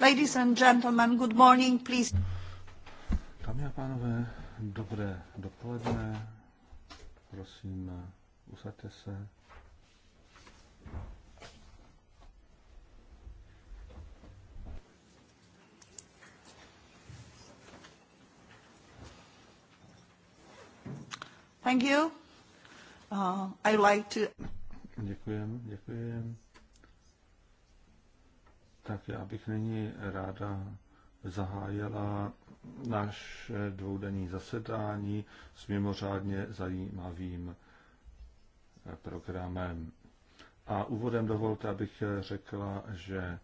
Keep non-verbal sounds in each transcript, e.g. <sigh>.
Ladies and gentlemen, good morning, please. Dámy a pánové, dobré dopoledne. Prosím, usaďte se. Thank you. Uh, I like to... Děkujem, děkujem tak já bych nyní ráda zahájila naše dvoudenní zasedání s mimořádně zajímavým eh, programem. A úvodem dovolte, abych eh, řekla, že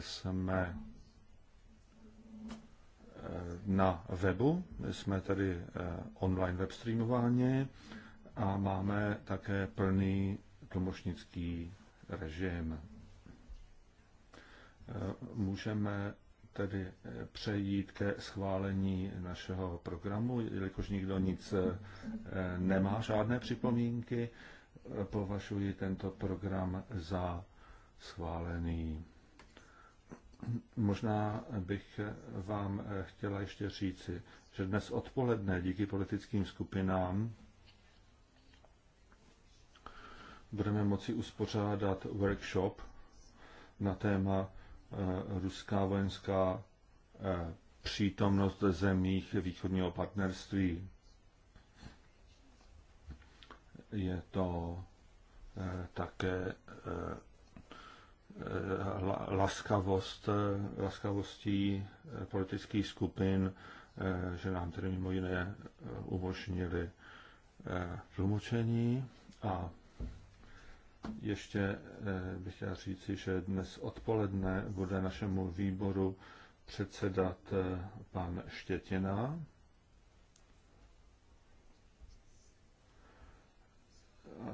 jsme eh, na webu, jsme tedy online web streamováni a máme také plný tlumočnický režim můžeme tedy eh, přejít ke schválení našeho programu, jelikož nikdo nic eh, nemá, žádné připomínky, eh, považuji tento program za schválený. Možná bych vám chtěla ještě říci, že dnes odpoledne díky politickým skupinám budeme moci uspořádat workshop na téma Eh, ruská vojenská eh, přítomnost ve zemích východního partnerství. Je to eh, také laskavost, laskavostí politických skupin, že nám tedy mimo jiné umožnili tlumočení a ještě eh, bych chtěl říci, že dnes odpoledne bude našemu výboru předsedat eh, pan Štětina.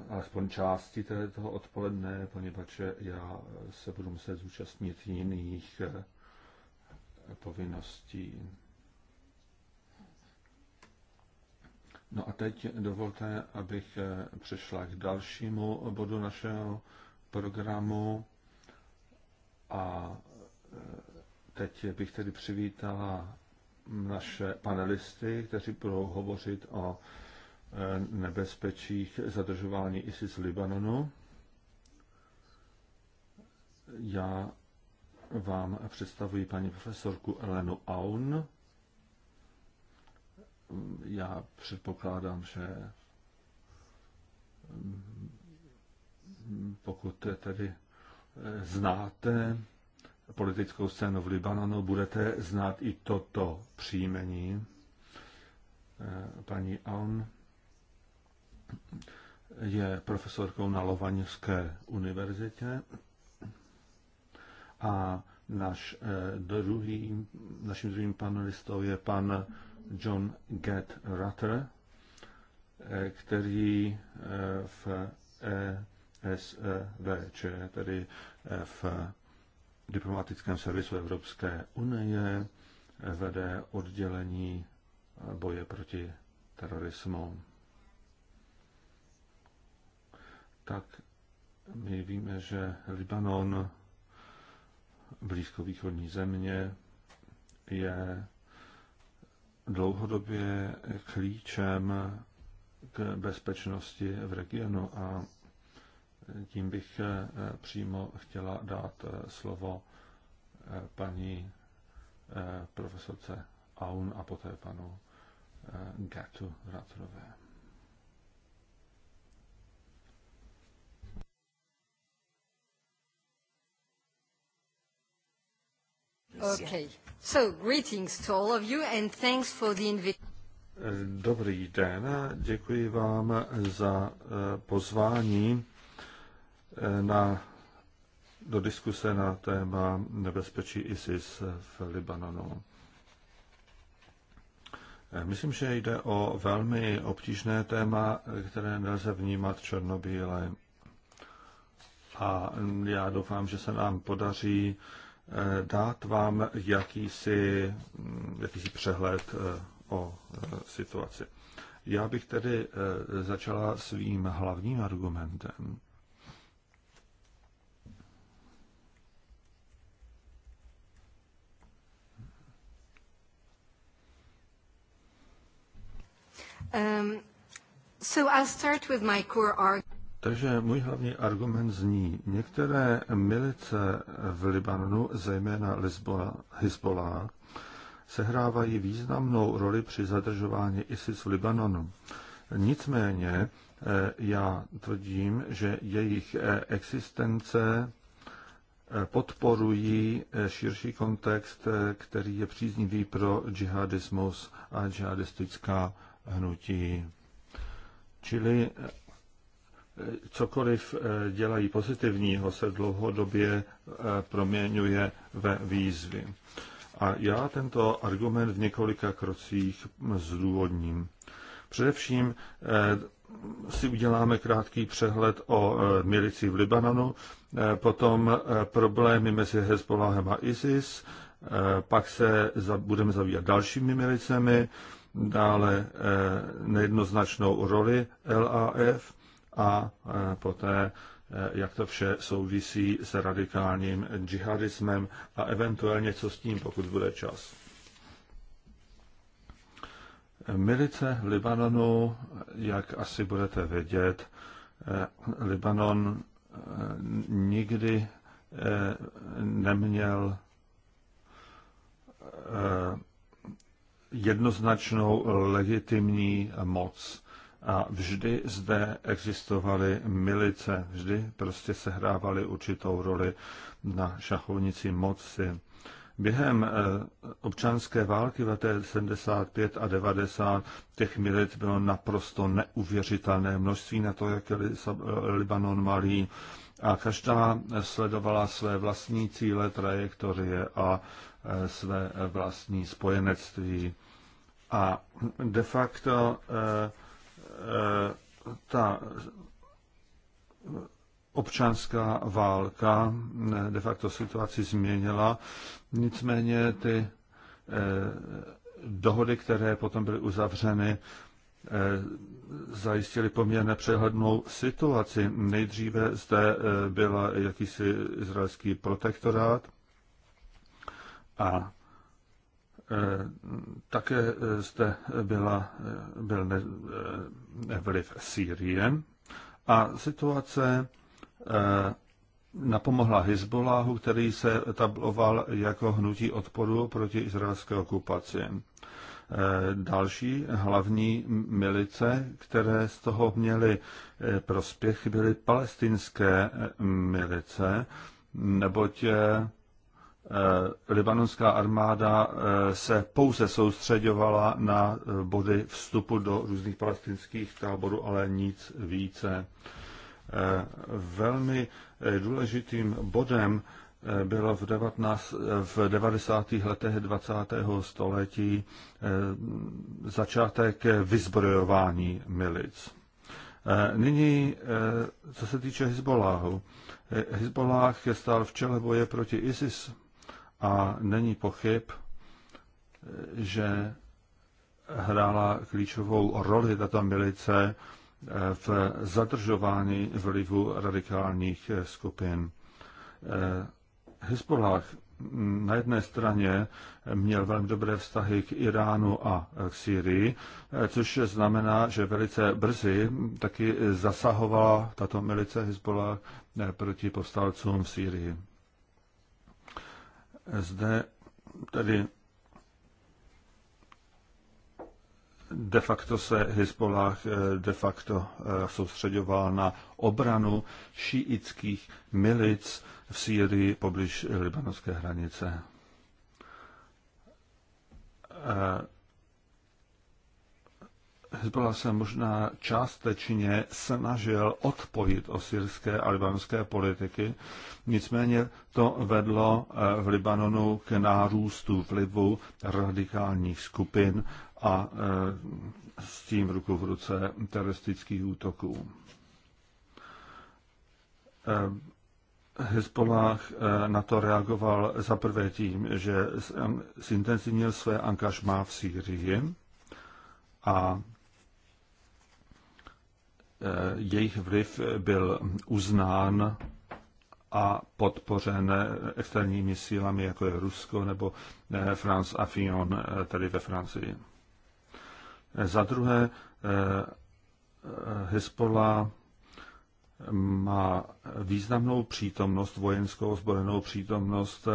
alespoň části toho odpoledne, poněvadž já se budu muset zúčastnit jiných eh, povinností. No a teď dovolte, abych eh, přešla k dalšímu bodu našeho programu a eh, teď bych tedy přivítala naše panelisty, kteří budou hovořit o eh, nebezpečích zadržování ISIS Libanonu. Já vám představuji paní profesorku Elenu Aun, já předpokládám, že mm, pokud tedy eh, znáte politickou scénu v Libanonu, budete znát i toto příjmení. Eh, paní Aun je profesorkou na Lovanské univerzitě a naš eh, druhý, naším druhým panelistou je pan John Gett Rutter, eh, který eh, v ESVČ, tedy eh, v diplomatickém servisu Evropské unie, vede oddělení boje proti terorismu. Tak my víme, že Libanon, blízkovýchodní země, je dlouhodobě klíčem k bezpečnosti v regionu a tím bych eh, přímo chtěla dát eh, slovo eh, paní profesorce Aun a poté panu Gatu Ratrové. Dobrý den, děkuji vám za eh, pozvání eh, na, do diskuse na téma nebezpečí ISIS v Libanonu. Eh, myslím, že jde o velmi obtížné téma, které nelze vnímat černobíle. A já doufám, že se nám podaří Eh, dát vám jakýsi, hm, jakýsi přehled eh, o eh, situaci. Já bych tedy začala svým hlavním argumentem. Um, so I'll start with my core argument. Takže můj hlavní argument zní, některé milice v Libanonu, zejména Hezbollah, sehrávají významnou roli při zadržování ISIS v Libanonu. Nicméně eh, já tvrdím, že jejich eh, existence eh, podporují širší kontext, který je příznivý pro džihadismus a džihadistická hnutí. Čili cokoliv eh, dělají pozitivního, se dlouhodobě eh, proměňuje ve výzvy. A já tento argument v několika krocích hm, zdůvodním. Především eh, si uděláme krátký přehled o milici v Libanonu, potom problémy mezi Hezbollahem a ISIS, pak se budeme zabývat dalšími milicemi, dále nejednoznačnou roli LAF, a e, poté, e, jak to vše souvisí s radikálním džihadismem a eventuálně co s tím, pokud bude čas. Milice v Libanonu, jak asi budete vědět, e, Libanon nikdy neměl jednoznačnou legitimní moc. A vždy zde existovaly milice, vždy prostě sehrávaly určitou roli na šachovnici moci. Během eh, občanské války v letech 75 a 90 těch milic bylo naprosto neuvěřitelné množství na to, jak je eh, Libanon malý a každá sledovala své vlastní cíle, trajektorie a eh, své vlastní spojenectví. A de facto eh, Eh, ta občanská válka eh, de facto situaci změnila, nicméně ty eh, dohody, které potom byly uzavřeny, zajistili poměrně přehlednou situaci. Nejdříve zde byl jakýsi izraelský protektorát a Eh, také eh, zde byla, eh, byl ne, vliv Sýrie a situace napomohla Hezbollahu, který se tabloval jako hnutí odporu proti izraelské okupaci. Další hlavní milice, které z toho měly prospěch, byly palestinské milice, neboť Eh, libanonská armáda eh, se pouze soustředovala na eh, body vstupu do různých palestinských táborů, ale nic více. Velmi důležitým bodem bylo v, 19, v 90. letech 20. století začátek vyzbrojování milic. Nyní, co se týče Hezbollahu. Hezbollah je stál v čele boje proti ISIS a není pochyb, že hrála klíčovou roli tato milice eh, v zadržování vlivu radikálních eh, skupin. Eh, Hezbollah mm, na jedné straně měl velmi dobré vztahy k Iránu a k Syrii, což znamená, že velice brzy taky zasahovala tato milice Hezbollah proti povstalcům v Syrii zde tedy de facto se Hezbollah eh, de facto eh, soustředoval na obranu šiitských milic v Sýrii poblíž libanonské hranice. Eh, Hezbollah se možná částečně snažil odpojit o syrské a libanské politiky, nicméně to vedlo eh, v Libanonu k nárůstu vlivu radikálních skupin a eh, s tím ruku v ruce teroristických útoků. Eh, Hezbollah na to reagoval za prvé tím, že zintenzivnil své angažmá v Sýrii a Eh, jejich vliv byl uznán a podpořen externími sílami, jako je Rusko nebo eh, France afion eh, tedy ve Francii. Za druhé, Hezbollah má významnou přítomnost, vojenskou ozbrojenou přítomnost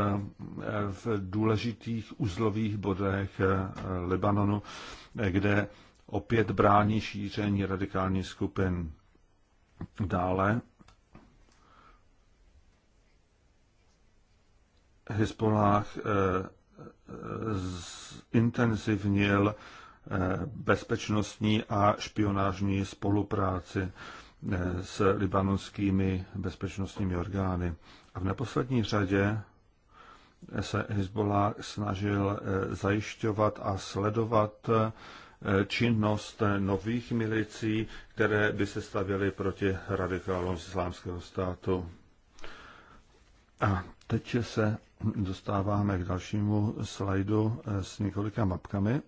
v důležitých uzlových bodech Libanonu, kde opět brání šíření radikálních skupin. Dále Hezbollah eh, zintenzivnil eh, bezpečnostní a špionážní spolupráci eh, s libanonskými bezpečnostními orgány. A v neposlední řadě se Hezbollah snažil zajišťovat a sledovat činnost nových milicí, které by se stavěly proti radikálům z islámského státu. A teď se dostáváme k dalšímu slajdu s několika mapkami.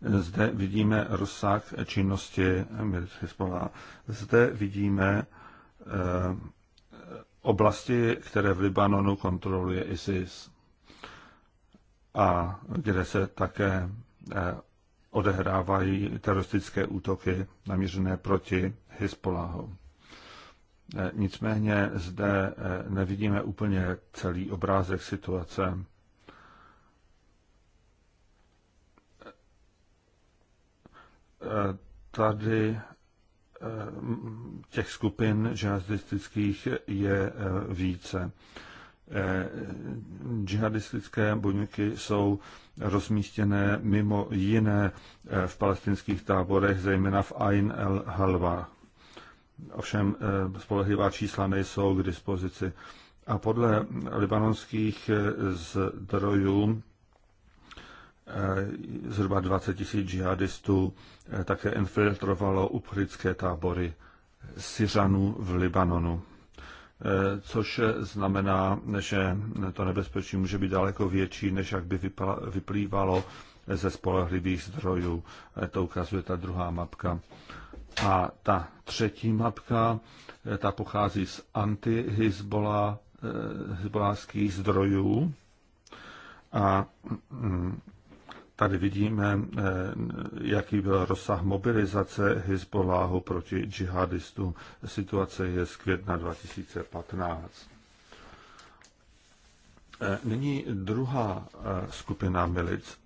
Zde vidíme rozsah činnosti Hezbollah. Zde vidíme eh, oblasti, které v Libanonu kontroluje ISIS a kde se také eh, odehrávají teroristické útoky namířené proti Hispoláhu. Eh, nicméně zde eh, nevidíme úplně celý obrázek situace. Tady těch skupin žihadistických je více. Eh, džihadistické buňky jsou rozmístěné mimo jiné eh, v palestinských táborech, zejména v Ain el Halwa. Ovšem eh, spolehlivá čísla nejsou k dispozici. A podle libanonských zdrojů zhruba 20 tisíc džihadistů také infiltrovalo uprchlické tábory Syřanů v Libanonu. Eh, což znamená, že to nebezpečí může být daleko větší, než jak by vyplývalo ze spolehlivých zdrojů. Eh, to ukazuje ta druhá mapka. A ta třetí mapka, eh, ta pochází z antihizbolářských zdrojů a mm, Tady vidíme, eh, jaký byl rozsah mobilizace Hezbolláhu proti džihadistům. Situace je z května 2015. Eh, nyní druhá eh, skupina milic.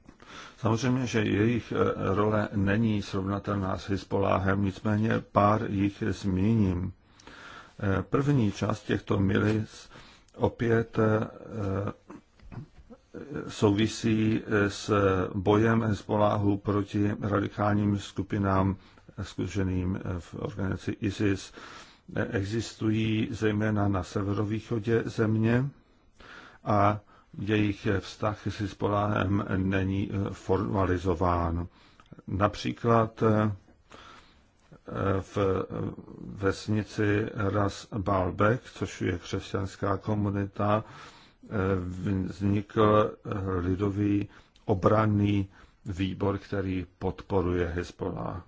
Samozřejmě, že jejich role není srovnatelná s Hezbolláhem, nicméně pár jich zmíním. První část těchto milic opět souvisí eh, s bojem Hezboláhu proti radikálním skupinám zkušeným eh, v organizaci ISIS. Eh, existují zejména na severovýchodě země a jejich vztah s Hezboláhem není formalizován. Například v vesnici Ras Balbek, což je křesťanská komunita, vznikl lidový obranný výbor, který podporuje Hezbollah.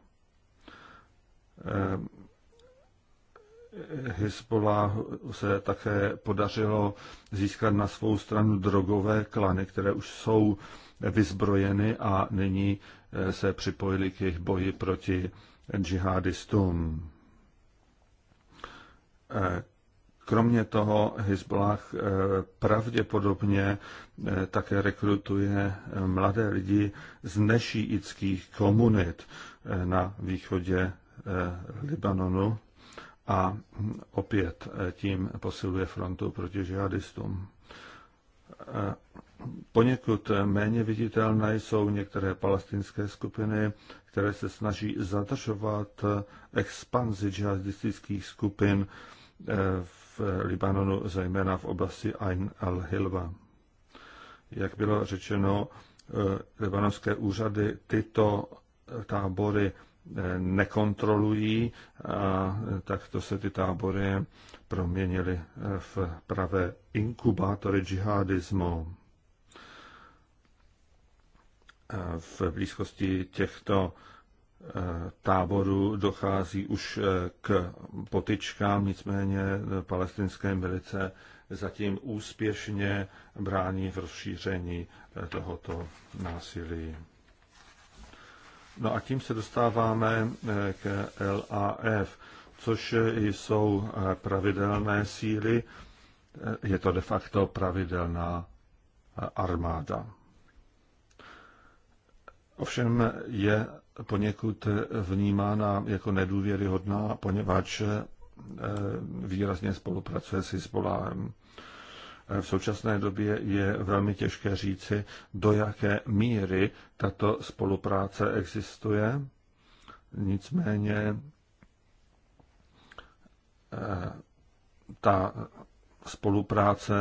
Eh, Hezbollah se také podařilo získat na svou stranu drogové klany, které už jsou vyzbrojeny a nyní eh, se připojili k jejich boji proti džihadistům. Eh, Kromě toho Hezbollah eh, pravděpodobně eh, také rekrutuje eh, mladé lidi z nešíitských komunit na východě Libanonu a hm, opět tím posiluje frontu proti žihadistům. Poněkud méně viditelné jsou některé palestinské skupiny, které se snaží zadržovat expanzi džihadistických skupin v Libanonu, zejména v oblasti Ain al-Hilwa. Jak bylo řečeno, eh, libanonské úřady tyto tábory eh, nekontrolují, a takto se ty tábory proměnily eh, v pravé inkubátory džihadismu. V blízkosti těchto táboru dochází už eh, k potičkám, nicméně eh, palestinské milice zatím úspěšně brání v rozšíření eh, tohoto násilí. No a tím se dostáváme k LAF, což jsou pravidelné síly. Je to de facto pravidelná armáda. Ovšem je poněkud vnímána jako nedůvěryhodná, poněvadž eh, výrazně spolupracuje s Hezbollahem. Eh, v současné době je velmi těžké říci, do jaké míry tato spolupráce existuje. Nicméně eh, ta spolupráce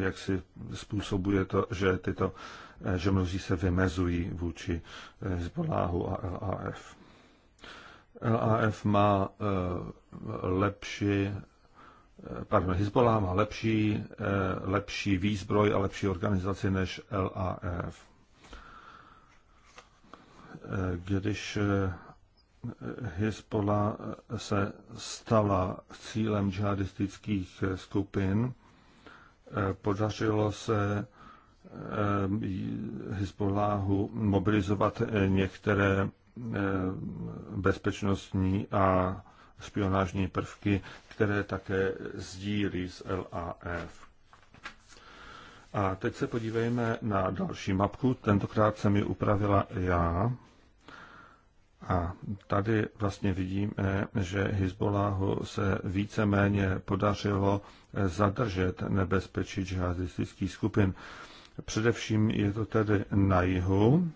jak si způsobuje to, že tyto že mnozí se vymezují vůči Hezbollahu eh, a LAF. LAF eh, eh, má lepší pardon, Hezbollah má lepší, lepší výzbroj a lepší organizaci než LAF. Když Hezbollah se stala cílem džihadistických skupin, podařilo se Eh, Hezbolláhu mobilizovat eh, některé eh, bezpečnostní a špionážní prvky, které také sdílí z LAF. A teď se podívejme na další mapku. Tentokrát jsem ji upravila já. A tady vlastně vidíme, že Hezbolláhu se víceméně podařilo zadržet nebezpečí džihadistických skupin. Především je to tedy na jihu.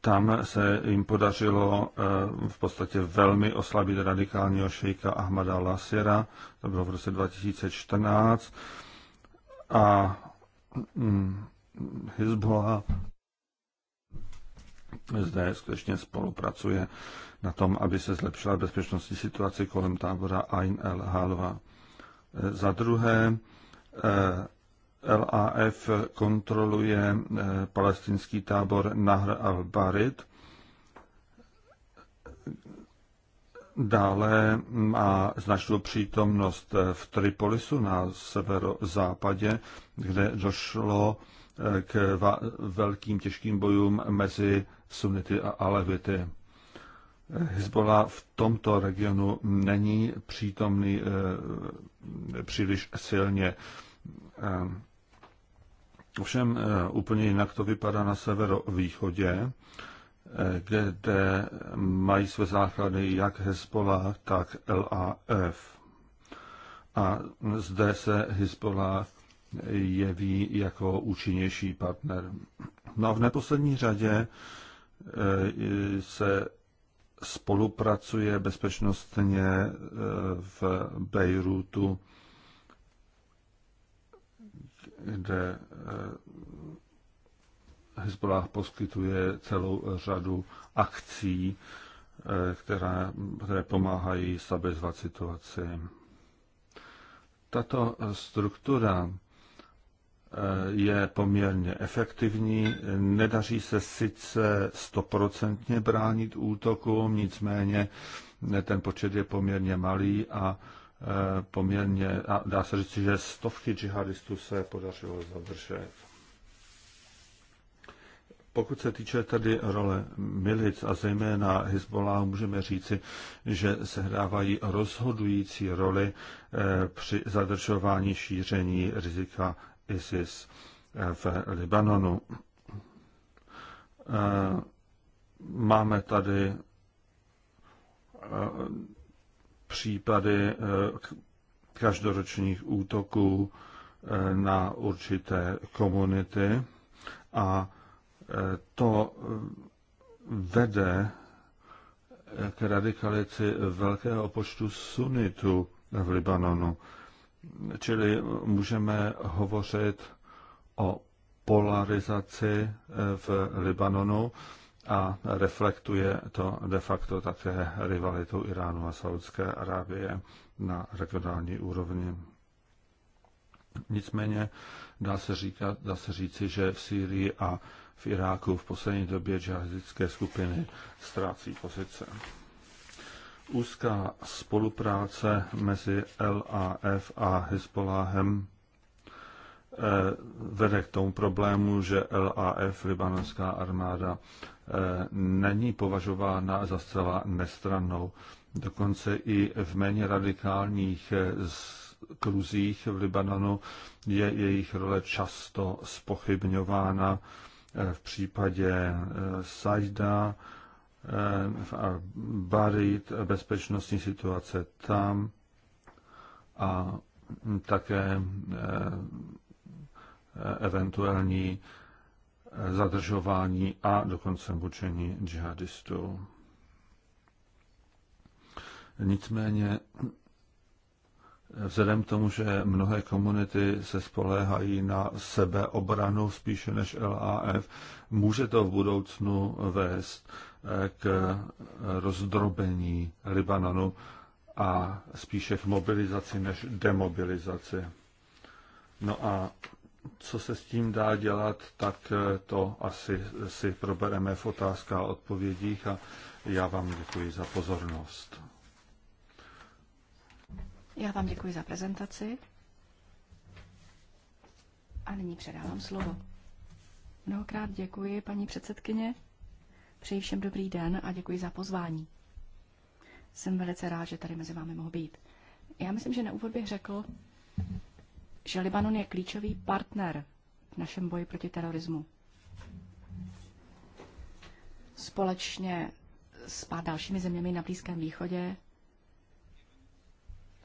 Tam se jim podařilo eh, v podstatě velmi oslabit radikálního šejka Ahmada Lasera, to bylo v roce 2014, a mm, Hezbollah zde skutečně spolupracuje na tom, aby se zlepšila bezpečnostní situace kolem tábora Ain el Halva. Za druhé, eh, LAF kontroluje eh, palestinský tábor Nahr al-Barid. Dále má značnou přítomnost eh, v Tripolisu na severozápadě, kde došlo k velkým těžkým bojům mezi sunity a alevity. Hezbola v tomto regionu není přítomný eh, příliš silně. Eh, ovšem eh, úplně jinak to vypadá na severovýchodě, kde mají své základy jak Hezbola, tak LAF. A zde se Hezbola jeví jako účinnější partner. No a v neposlední řadě se spolupracuje bezpečnostně e, v Bejrutu, kde e, Hezbollah poskytuje celou řadu akcí, e, které, které pomáhají stabilizovat situaci. Tato struktura Eh, je poměrně efektivní. Nedaří se sice stoprocentně bránit útokům, nicméně eh, ten počet je poměrně malý a eh, poměrně, a dá se říct, že stovky džihadistů se podařilo zadržet. Pokud se týče tedy role milic a zejména Hezbollah, můžeme říci, že sehrávají rozhodující roli při zadržování šíření rizika ISIS v Libanonu. Eh, máme tady eh, případy eh, každoročních útoků na určité komunity a to vede k radikalici velkého počtu sunitů v Libanonu. Čili můžeme hovořit o polarizaci eh, v Libanonu a reflektuje to de facto také rivalitu Iránu a Saudské Arábie na regionální úrovni. Nicméně dá se, říkat, dá se říci, že v Sýrii a v Iráku v poslední době džihadistické skupiny ztrácí pozice. Úzká spolupráce mezi LAF a Hezbollahem eh, vede k tomu problému, že LAF, libanonská armáda, eh, není považována za zcela nestrannou. Dokonce i v méně radikálních eh, kruzích v Libanonu je jejich role často spochybňována v případě Sajda, v eh, Arbarit, bezpečnostní situace tam a také eh, eventuální eh, zadržování a dokonce mučení džihadistů. Nicméně vzhledem k tomu, že mnohé komunity se spoléhají na sebeobranu spíše než LAF, může to v budoucnu vést k rozdrobení Libanonu a spíše k mobilizaci než demobilizaci. No a co se s tím dá dělat, tak to asi si probereme v otázkách a odpovědích a já vám děkuji za pozornost. Já vám děkuji za prezentaci a nyní předávám slovo. Mnohokrát děkuji, paní předsedkyně. Přeji všem dobrý den a děkuji za pozvání. Jsem velice rád, že tady mezi vámi mohu být. Já myslím, že na úvod bych řekl, že Libanon je klíčový partner v našem boji proti terorismu. Společně s pár dalšími zeměmi na Blízkém východě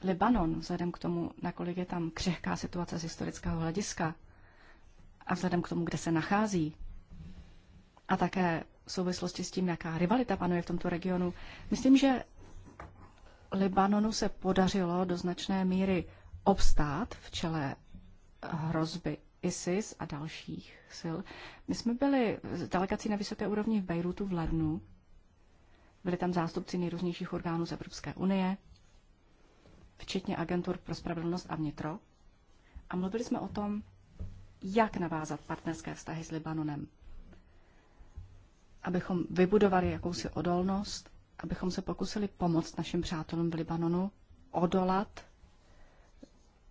Libanon, vzhledem k tomu, nakolik je tam křehká situace z historického hlediska a vzhledem k tomu, kde se nachází, a také v souvislosti s tím, jaká rivalita panuje v tomto regionu. Myslím, že Libanonu se podařilo do značné míry obstát v čele hrozby ISIS a dalších sil. My jsme byli s delegací na vysoké úrovni v Bejrutu v lednu. Byli tam zástupci nejrůznějších orgánů z Evropské unie, včetně agentur pro spravedlnost a vnitro. A mluvili jsme o tom, jak navázat partnerské vztahy s Libanonem abychom vybudovali jakousi odolnost, abychom se pokusili pomoct našim přátelům v Libanonu odolat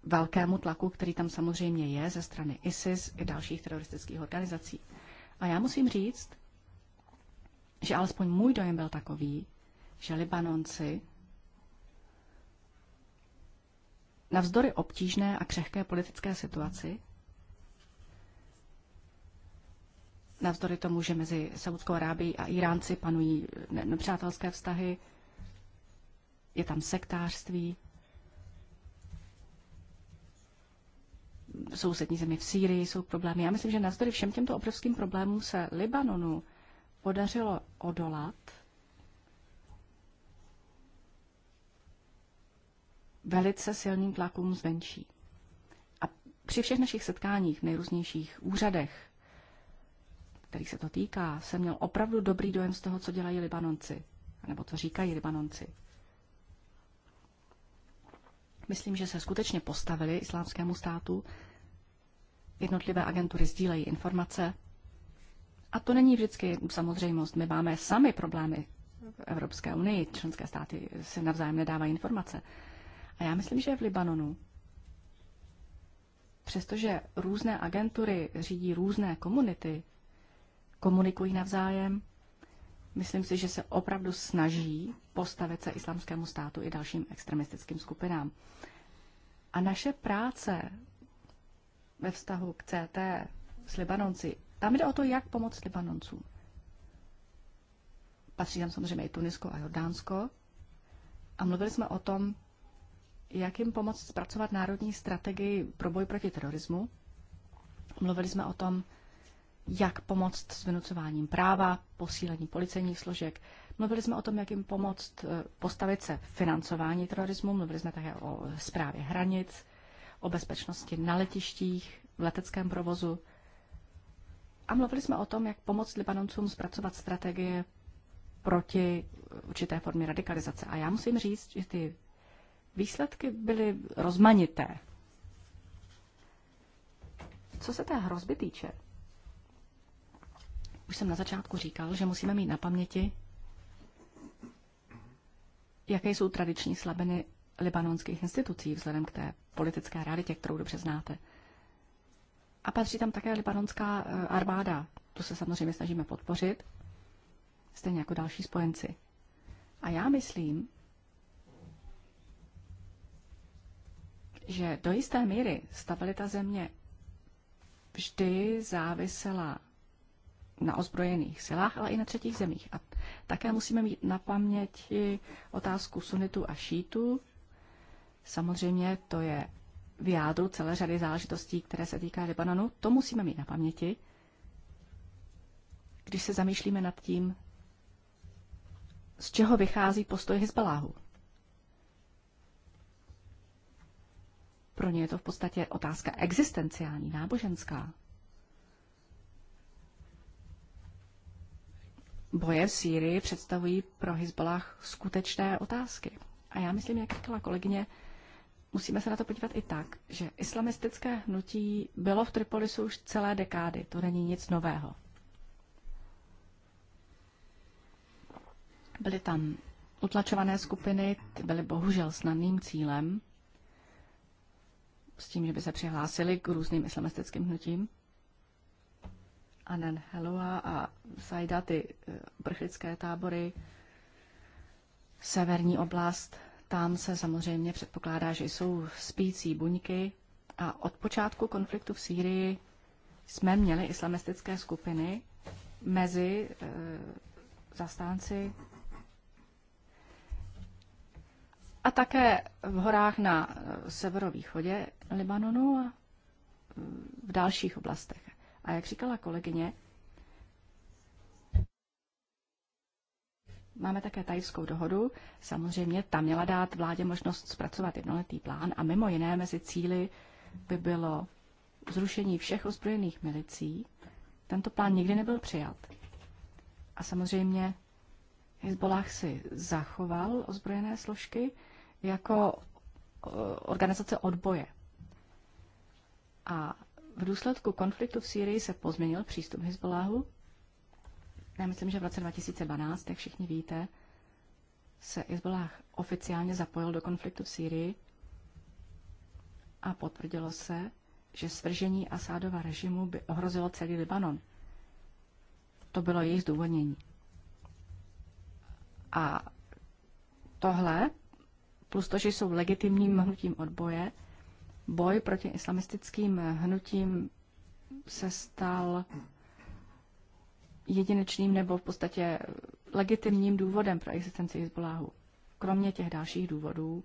velkému tlaku, který tam samozřejmě je ze strany ISIS i dalších teroristických organizací. A já musím říct, že alespoň můj dojem byl takový, že Libanonci navzdory obtížné a křehké politické situaci Navzdory tomu, že mezi Saudskou Arábií a Iránci panují nepřátelské vztahy, je tam sektářství, v sousední zemi v Sýrii jsou problémy. Já myslím, že navzdory všem těmto obrovským problémům se Libanonu podařilo odolat velice silným tlakům zvenčí. A při všech našich setkáních v nejrůznějších úřadech, který se to týká, jsem měl opravdu dobrý dojem z toho, co dělají Libanonci, nebo co říkají Libanonci. Myslím, že se skutečně postavili islámskému státu, jednotlivé agentury sdílejí informace. A to není vždycky samozřejmost. My máme sami problémy v Evropské unii. Členské státy si navzájem nedávají informace. A já myslím, že v Libanonu, přestože různé agentury řídí různé komunity, komunikují navzájem. Myslím si, že se opravdu snaží postavit se islamskému státu i dalším extremistickým skupinám. A naše práce ve vztahu k CT s Libanonci, tam jde o to, jak pomoct Libanoncům. Patří tam samozřejmě i Tunisko a Jordánsko. A mluvili jsme o tom, jak jim pomoct zpracovat národní strategii pro boj proti terorismu. Mluvili jsme o tom, jak pomoct s vynucováním práva, posílení policejních složek. Mluvili jsme o tom, jak jim pomoct eh, postavit se financování terorismu, mluvili jsme také o zprávě hranic, o bezpečnosti na letištích, v leteckém provozu. A mluvili jsme o tom, jak pomoct Libanoncům zpracovat strategie proti eh, určité formě radikalizace. A já musím říct, že ty výsledky byly rozmanité. Co se té hrozby týče, už jsem na začátku říkal, že musíme mít na paměti, jaké jsou tradiční slabiny libanonských institucí vzhledem k té politické realitě, kterou dobře znáte. A patří tam také libanonská eh, armáda. Tu se samozřejmě snažíme podpořit, stejně jako další spojenci. A já myslím, že do jisté míry stabilita země vždy závisela na ozbrojených silách, ale i na třetích zemích. A také musíme mít na paměti otázku sunitu a šítu. Samozřejmě to je v jádru celé řady záležitostí, které se týká Libanonu. To musíme mít na paměti, když se zamýšlíme nad tím, z čeho vychází postoj Hezbaláhu. Pro ně je to v podstatě otázka existenciální, náboženská. boje v Sýrii představují pro Hezbollah skutečné otázky. A já myslím, jak říkala kolegyně, musíme se na to podívat i tak, že islamistické hnutí bylo v Tripolisu už celé dekády. To není nic nového. Byly tam utlačované skupiny, ty byly bohužel snadným cílem, s tím, že by se přihlásili k různým islamistickým hnutím. Anen Helua a Saida, ty eh, prchlické tábory, severní oblast, tam se samozřejmě předpokládá, že jsou spící buňky a od počátku konfliktu v Sýrii jsme měli islamistické skupiny mezi e, zastánci a také v horách na eh, severovýchodě Libanonu a v dalších oblastech. A jak říkala kolegyně, Máme také tajskou dohodu. Samozřejmě ta měla dát vládě možnost zpracovat jednoletý plán a mimo jiné mezi cíly by bylo zrušení všech ozbrojených milicí. Tento plán nikdy nebyl přijat. A samozřejmě Hezbollah si zachoval ozbrojené složky jako eh, organizace odboje. A v důsledku konfliktu v Sýrii se pozměnil přístup Hezbollahu. Já myslím, že v roce 2012, jak všichni víte, se Hezbollah oficiálně zapojil do konfliktu v Sýrii a potvrdilo se, že svržení Asádova režimu by ohrozilo celý Libanon. To bylo jejich zdůvodnění. A tohle, plus to, že jsou legitimním hnutím odboje, Boj proti islamistickým hnutím se stal jedinečným nebo v podstatě legitimním důvodem pro existenci Hezbollahu. Kromě těch dalších důvodů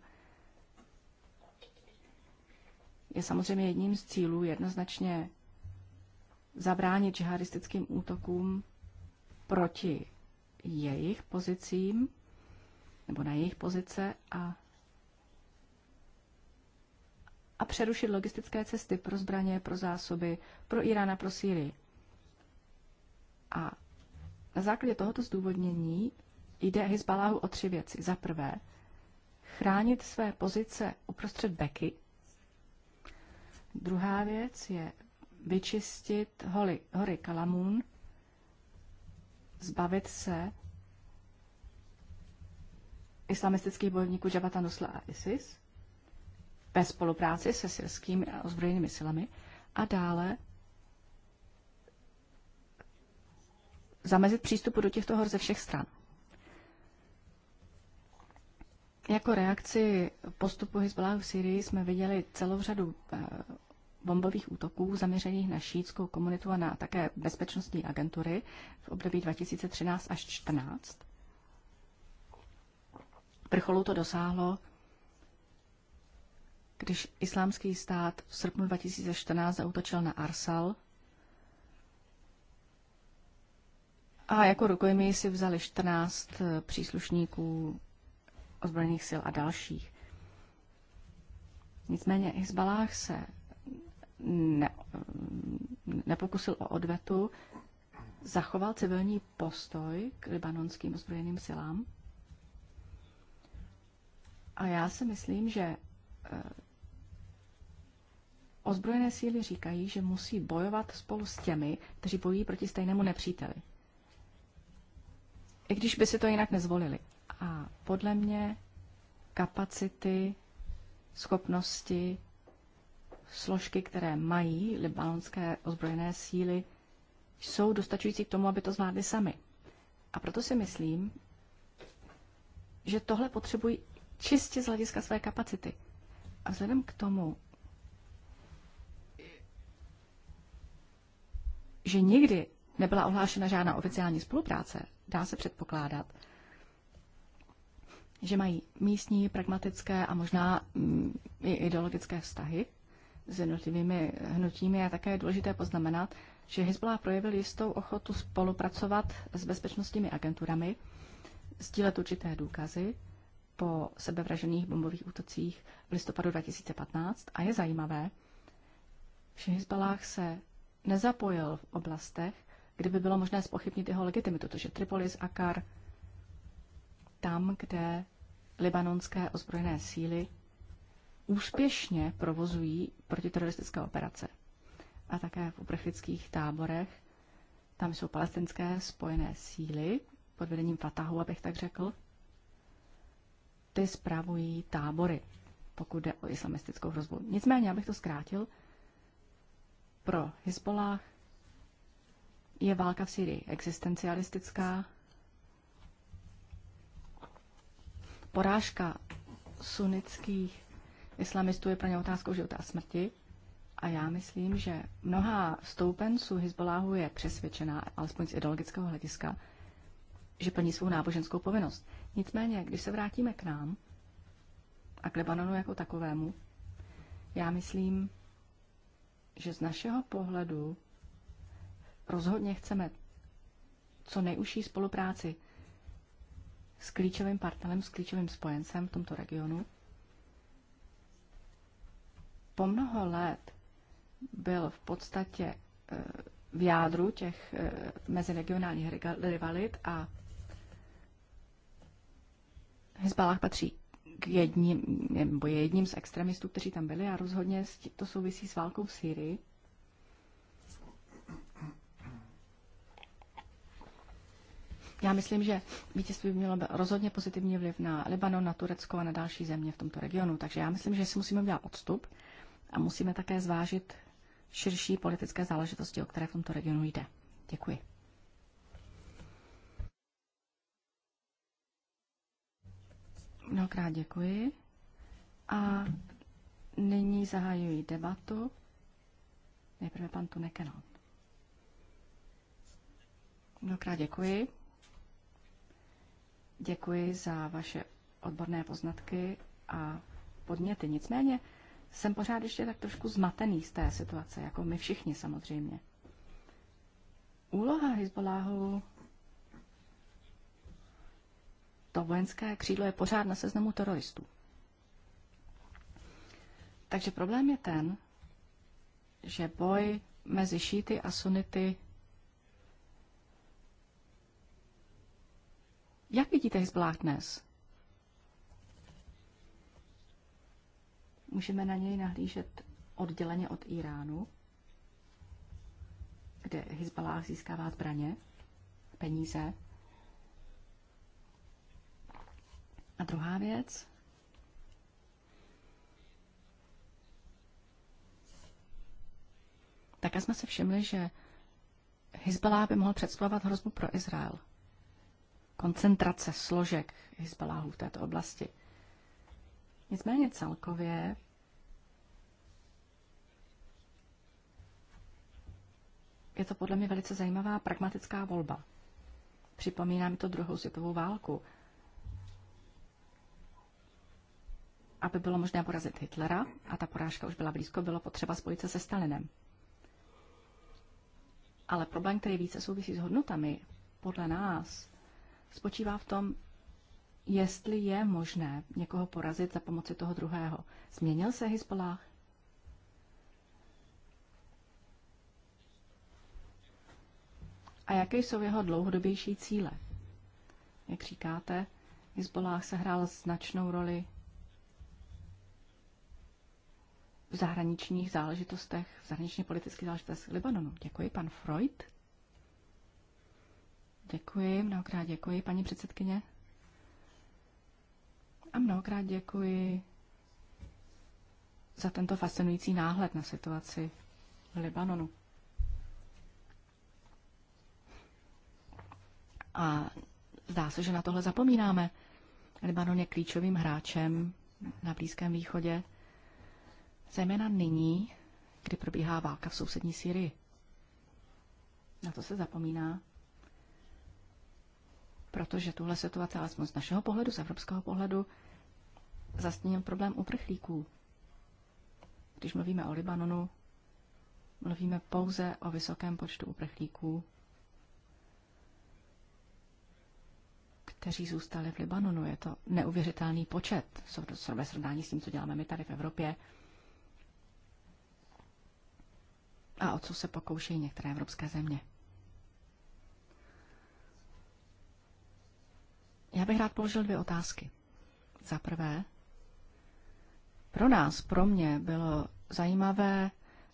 je samozřejmě jedním z cílů jednoznačně zabránit džihadistickým útokům proti jejich pozicím nebo na jejich pozice a a přerušit logistické cesty pro zbraně, pro zásoby, pro Irán a pro Sýrii. A na základě tohoto zdůvodnění jde Hezbaláhu o tři věci. Za prvé, chránit své pozice uprostřed beky. Druhá věc je vyčistit hory, hory Kalamun, zbavit se islamistických bojovníků Jabata Nusla a ISIS ve spolupráci se syrskými ozbrojenými silami a dále zamezit přístupu do těchto hor ze všech stran. Jako reakci postupu Hezbollahu v Syrii jsme viděli celou řadu eh, bombových útoků zaměřených na šítskou komunitu a na také bezpečnostní agentury v období 2013 až 2014. Vrcholu to dosáhlo když islámský stát v srpnu 2014 zautočil na Arsal a jako rukojmí si vzali 14 eh, příslušníků ozbrojených sil a dalších. Nicméně Hezbalah se ne, eh, nepokusil o odvetu, zachoval civilní postoj k libanonským ozbrojeným silám. A já si myslím, že eh, Ozbrojené síly říkají, že musí bojovat spolu s těmi, kteří bojují proti stejnému nepříteli. I když by si to jinak nezvolili. A podle mě kapacity, schopnosti, složky, které mají libanonské ozbrojené síly, jsou dostačující k tomu, aby to zvládli sami. A proto si myslím, že tohle potřebují čistě z hlediska své kapacity. A vzhledem k tomu, že nikdy nebyla ohlášena žádná oficiální spolupráce, dá se předpokládat, že mají místní, pragmatické a možná mm, i ideologické vztahy s jednotlivými hnutími. A také je důležité poznamenat, že Hezbollah projevil jistou ochotu spolupracovat s bezpečnostními agenturami, sdílet určité důkazy po sebevražených bombových útocích v listopadu 2015. A je zajímavé, že Hezbollah se nezapojil v oblastech, kde by bylo možné spochybnit jeho legitimitu, tože Tripolis, Akar, tam, kde libanonské ozbrojené síly úspěšně provozují protiteroristické operace. A také v uprchlických táborech, tam jsou palestinské spojené síly pod vedením Fatahu, abych tak řekl, ty spravují tábory, pokud jde o islamistickou hrozbu. Nicméně, abych to zkrátil, pro Hezbollah je válka v Syrii existencialistická. Porážka sunnických islamistů je pro ně otázkou života a smrti. A já myslím, že mnoha stoupenců Hezbollahu je přesvědčená, alespoň z ideologického hlediska, že plní svou náboženskou povinnost. Nicméně, když se vrátíme k nám a k Libanonu jako takovému, já myslím, že z našeho pohledu rozhodně chceme co nejužší spolupráci s klíčovým partnerem, s klíčovým spojencem v tomto regionu. Po mnoho let byl v podstatě eh, v jádru těch eh, meziregionálních rivalit a Hezbalách patří k jedním, nebo je jedním z extremistů, kteří tam byli a rozhodně to souvisí s válkou v Syrii. Já myslím, že vítězství by mělo rozhodně pozitivní vliv na Libanon, na Turecko a na další země v tomto regionu. Takže já myslím, že si musíme udělat odstup a musíme také zvážit širší politické záležitosti, o které v tomto regionu jde. Děkuji. Mnohokrát děkuji. A nyní zahajuji debatu. Nejprve pan Tunekenon. Mnohokrát děkuji. Děkuji za vaše odborné poznatky a podněty. Nicméně jsem pořád ještě tak trošku zmatený z té situace, jako my všichni samozřejmě. Úloha Hezboláhu to vojenské křídlo je pořád na seznamu teroristů. Takže problém je ten, že boj mezi šíty a sunity. Jak vidíte Hezbollah dnes? Můžeme na něj nahlížet odděleně od Iránu, kde Hezbollah získává zbraně, peníze, A druhá věc. Také jsme si všimli, že Hezbollah by mohl představovat hrozbu pro Izrael. Koncentrace složek Hezbollahu v této oblasti. Nicméně celkově je to podle mě velice zajímavá pragmatická volba. Připomíná mi to druhou světovou válku – aby bylo možné porazit Hitlera, a ta porážka už byla blízko, bylo potřeba spojit se se Stalinem. Ale problém, který více souvisí s hodnotami, podle nás, spočívá v tom, jestli je možné někoho porazit za pomoci toho druhého. Změnil se Hezbollah? A jaké jsou jeho dlouhodobější cíle? Jak říkáte, Hezbollah sehrál značnou roli v zahraničních záležitostech, v zahraničně politických záležitostech Libanonu. Děkuji, pan Freud. Děkuji, mnohokrát děkuji, paní předsedkyně. A mnohokrát děkuji za tento fascinující náhled na situaci v Libanonu. A zdá se, že na tohle zapomínáme. Libanon je klíčovým hráčem na Blízkém východě Zejména nyní, kdy probíhá válka v sousední Syrii. Na to se zapomíná, protože tuhle situaci, alespoň z našeho pohledu, z evropského pohledu, zastínil problém uprchlíků. Když mluvíme o Libanonu, mluvíme pouze o vysokém počtu uprchlíků, kteří zůstali v Libanonu. Je to neuvěřitelný počet ve srovnání s tím, co děláme my tady v Evropě. a o co se pokouší některé evropské země. Já bych rád položil dvě otázky. Za prvé, pro nás, pro mě, bylo zajímavé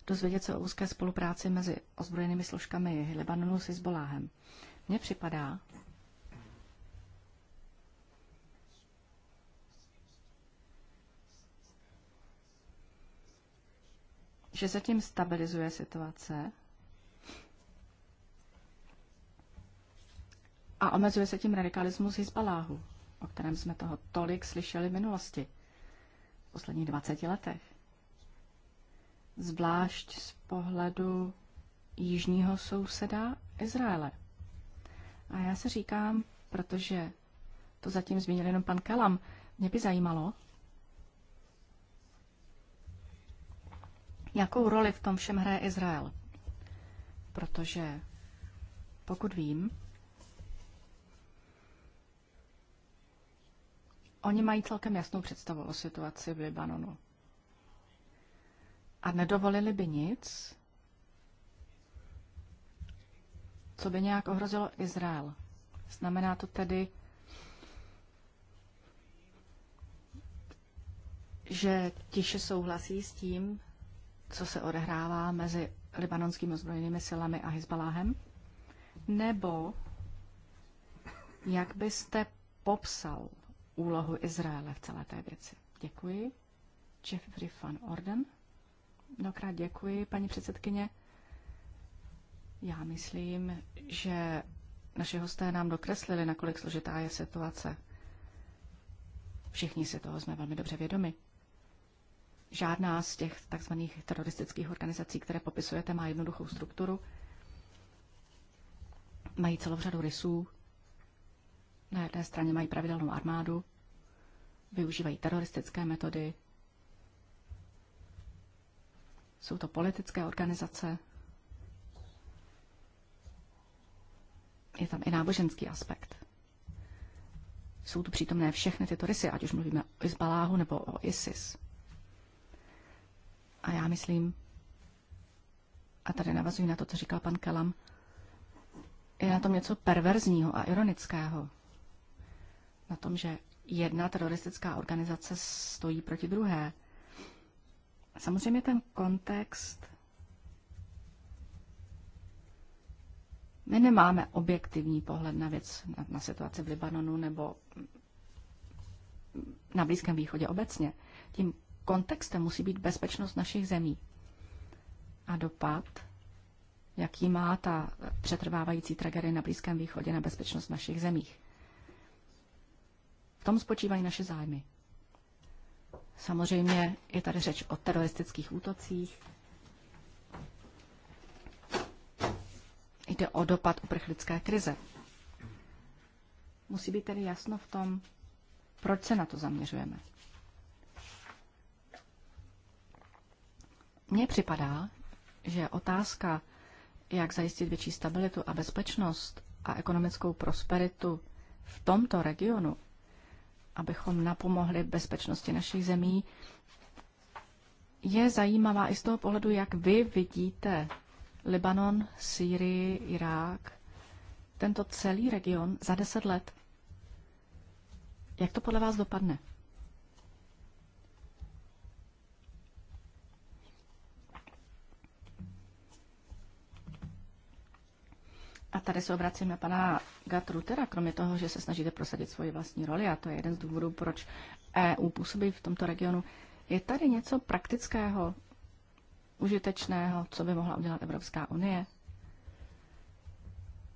dozvědět se o úzké spolupráci mezi ozbrojenými složkami Libanonu s Izboláhem. Mně připadá, že se tím stabilizuje situace a omezuje se tím radikalismus Hizbaláhu, o kterém jsme toho tolik slyšeli v minulosti, v posledních 20 letech. Zvlášť z pohledu jižního souseda Izraele. A já se říkám, protože to zatím zmínil jenom pan Kalam, mě by zajímalo, Jakou roli v tom všem hraje Izrael? Protože pokud vím, oni mají celkem jasnou představu o situaci v Libanonu. A nedovolili by nic, co by nějak ohrozilo Izrael. Znamená to tedy, že tiše souhlasí s tím, co se odehrává mezi libanonskými ozbrojenými silami a Hezbaláhem? Nebo jak byste popsal úlohu Izraele v celé té věci? Děkuji. Jeffrey van Orden. Mnohokrát děkuji, paní předsedkyně. Já myslím, že naši hosté nám dokreslili, nakolik složitá je situace. Všichni si toho jsme velmi dobře vědomi. Žádná z těch takzvaných teroristických organizací, které popisujete, má jednoduchou strukturu, mají celou řadu rysů. Na jedné straně mají pravidelnou armádu, využívají teroristické metody, jsou to politické organizace, je tam i náboženský aspekt. Jsou tu přítomné všechny tyto rysy, ať už mluvíme o Izbaláhu nebo o ISIS. A já myslím, a tady navazuji na to, co říkal pan Kelam, je na tom něco perverzního a ironického. Na tom, že jedna teroristická organizace stojí proti druhé. Samozřejmě ten kontext. My nemáme objektivní pohled na věc, na, na situaci v Libanonu nebo na Blízkém východě obecně. Tím kontextem musí být bezpečnost našich zemí a dopad, jaký má ta přetrvávající tragédie na Blízkém východě na bezpečnost našich zemích. V tom spočívají naše zájmy. Samozřejmě je tady řeč o teroristických útocích, jde o dopad uprchlické krize. Musí být tedy jasno v tom, proč se na to zaměřujeme. Mně připadá, že otázka, jak zajistit větší stabilitu a bezpečnost a ekonomickou prosperitu v tomto regionu, abychom napomohli bezpečnosti našich zemí, je zajímavá i z toho pohledu, jak vy vidíte Libanon, Sýrii, Irák, tento celý region za deset let. Jak to podle vás dopadne? A tady se obracím na pana Gatrutera, kromě toho, že se snažíte prosadit svoji vlastní roli, a to je jeden z důvodů, proč EU působí v tomto regionu. Je tady něco praktického, užitečného, co by mohla udělat Evropská unie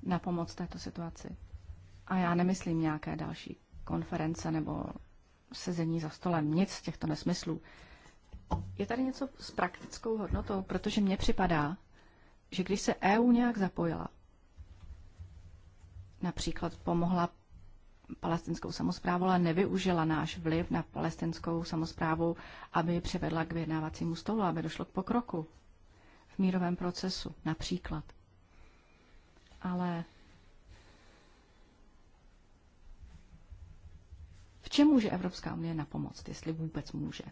na pomoc této situaci? A já nemyslím nějaké další konference nebo sezení za stolem, nic z těchto nesmyslů. Je tady něco s praktickou hodnotou, protože mně připadá, že když se EU nějak zapojila, například pomohla palestinskou samozprávu, ale nevyužila náš vliv na palestinskou samozprávu, aby převedla k vyjednávacímu stolu, aby došlo k pokroku v mírovém procesu, například. Ale v čem může Evropská unie napomoct, jestli vůbec může?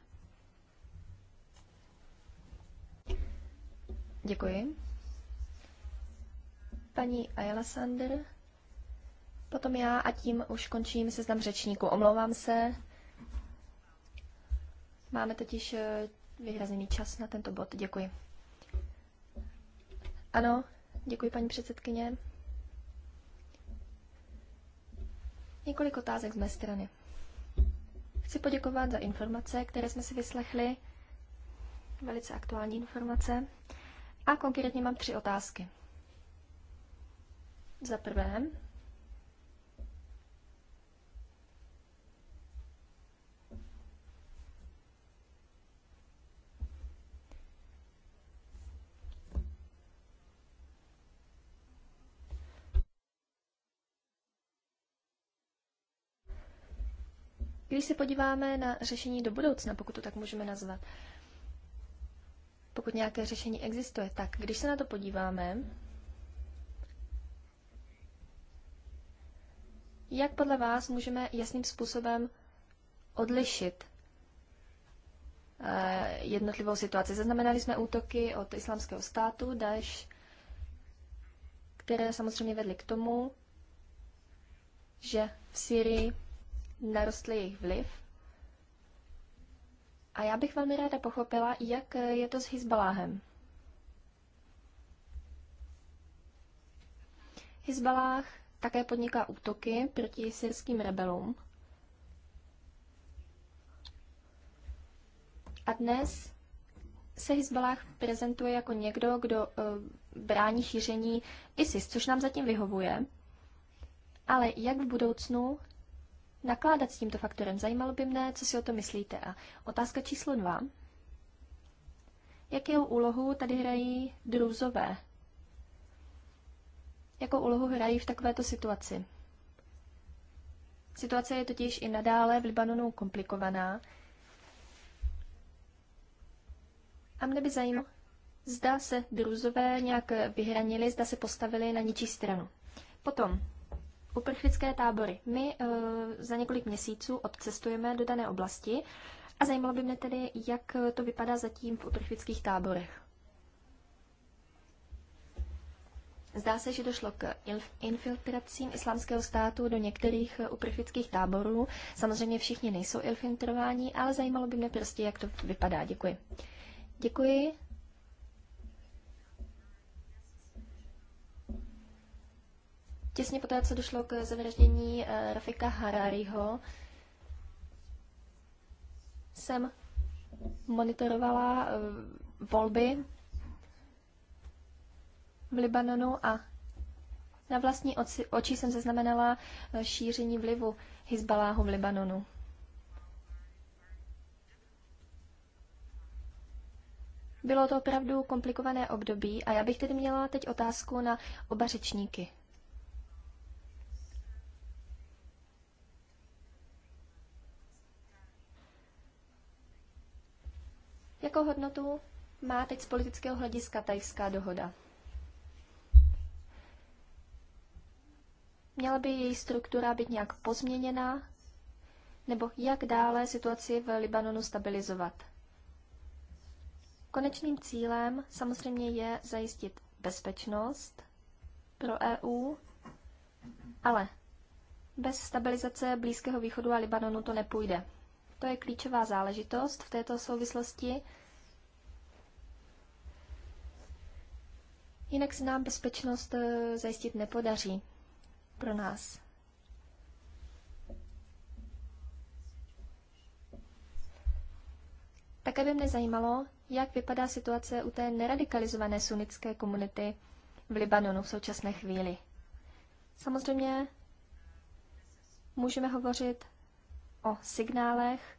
Děkuji. Paní Ayala Sander. Potom já a tím už končím seznam řečníků. Omlouvám se. Máme totiž eh, vyhrazený čas na tento bod. Děkuji. Ano, děkuji paní předsedkyně. Několik otázek z mé strany. Chci poděkovat za informace, které jsme si vyslechli, velice aktuální informace. A konkrétně mám tři otázky. Za prvé, Když se podíváme na řešení do budoucna, pokud to tak můžeme nazvat, pokud nějaké řešení existuje, tak když se na to podíváme, jak podle vás můžeme jasným způsobem odlišit eh, jednotlivou situaci. Zaznamenali jsme útoky od islámského státu, Daesh, které samozřejmě vedly k tomu, že v Syrii narostl jejich vliv. A já bych velmi ráda pochopila, jak je to s Hizbaláhem. Hizbalách také podniká útoky proti syrským rebelům. A dnes se Hizbalách prezentuje jako někdo, kdo e, brání šíření ISIS, což nám zatím vyhovuje. Ale jak v budoucnu nakládat s tímto faktorem. Zajímalo by mne, co si o to myslíte. A otázka číslo dva. Jakou úlohu tady hrají druzové? Jakou úlohu hrají v takovéto situaci? Situace je totiž i nadále v Libanonu komplikovaná. A mne by zajímalo, zda se druzové nějak vyhranili, zda se postavili na ničí stranu. Potom uprchlické tábory. My uh, za několik měsíců odcestujeme do dané oblasti a zajímalo by mě tedy, jak eh, to vypadá zatím v uprchlických táborech. Zdá se, že došlo k infiltracím islámského státu do některých eh, uprchlických táborů. Samozřejmě všichni nejsou infiltrováni, ale zajímalo by mě prostě, jak to vypadá. Děkuji. Děkuji. Těsně poté, co došlo k zavraždění eh, Rafika Harariho, jsem monitorovala eh, volby v Libanonu a na vlastní oči, oči jsem zaznamenala eh, šíření vlivu Hezbaláhu v Libanonu. Bylo to opravdu komplikované období a já bych tedy měla teď otázku na oba řečníky. Jakou hodnotu má teď z politického hlediska tajská dohoda? Měla by její struktura být nějak pozměněná? Nebo jak dále situaci v Libanonu stabilizovat? Konečným cílem samozřejmě je zajistit bezpečnost pro EU, ale bez stabilizace Blízkého východu a Libanonu to nepůjde. To je klíčová záležitost v této souvislosti Jinak se nám bezpečnost eh, zajistit nepodaří pro nás. Také by mě zajímalo, jak vypadá situace u té neradikalizované sunnické komunity v Libanonu v současné chvíli. Samozřejmě můžeme hovořit o signálech,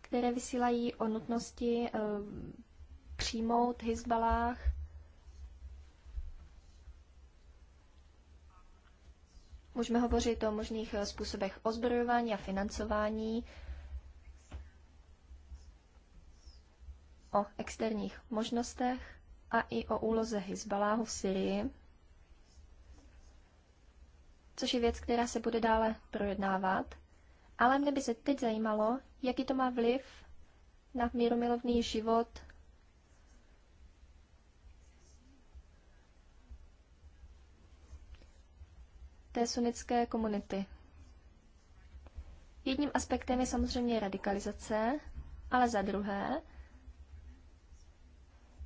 které vysílají o nutnosti e, přijmout Hezbalách Můžeme hovořit o možných eh, způsobech ozbrojování a financování, o externích možnostech a i o úloze Hezbaláhu v Syrii, což je věc, která se bude dále projednávat. Ale mne by se teď zajímalo, jaký to má vliv na mírumilovný život té sunnické komunity. Jedním aspektem je samozřejmě radikalizace, ale za druhé,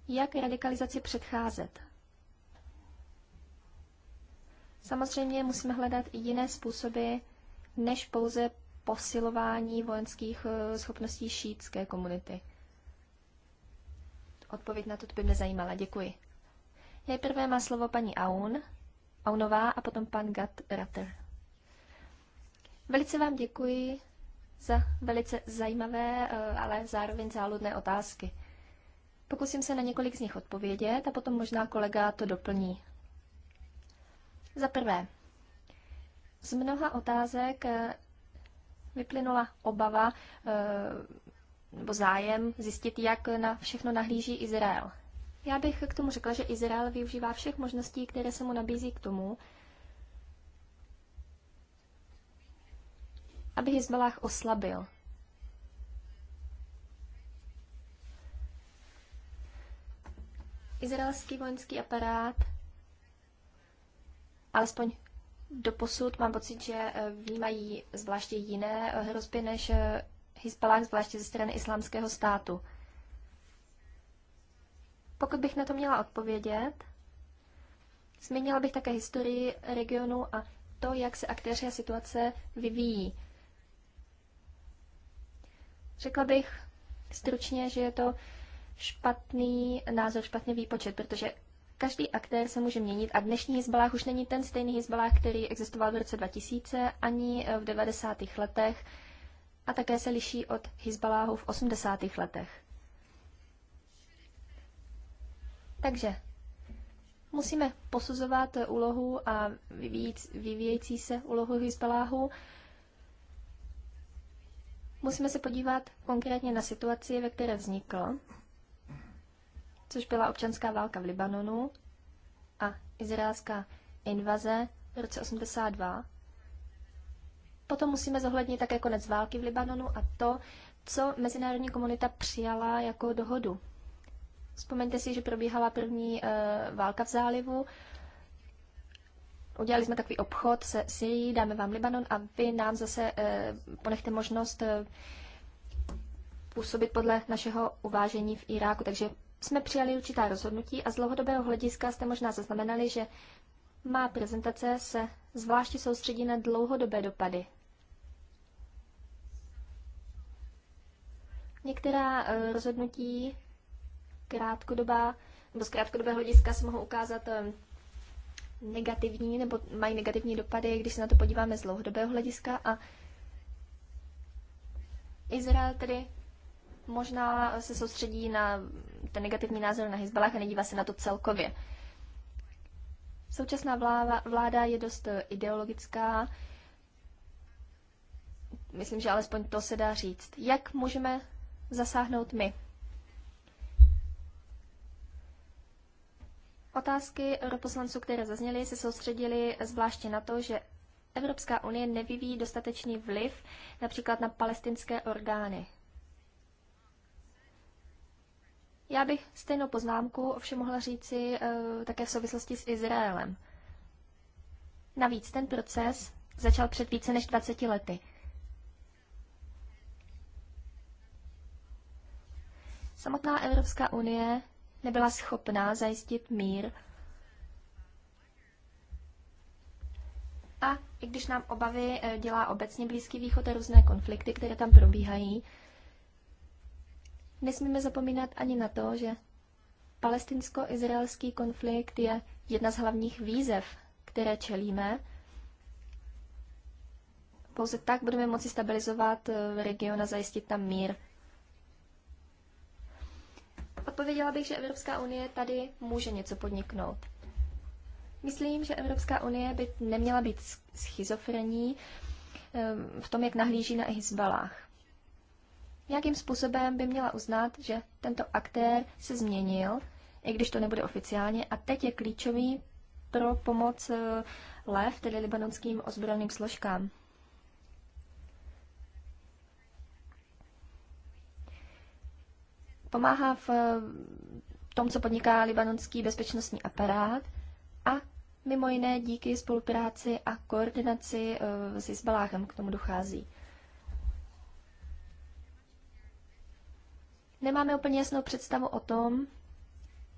jak radikalizaci předcházet. Samozřejmě musíme hledat i jiné způsoby, než pouze posilování vojenských eh, schopností šítské komunity. Odpověď na to by mě zajímala. Děkuji. Nejprve má slovo paní Aun Aunová a potom pan Gat Ratter. Velice vám děkuji za velice zajímavé, eh, ale zároveň záludné otázky. Pokusím se na několik z nich odpovědět a potom možná kolega to doplní. Za prvé, z mnoha otázek eh, vyplynula obava eh, nebo zájem zjistit, jak na všechno nahlíží Izrael. Já bych k tomu řekla, že Izrael využívá všech možností, které se mu nabízí k tomu, aby Hezbalách oslabil. Izraelský vojenský aparát, alespoň do posud mám pocit, že eh, vnímají zvláště jiné eh, hrozby než eh, Hezbalách, zvláště ze strany islámského státu. Pokud bych na to měla odpovědět, zmínila bych také historii regionu a to, jak se aktéři a situace vyvíjí. Řekla bych stručně, že je to špatný názor, špatný výpočet, protože každý aktér se může měnit a dnešní Hezbalách už není ten stejný Hezbalách, který existoval v roce 2000 ani v 90. letech a také se liší od Hezbaláhu v 80. letech. Takže musíme posuzovat úlohu a vyvíjející se úlohu Hezbaláhu. Musíme se podívat konkrétně na situaci, ve které vznikl, což byla občanská válka v Libanonu a izraelská invaze v roce 82. Potom musíme zohlednit také konec války v Libanonu a to, co mezinárodní komunita přijala jako dohodu Vzpomeňte si, že probíhala první eh, válka v zálivu. Udělali jsme takový obchod se Syrií, dáme vám Libanon a vy nám zase eh, ponechte možnost eh, působit podle našeho uvážení v Iráku. Takže jsme přijali určitá rozhodnutí a z dlouhodobého hlediska jste možná zaznamenali, že má prezentace se zvláště soustředí na dlouhodobé dopady. Některá rozhodnutí krátkodobá, nebo z krátkodobého hlediska se mohou ukázat eh, negativní, nebo mají negativní dopady, když se na to podíváme z dlouhodobého hlediska. A Izrael tedy možná se soustředí na ten negativní názor na Hezbalah a nedívá se na to celkově. Současná vláda, vláda je dost eh, ideologická. Myslím, že alespoň to se dá říct. Jak můžeme zasáhnout my? Otázky europoslanců, které zazněly, se soustředily zvláště na to, že Evropská unie nevyvíjí dostatečný vliv například na palestinské orgány. Já bych stejnou poznámku ovšem mohla říci e, také v souvislosti s Izraelem. Navíc ten proces začal před více než 20 lety. Samotná Evropská unie nebyla schopná zajistit mír. A i když nám obavy eh, dělá obecně Blízký východ a různé konflikty, které tam probíhají, nesmíme zapomínat ani na to, že palestinsko-izraelský konflikt je jedna z hlavních výzev, které čelíme. Pouze tak budeme moci stabilizovat eh, region a zajistit tam mír. Odpověděla bych, že Evropská unie tady může něco podniknout. Myslím, že Evropská unie by neměla být schizofrení ehm, v tom, jak nahlíží na Hezbalách. Nějakým způsobem by měla uznat, že tento aktér se změnil, i když to nebude oficiálně, a teď je klíčový pro pomoc eh, LEV, tedy libanonským ozbrojeným složkám. pomáhá v eh, tom, co podniká libanonský bezpečnostní aparát a mimo jiné díky spolupráci a koordinaci eh, s Izbaláchem k tomu dochází. Nemáme úplně jasnou představu o tom,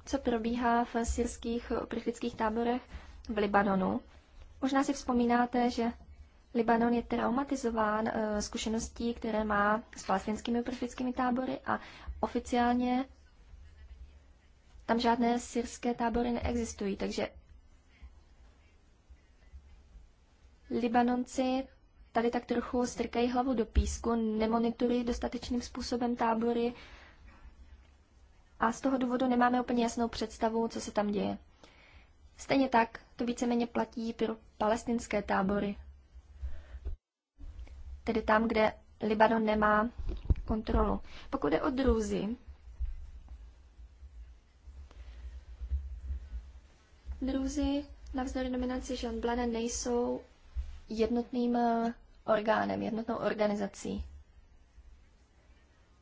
co probíhá v syrských uprchlických táborech v Libanonu. Možná si vzpomínáte, že Libanon je traumatizován eh, zkušeností, které má s palestinskými uprchlickými tábory a oficiálně tam žádné syrské tábory neexistují, takže Libanonci tady tak trochu strkají hlavu do písku, nemonitorují dostatečným způsobem tábory a z toho důvodu nemáme úplně jasnou představu, co se tam děje. Stejně tak to víceméně platí pro palestinské tábory tedy tam, kde Libanon nemá kontrolu. Pokud je o Druzi, Druzi navzdory nominaci Jean Blana nejsou jednotným eh, orgánem, jednotnou organizací.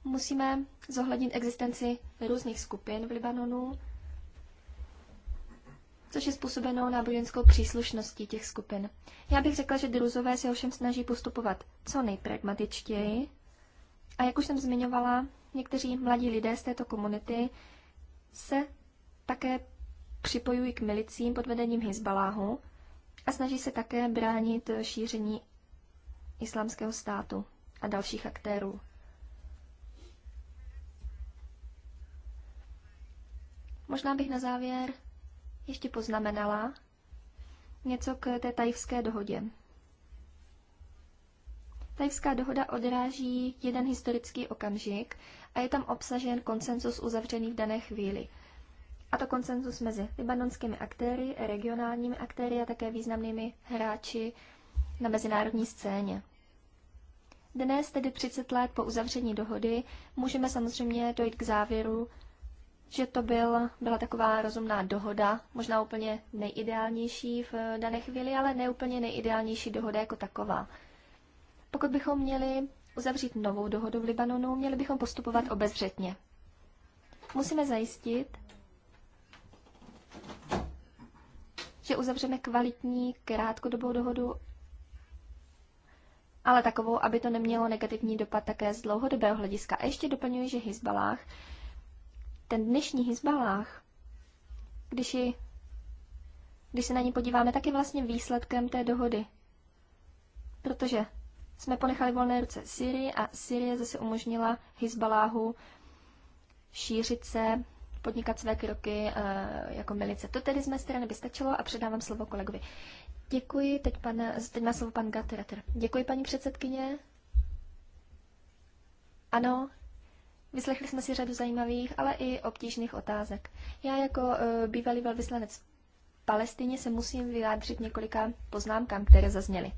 Musíme zohlednit existenci různých skupin v Libanonu, což je způsobenou náboženskou příslušností těch skupin. Já bych řekla, že druzové se ovšem snaží postupovat co nejpragmatičtěji. A jak už jsem zmiňovala, někteří mladí lidé z této komunity se také připojují k milicím pod vedením Hezbaláhu a snaží se také bránit šíření islámského státu a dalších aktérů. Možná bych na závěr ještě poznamenala něco k té tajvské dohodě. Tajvská dohoda odráží jeden historický okamžik a je tam obsažen konsenzus uzavřený v dané chvíli. A to konsenzus mezi libanonskými aktéry, regionálními aktéry a také významnými hráči na mezinárodní scéně. Dnes, tedy 30 let po uzavření dohody, můžeme samozřejmě dojít k závěru, že to byl, byla taková rozumná dohoda, možná úplně nejideálnější v eh, dané chvíli, ale neúplně nejideálnější dohoda jako taková. Pokud bychom měli uzavřít novou dohodu v Libanonu, měli bychom postupovat obezřetně. Musíme zajistit, že uzavřeme kvalitní krátkodobou dohodu, ale takovou, aby to nemělo negativní dopad také z dlouhodobého hlediska. A ještě doplňuji, že Hezbalah ten dnešní Hizbalách, když, ji, když se na ní podíváme, tak je vlastně výsledkem té dohody. Protože jsme ponechali volné ruce Syrii a Syrie zase umožnila Hizbaláhu šířit se, podnikat své kroky eh, jako milice. To tedy z mé strany by stačilo a předávám slovo kolegovi. Děkuji, teď, pan, teď má slovo pan Gatter. Děkuji, paní předsedkyně. Ano, Vyslechli jsme si řadu zajímavých, ale i obtížných otázek. Já jako e, bývalý velvyslanec v Palestině se musím vyjádřit několika poznámkám, které zazněly.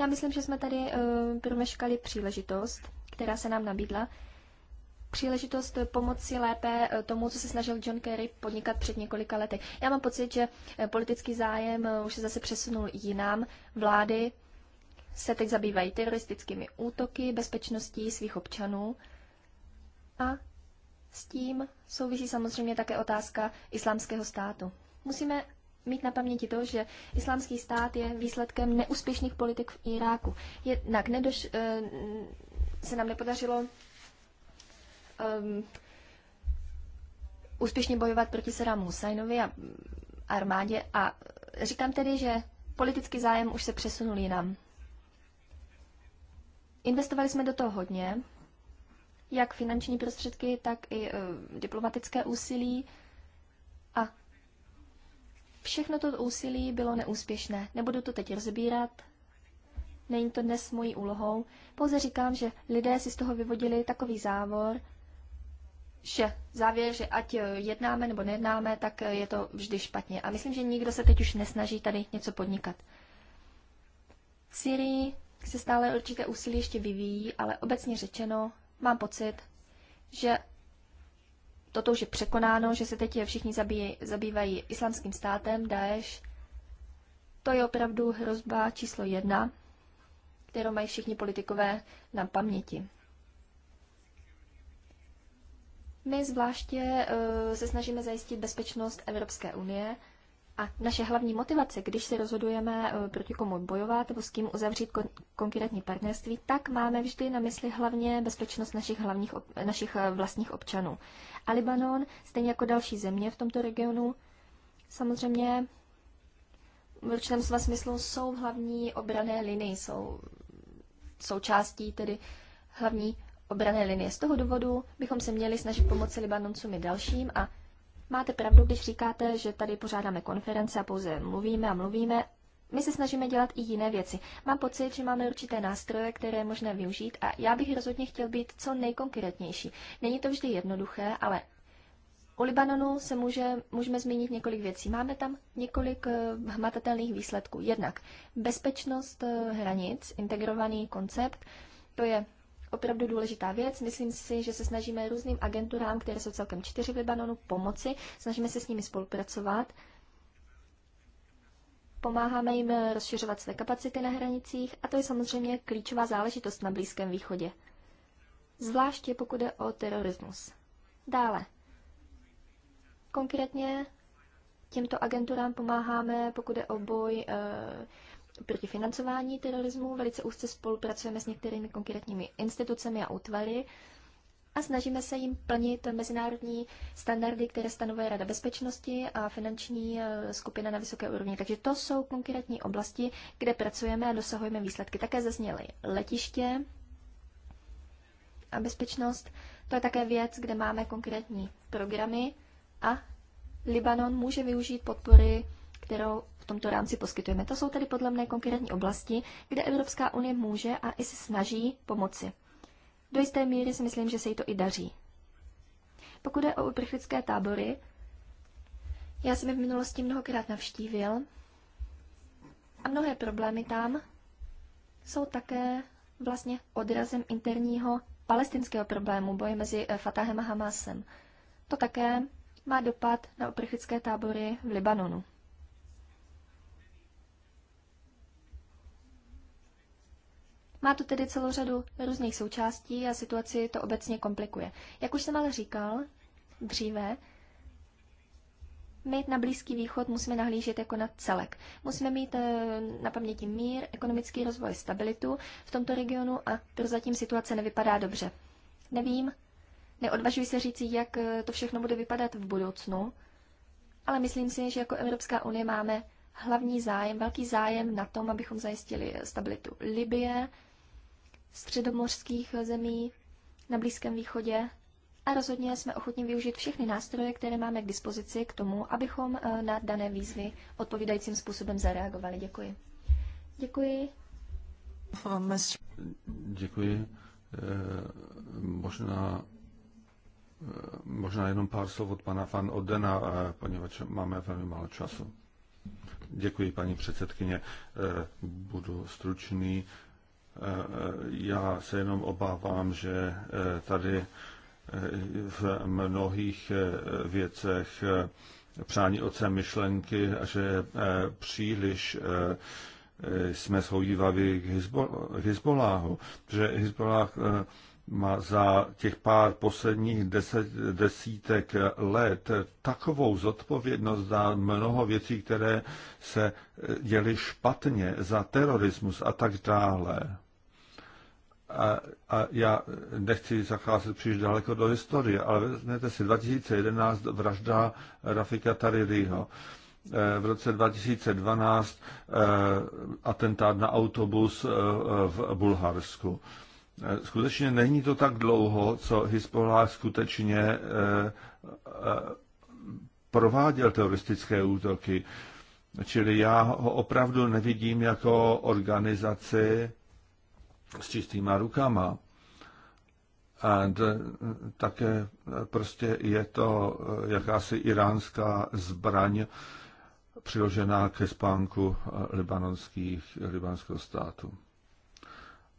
Já myslím, že jsme tady e, promeškali příležitost, která se nám nabídla, příležitost pomoci lépe e, tomu, co se snažil John Kerry podnikat před několika lety. Já mám pocit, že politický zájem už se zase přesunul jinam. Vlády se teď zabývají teroristickými útoky, bezpečností svých občanů a s tím souvisí samozřejmě také otázka islámského státu. Musíme mít na paměti to, že islámský stát je výsledkem neúspěšných politik v Iráku. Jednak nedoš, eh, se nám nepodařilo um, úspěšně bojovat proti Sadámu Husajnovi a armádě a říkám tedy, že politický zájem už se přesunul jinam. Investovali jsme do toho hodně, jak finanční prostředky, tak i eh, diplomatické úsilí. A všechno to úsilí bylo neúspěšné. Nebudu to teď rozbírat, není to dnes mojí úlohou. Pouze říkám, že lidé si z toho vyvodili takový závor, že závěr, že ať eh, jednáme nebo nejednáme, tak eh, je to vždy špatně. A myslím, že nikdo se teď už nesnaží tady něco podnikat. V Syrii se stále určité úsilí ještě vyvíjí, ale obecně řečeno Mám pocit, že toto už je překonáno, že se teď všichni zabíjí, zabývají islamským státem, Daesh. To je opravdu hrozba číslo jedna, kterou mají všichni politikové na paměti. My zvláště uh, se snažíme zajistit bezpečnost Evropské unie a naše hlavní motivace, když se rozhodujeme, eh, proti komu bojovat nebo s kým uzavřít kon- konkrétní partnerství, tak máme vždy na mysli hlavně bezpečnost našich, hlavních našich eh, vlastních občanů. A Libanon, stejně jako další země v tomto regionu, samozřejmě v určitém slova smyslu jsou hlavní obrané linie, jsou součástí tedy hlavní obrané linie. Z toho důvodu bychom se měli snažit pomoci Libanoncům i dalším a Máte pravdu, když říkáte, že tady pořádáme konference a pouze mluvíme a mluvíme. My se snažíme dělat i jiné věci. Mám pocit, že máme určité nástroje, které je možné využít a já bych rozhodně chtěl být co nejkonkrétnější. Není to vždy jednoduché, ale u Libanonu se může, můžeme zmínit několik věcí. Máme tam několik uh, hmatatelných výsledků. Jednak bezpečnost uh, hranic, integrovaný koncept, to je opravdu důležitá věc. Myslím si, že se snažíme různým agenturám, které jsou celkem čtyři v Libanonu, pomoci. Snažíme se s nimi spolupracovat. Pomáháme jim rozšiřovat své kapacity na hranicích a to je samozřejmě klíčová záležitost na Blízkém východě. Zvláště pokud jde o terorismus. Dále. Konkrétně těmto agenturám pomáháme, pokud jde o boj eh, proti financování terorismu. Velice úzce spolupracujeme s některými konkrétními institucemi a útvary a snažíme se jim plnit mezinárodní standardy, které stanovuje Rada bezpečnosti a finanční eh, skupina na vysoké úrovni. Takže to jsou konkrétní oblasti, kde pracujeme a dosahujeme výsledky. Také zazněly letiště a bezpečnost. To je také věc, kde máme konkrétní programy a Libanon může využít podpory, kterou tomto rámci poskytujeme. To jsou tedy podle mne konkrétní oblasti, kde Evropská unie může a i se snaží pomoci. Do jisté míry si myslím, že se jí to i daří. Pokud je o uprchlické tábory, já jsem je v minulosti mnohokrát navštívil a mnohé problémy tam jsou také vlastně odrazem interního palestinského problému, boje mezi eh, Fatahem a Hamasem. To také má dopad na uprchlické tábory v Libanonu. Má to tedy celou řadu různých součástí a situaci to obecně komplikuje. Jak už jsem ale říkal dříve, my na Blízký východ musíme nahlížet jako na celek. Musíme mít eh, na paměti mír, ekonomický rozvoj, stabilitu v tomto regionu a prozatím situace nevypadá dobře. Nevím, neodvažuji se říct, jak eh, to všechno bude vypadat v budoucnu, ale myslím si, že jako Evropská unie máme hlavní zájem, velký zájem na tom, abychom zajistili stabilitu Libie, středomořských zemí na Blízkém východě a rozhodně jsme ochotni využít všechny nástroje, které máme k dispozici k tomu, abychom eh, na dané výzvy odpovídajícím způsobem zareagovali. Děkuji. Děkuji. Děkuji. Eh, možná, eh, možná jenom pár slov od pana Van Odena, poněvadž máme velmi málo času. Děkuji, paní předsedkyně. Budu stručný. Já se jenom obávám, že eh, tady eh, v mnohých eh, věcech přání oce myšlenky že příliš jsme shodívali k Hezboláhu. Že Hezbolách za těch pár posledních deset, desítek let takovou zodpovědnost za mnoho věcí, které se děly špatně, za terorismus a tak dále. A, a já nechci zacházet příliš daleko do historie, ale vezměte si 2011 vražda Rafika Taririho v roce 2012 eh, atentát na autobus eh, v Bulharsku. Skutečně není to tak dlouho, co Hezbollah skutečně eh, eh, prováděl teroristické útoky. Čili já ho opravdu nevidím jako organizaci s čistýma rukama. A eh, také prostě je to jakási iránská zbraň přiložená ke spánku libanonských, libanského státu.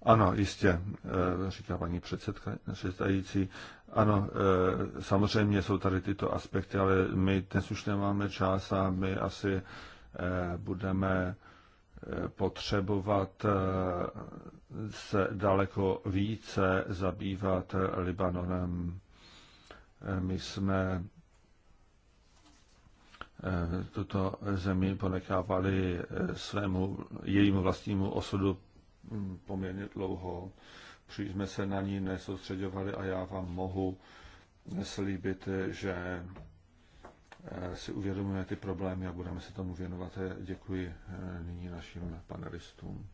Ano, jistě, eh, říká paní předsedající. Ano, eh, samozřejmě jsou tady tyto aspekty, ale my dnes už nemáme čas a my asi eh, budeme potřebovat se daleko více zabývat Libanonem. My jsme tuto zemi ponechávali svému, jejímu vlastnímu osudu Mm, poměrně dlouho. Příliš jsme se na ní nesoustředovali a já vám mohu slíbit, že eh, si uvědomujeme ty problémy a budeme se tomu věnovat. Děkuji eh, nyní našim panelistům.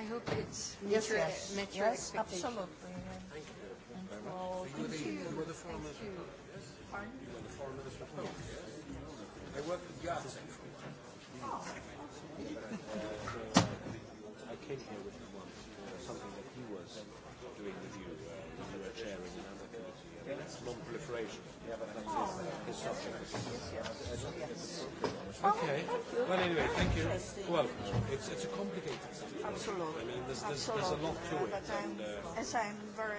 I hope it's yes, yes. yes, absolutely. Thank you. you. thank you. the Thank you. Pardon? You the yes. I with i came here you Well, anyway, thank you. Well, it's, it's a complicated subject. Absolutely. I mean, there's, there's, there's a lot to it. But I'm, and, uh, as I'm very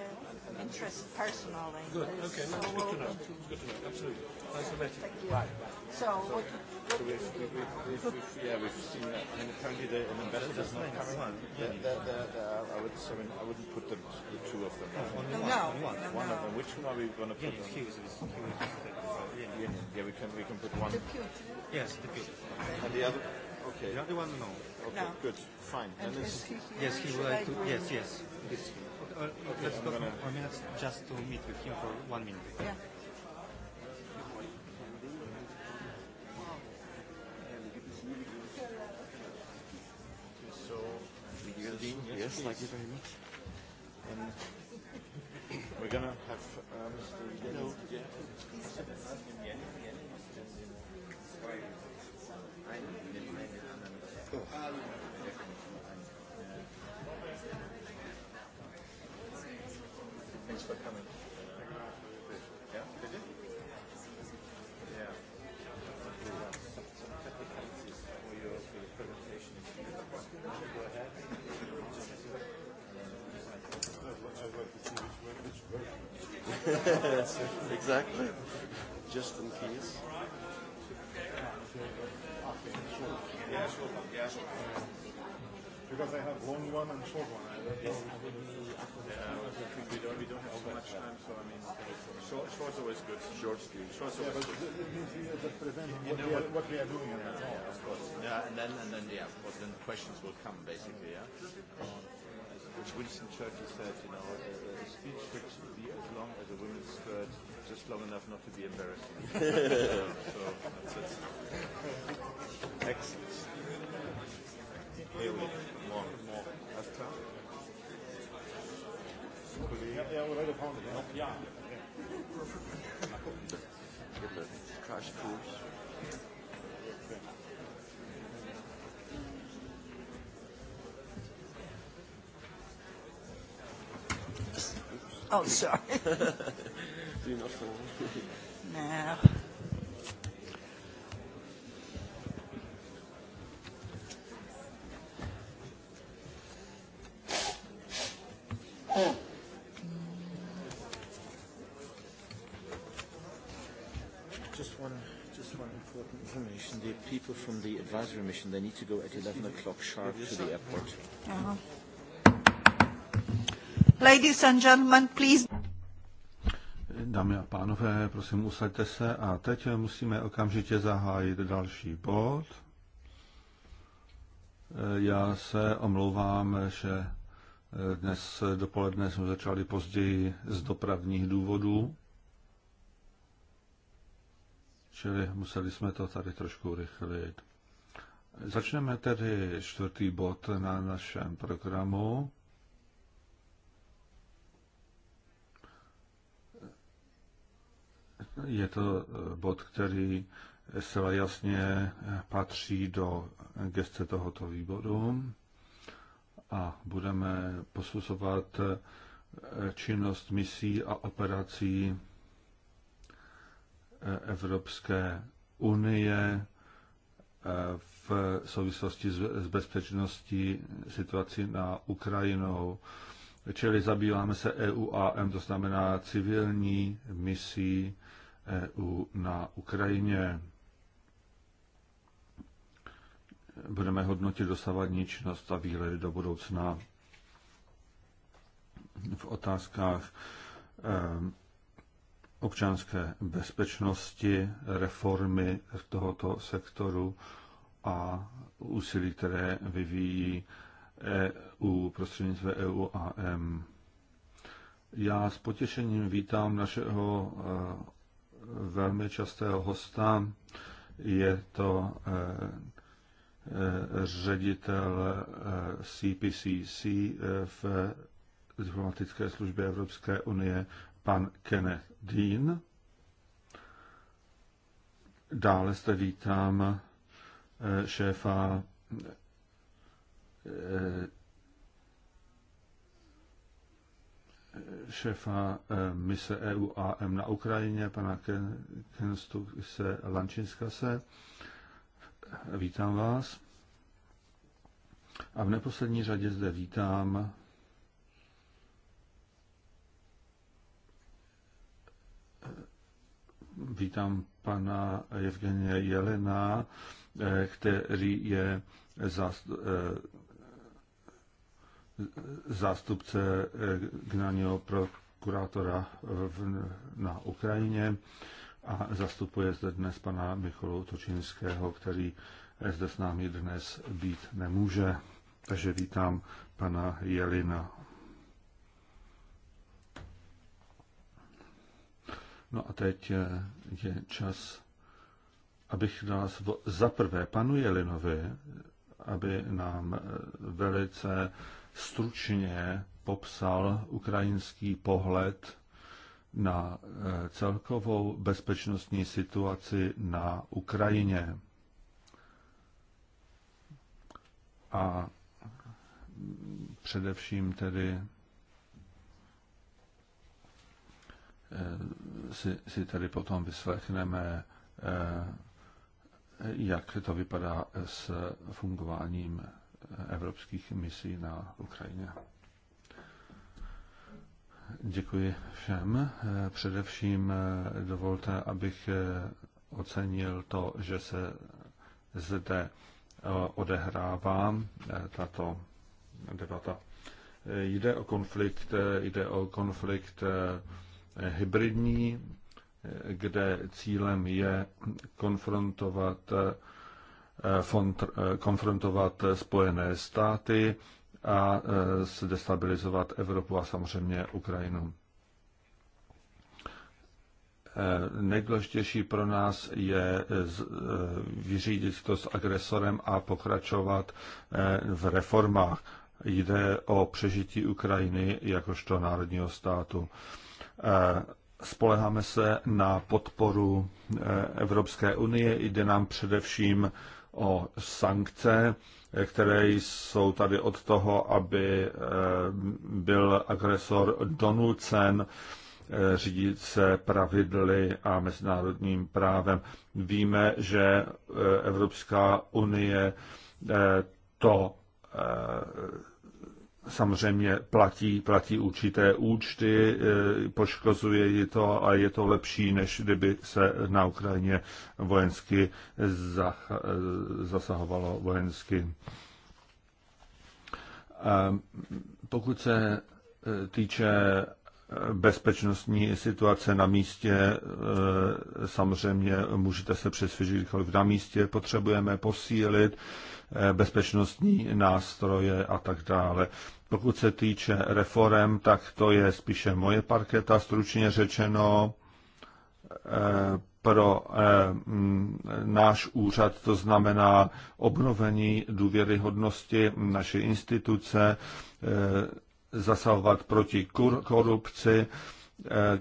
interest personally. Good. Okay. No, good to know. It's good to know. Absolutely. Nice to meet you. Thank you. Right. right. So, what, so we've, we've, we've, we've, yeah, we've seen that, mean, apparently the, an investor is not coming on. The, the, the, the, I would, I mean, I wouldn't put them, the two of them. No, only one. No. no one, one no. of them. Which one are we going to put? Yeah, Hughes is. Yeah, yeah, we can we can put one. Deputy. Yes, deputy. And the other. Okay. The other one, no. Okay, no. good, fine. And, and is he here? Yes, he would like to. Yes, yes. He's okay, let's go for a minute just to meet with him for one minute. Yeah. yes, thank you very much. And we're gonna have uh, Mr. Yellow. exactly. Just in case. Because I have long one and short one. Yeah, we don't, we don't have so much time, so I mean, short, short's always good. Short good. Short's always yeah, but good. It means we are just presenting you what, know we are, what we are doing. Yeah, yeah, of course. Yeah, and then, and then, yeah, of course, then questions will come, basically, yeah? Which Winston Churchill said, you know, speech should be as long as a women's skirt, just long enough not to be embarrassing. <laughs> so that's it. Excellent. Here we more, more. After. yeah we're ready der Pound, ja. yeah Crash course. oh, sorry. <laughs> no. Oh. Just one, just one important information. The people from the advisory mission, they need to go at 11 o'clock sharp to the airport. Uh-huh. Ladies and gentlemen, please. Dámy a pánové, prosím, usaďte se a teď musíme okamžitě zahájit další bod. Já se omlouvám, že dnes dopoledne jsme začali později z dopravních důvodů, čili museli jsme to tady trošku urychlit. Začneme tedy čtvrtý bod na našem programu Je to eh, bod, který zcela jasně eh, patří do gestce tohoto výboru a budeme posuzovat eh, činnost misí a operací Evropské unie v souvislosti s bezpečností situací na Ukrajinou. Čili zabýváme se EUAM, to znamená civilní misí EU na Ukrajině. Budeme hodnotit dosavadní činnost a výhledy do budoucna v otázkách e, občanské bezpečnosti, reformy tohoto sektoru a úsilí, které vyvíjí EU prostřednictvím EU a M. Já s potěšením vítám našeho e, velmi častého hosta. Je to eh, eh, ředitel CPCC eh, v diplomatické službě Evropské unie, pan Kenneth Dean. Dále zde vítám šéfa šéfa eh, mise EU AM na Ukrajině, pana Kenstu se Lančinska se. Vítám vás. A v neposlední řadě zde vítám eh, vítám pana Evgenie Jelena, eh, který je zást, zástupce eh, generálního prokurátora na Ukrajině a zastupuje zde dnes pana Michalu Točinského, který eh, zde s námi dnes být nemůže. Takže vítám pana Jelina. No a teď eh, je čas, abych dal za prvé panu Jelinovi, aby nám velice stručně popsal ukrajinský pohled na eh, celkovou bezpečnostní situaci na Ukrajině. A především tedy eh, si, si tedy potom vyslechneme, eh, jak to vypadá s fungováním evropských misí na Ukrajině. Děkuji všem. Především eh, dovolte, abych eh, ocenil to, že se zde eh, odehrává tato debata. Jde o konflikt, jde o konflikt hybridní, kde cílem je konfrontovat Eh, eh, konfrontovat Spojené státy a eh, destabilizovat Evropu a samozřejmě Ukrajinu. Nejdůležitější pro nás je vyřídit to s agresorem a pokračovat v reformách. Jde o přežití Ukrajiny jakožto národního státu. Spoleháme se na podporu Evropské unie, jde nám především o sankce, které jsou tady od toho, aby eh, byl agresor donucen eh, řídit se pravidly a mezinárodním právem. Víme, že eh, Evropská unie to samozřejmě platí, platí určité účty, eh, poškozuje ji to a je to lepší, než kdyby se na Ukrajině vojensky eh, zasahovalo vojensky. Eh, pokud se týče bezpečnostní situace na místě. E, samozřejmě můžete se přesvědčit, kolik na místě potřebujeme posílit e, bezpečnostní nástroje a tak dále. Pokud se týče reform, tak to je spíše moje parketa, stručně řečeno e, pro náš úřad, to znamená obnovení důvěryhodnosti naší instituce, zasahovat proti korupci, eh,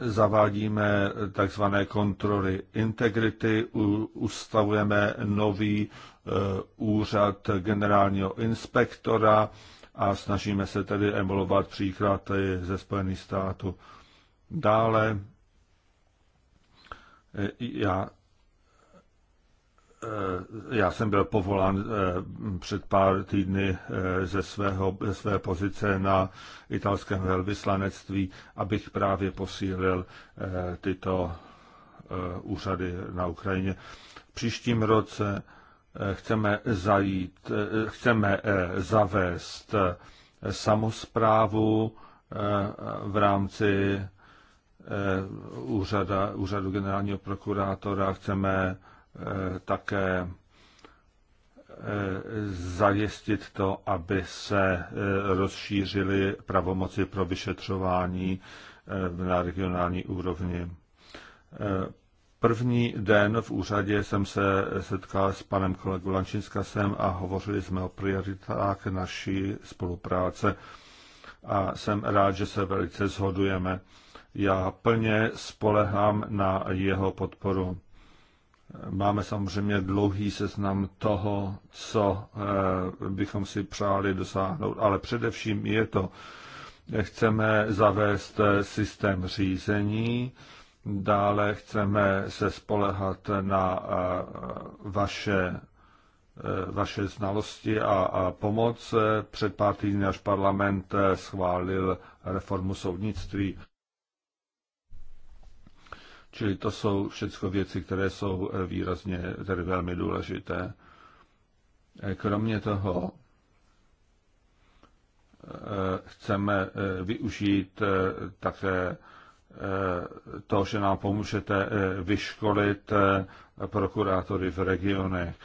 zavádíme takzvané kontroly integrity, ustavujeme nový eh, úřad generálního inspektora a snažíme se tedy emulovat příklad ze Spojených států. Dále eh, já Eh, já jsem byl povolán eh, před pár týdny eh, ze, svého, ze své pozice na italském velvyslanectví, abych právě posílil tyto úřady na Ukrajině. V příštím roce chceme, zajít, chceme zavést samozprávu v rámci úřada, úřadu generálního prokurátora, chceme Eh, také eh, zajistit to, aby se eh, rozšířily pravomoci pro vyšetřování na regionální úrovni. První den v úřadě jsem se setkal s panem kolegou Lančinskasem a hovořili jsme o prioritách naší spolupráce. A jsem rád, že se velice shodujeme. Já plně spolehám na jeho podporu. Máme samozřejmě dlouhý seznam toho, co eh, bychom si přáli dosáhnout, ale především je to, chceme zavést eh, systém řízení, dále chceme se spolehat na eh, vaše vaše znalosti a, a pomoc. Před pár týdny až parlament schválil reformu soudnictví. Čili to jsou všechno věci, které jsou eh, výrazně tady velmi důležité. Eh, kromě toho eh, chceme využít také to, že nám pomůžete vyškolit prokurátory v regionech.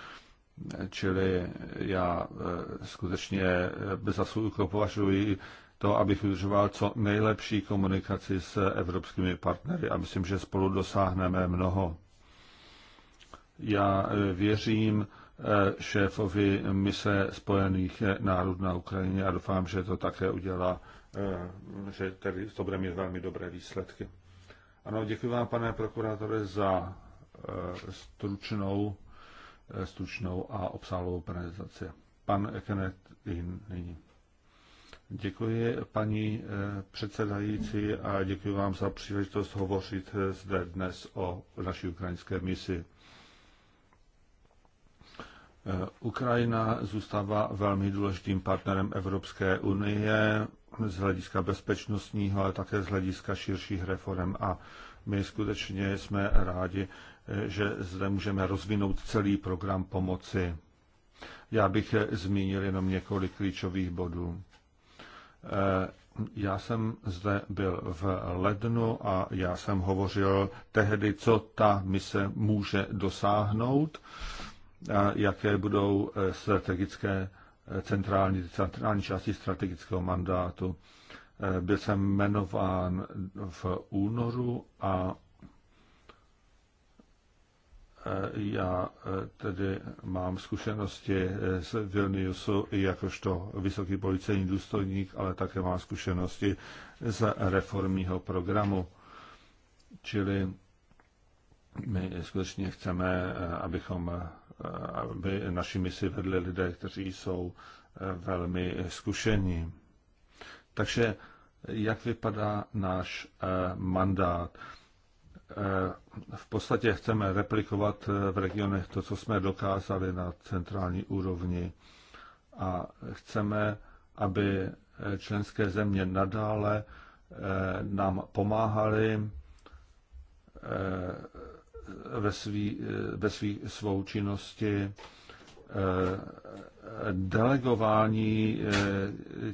Čili já skutečně za svůj považuji to, abych udržoval co nejlepší komunikaci s evropskými partnery a myslím, že spolu dosáhneme mnoho. Já e, věřím e, šéfovi mise Spojených národů na Ukrajině a doufám, že to také udělá, e, že tedy to bude mít velmi dobré výsledky. Ano, děkuji vám, pane prokurátore, za stručnou, stručnou a obsáhlou prezentaci. Pan Kenneth In nyní. Děkuji paní eh, předsedající a děkuji vám za příležitost hovořit eh, zde dnes o naší ukrajinské misi. Eh, Ukrajina zůstává velmi důležitým partnerem Evropské unie z hlediska bezpečnostního, ale také z hlediska širších reform a my skutečně jsme rádi, že zde můžeme rozvinout celý program pomoci. Já bych zmínil jenom několik klíčových bodů. Eh, já jsem zde byl v lednu a já jsem hovořil tehdy, co ta mise může dosáhnout, a jaké budou eh, strategické eh, centrální, centrální části strategického mandátu. Byl jsem jmenován v únoru a Eh, já eh, tedy mám zkušenosti eh, z Vilniusu jakožto vysoký policejní důstojník, ale také mám zkušenosti z reformního programu. Čili my skutečně chceme, abychom, aby naši misi vedli lidé, kteří jsou velmi zkušení. Takže jak vypadá náš mandát? Eh, v podstatě chceme replikovat eh, v regionech to, co jsme dokázali na centrální úrovni a chceme, aby eh, členské země nadále nám pomáhali ve, svý, ve svý, svou činnosti delegování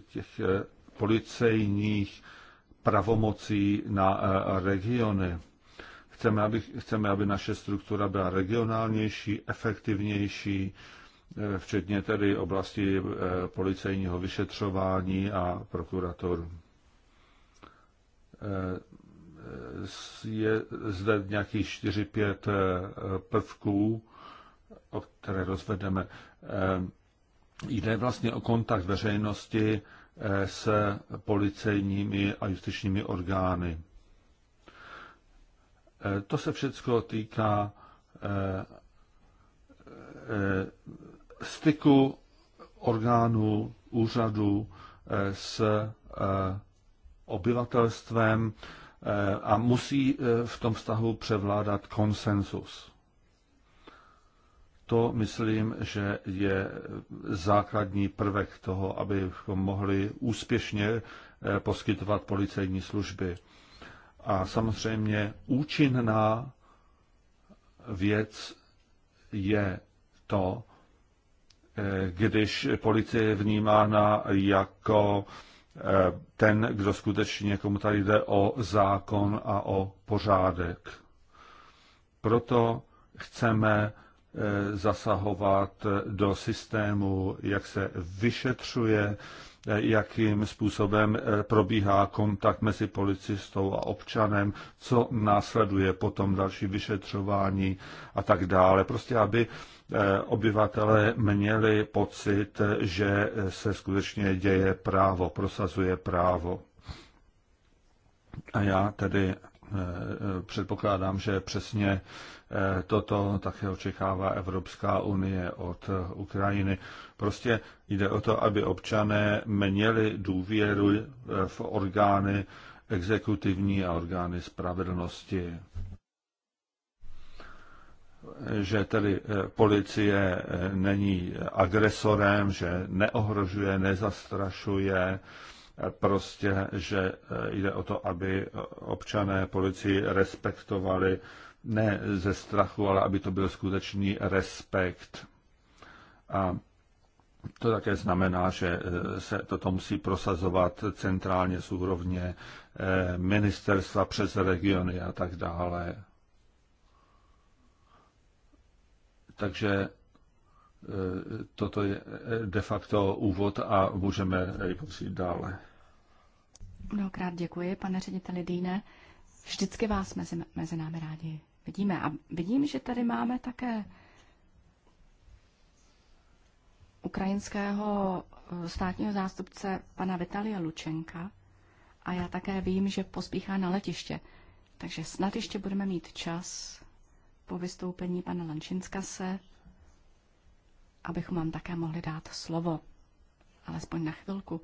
těch policejních pravomocí na regiony. Chceme aby, chceme, aby naše struktura byla regionálnější, efektivnější, eh, včetně tedy oblasti eh, policejního vyšetřování a prokurator. Eh, je zde nějakých 4-5 prvků, o které rozvedeme. Jde vlastně o kontakt veřejnosti se policejními a justičními orgány. Eh, to se všechno týká eh, eh, styku orgánů, úřadů s obyvatelstvem a musí v tom vztahu převládat konsensus. To myslím, že je základní prvek toho, abychom mohli úspěšně poskytovat policejní služby. A samozřejmě účinná věc je to, eh, když policie je vnímána jako eh, ten, kdo skutečně, někomu tady jde o zákon a o pořádek. Proto chceme eh, zasahovat do systému, jak se vyšetřuje, jakým způsobem eh, probíhá kontakt mezi policistou a občanem, co následuje potom další vyšetřování a tak dále. Prostě, aby eh, obyvatelé měli pocit, eh, že se skutečně děje právo, prosazuje právo. A já tedy předpokládám, že přesně toto také očekává Evropská unie od Ukrajiny. Prostě jde o to, aby občané měli důvěru v orgány exekutivní a orgány spravedlnosti. Že tedy eh, policie eh, není agresorem, že neohrožuje, nezastrašuje, eh, prostě, že jde o to, aby občané policii respektovali ne ze strachu, ale aby to byl skutečný respekt. A to také znamená, že eh, se toto musí prosazovat centrálně z úrovně eh, ministerstva přes regiony a tak dále. Takže eh, toto je de facto úvod a můžeme jít dále. Mnohokrát děkuji, pane řediteli Dýne. Vždycky vás mezi, mezi námi rádi vidíme. A vidím, že tady máme také ukrajinského eh, státního zástupce pana Vitalia Lučenka a já také vím, že pospíchá na letiště. Takže snad ještě budeme mít čas po vystoupení pana Lančinska se, abychom vám také mohli dát slovo, alespoň na chvilku.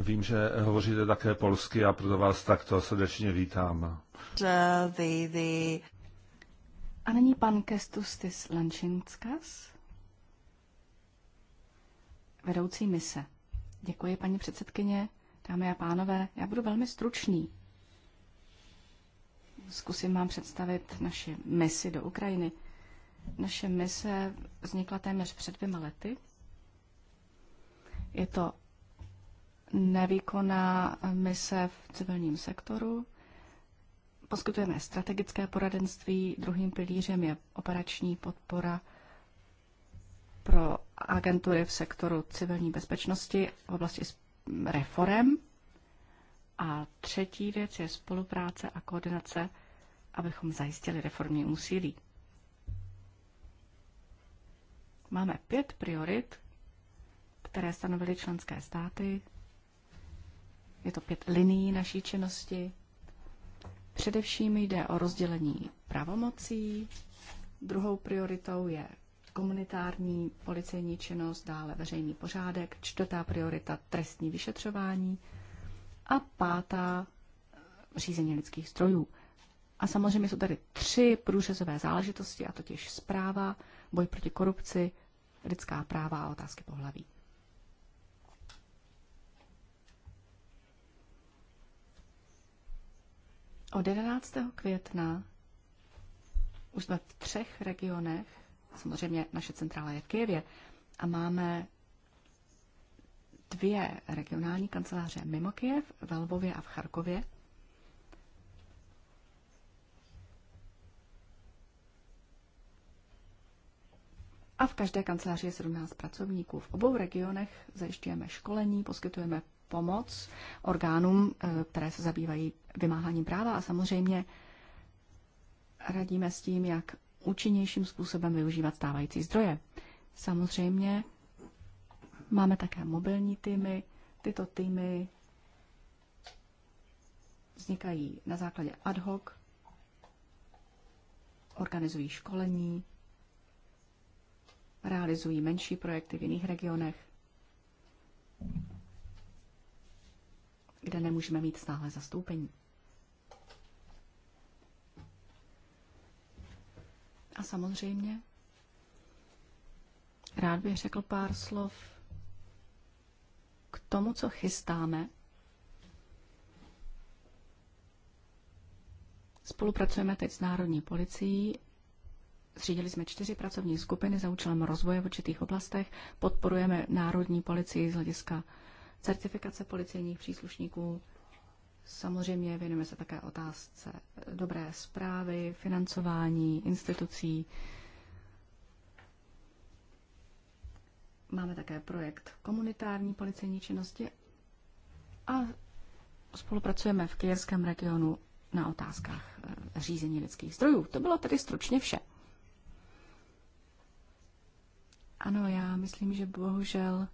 Vím, že hovoříte také polsky a proto vás takto srdečně vítám. The, the... A není pan Kestustis Lančinskas, vedoucí mise. Děkuji, paní předsedkyně, dámy a pánové. Já budu velmi stručný. Zkusím vám představit naši misi do Ukrajiny. Naše mise vznikla téměř před dvěma lety. Je to nevýkonná mise v civilním sektoru, Poskytujeme strategické poradenství, druhým pilířem je operační podpora pro agentury v sektoru civilní bezpečnosti v oblasti reform. A třetí věc je spolupráce a koordinace, abychom zajistili reformní úsilí. Máme pět priorit, které stanovily členské státy. Je to pět linií naší činnosti, Především jde o rozdělení pravomocí, druhou prioritou je komunitární policejní činnost, dále veřejný pořádek, čtvrtá priorita trestní vyšetřování a pátá eh, řízení lidských strojů. A samozřejmě jsou tady tři průřezové záležitosti, a totiž zpráva, boj proti korupci, lidská práva a otázky pohlaví. Od 11. května už jsme v třech regionech, samozřejmě naše centrála je v Kijevě, a máme dvě regionální kanceláře mimo Kijev, ve Lvově a v Charkově. A v každé kanceláři je 17 pracovníků. V obou regionech zajišťujeme školení, poskytujeme pomoc orgánům, eh, které se zabývají vymáháním práva a samozřejmě radíme s tím, jak účinnějším způsobem využívat stávající zdroje. Samozřejmě máme také mobilní týmy. Tyto týmy vznikají na základě ad hoc, organizují školení, realizují menší projekty v jiných regionech kde nemůžeme mít stále zastoupení. A samozřejmě rád bych řekl pár slov k tomu, co chystáme. Spolupracujeme teď s Národní policií. Zřídili jsme čtyři pracovní skupiny za účelem rozvoje v určitých oblastech. Podporujeme Národní policii z hlediska certifikace policejních příslušníků. Samozřejmě věnujeme se také otázce dobré zprávy, financování institucí. Máme také projekt komunitární policejní činnosti a spolupracujeme v Kijerském regionu na otázkách eh, řízení lidských zdrojů. To bylo tedy stručně vše. Ano, já myslím, že bohužel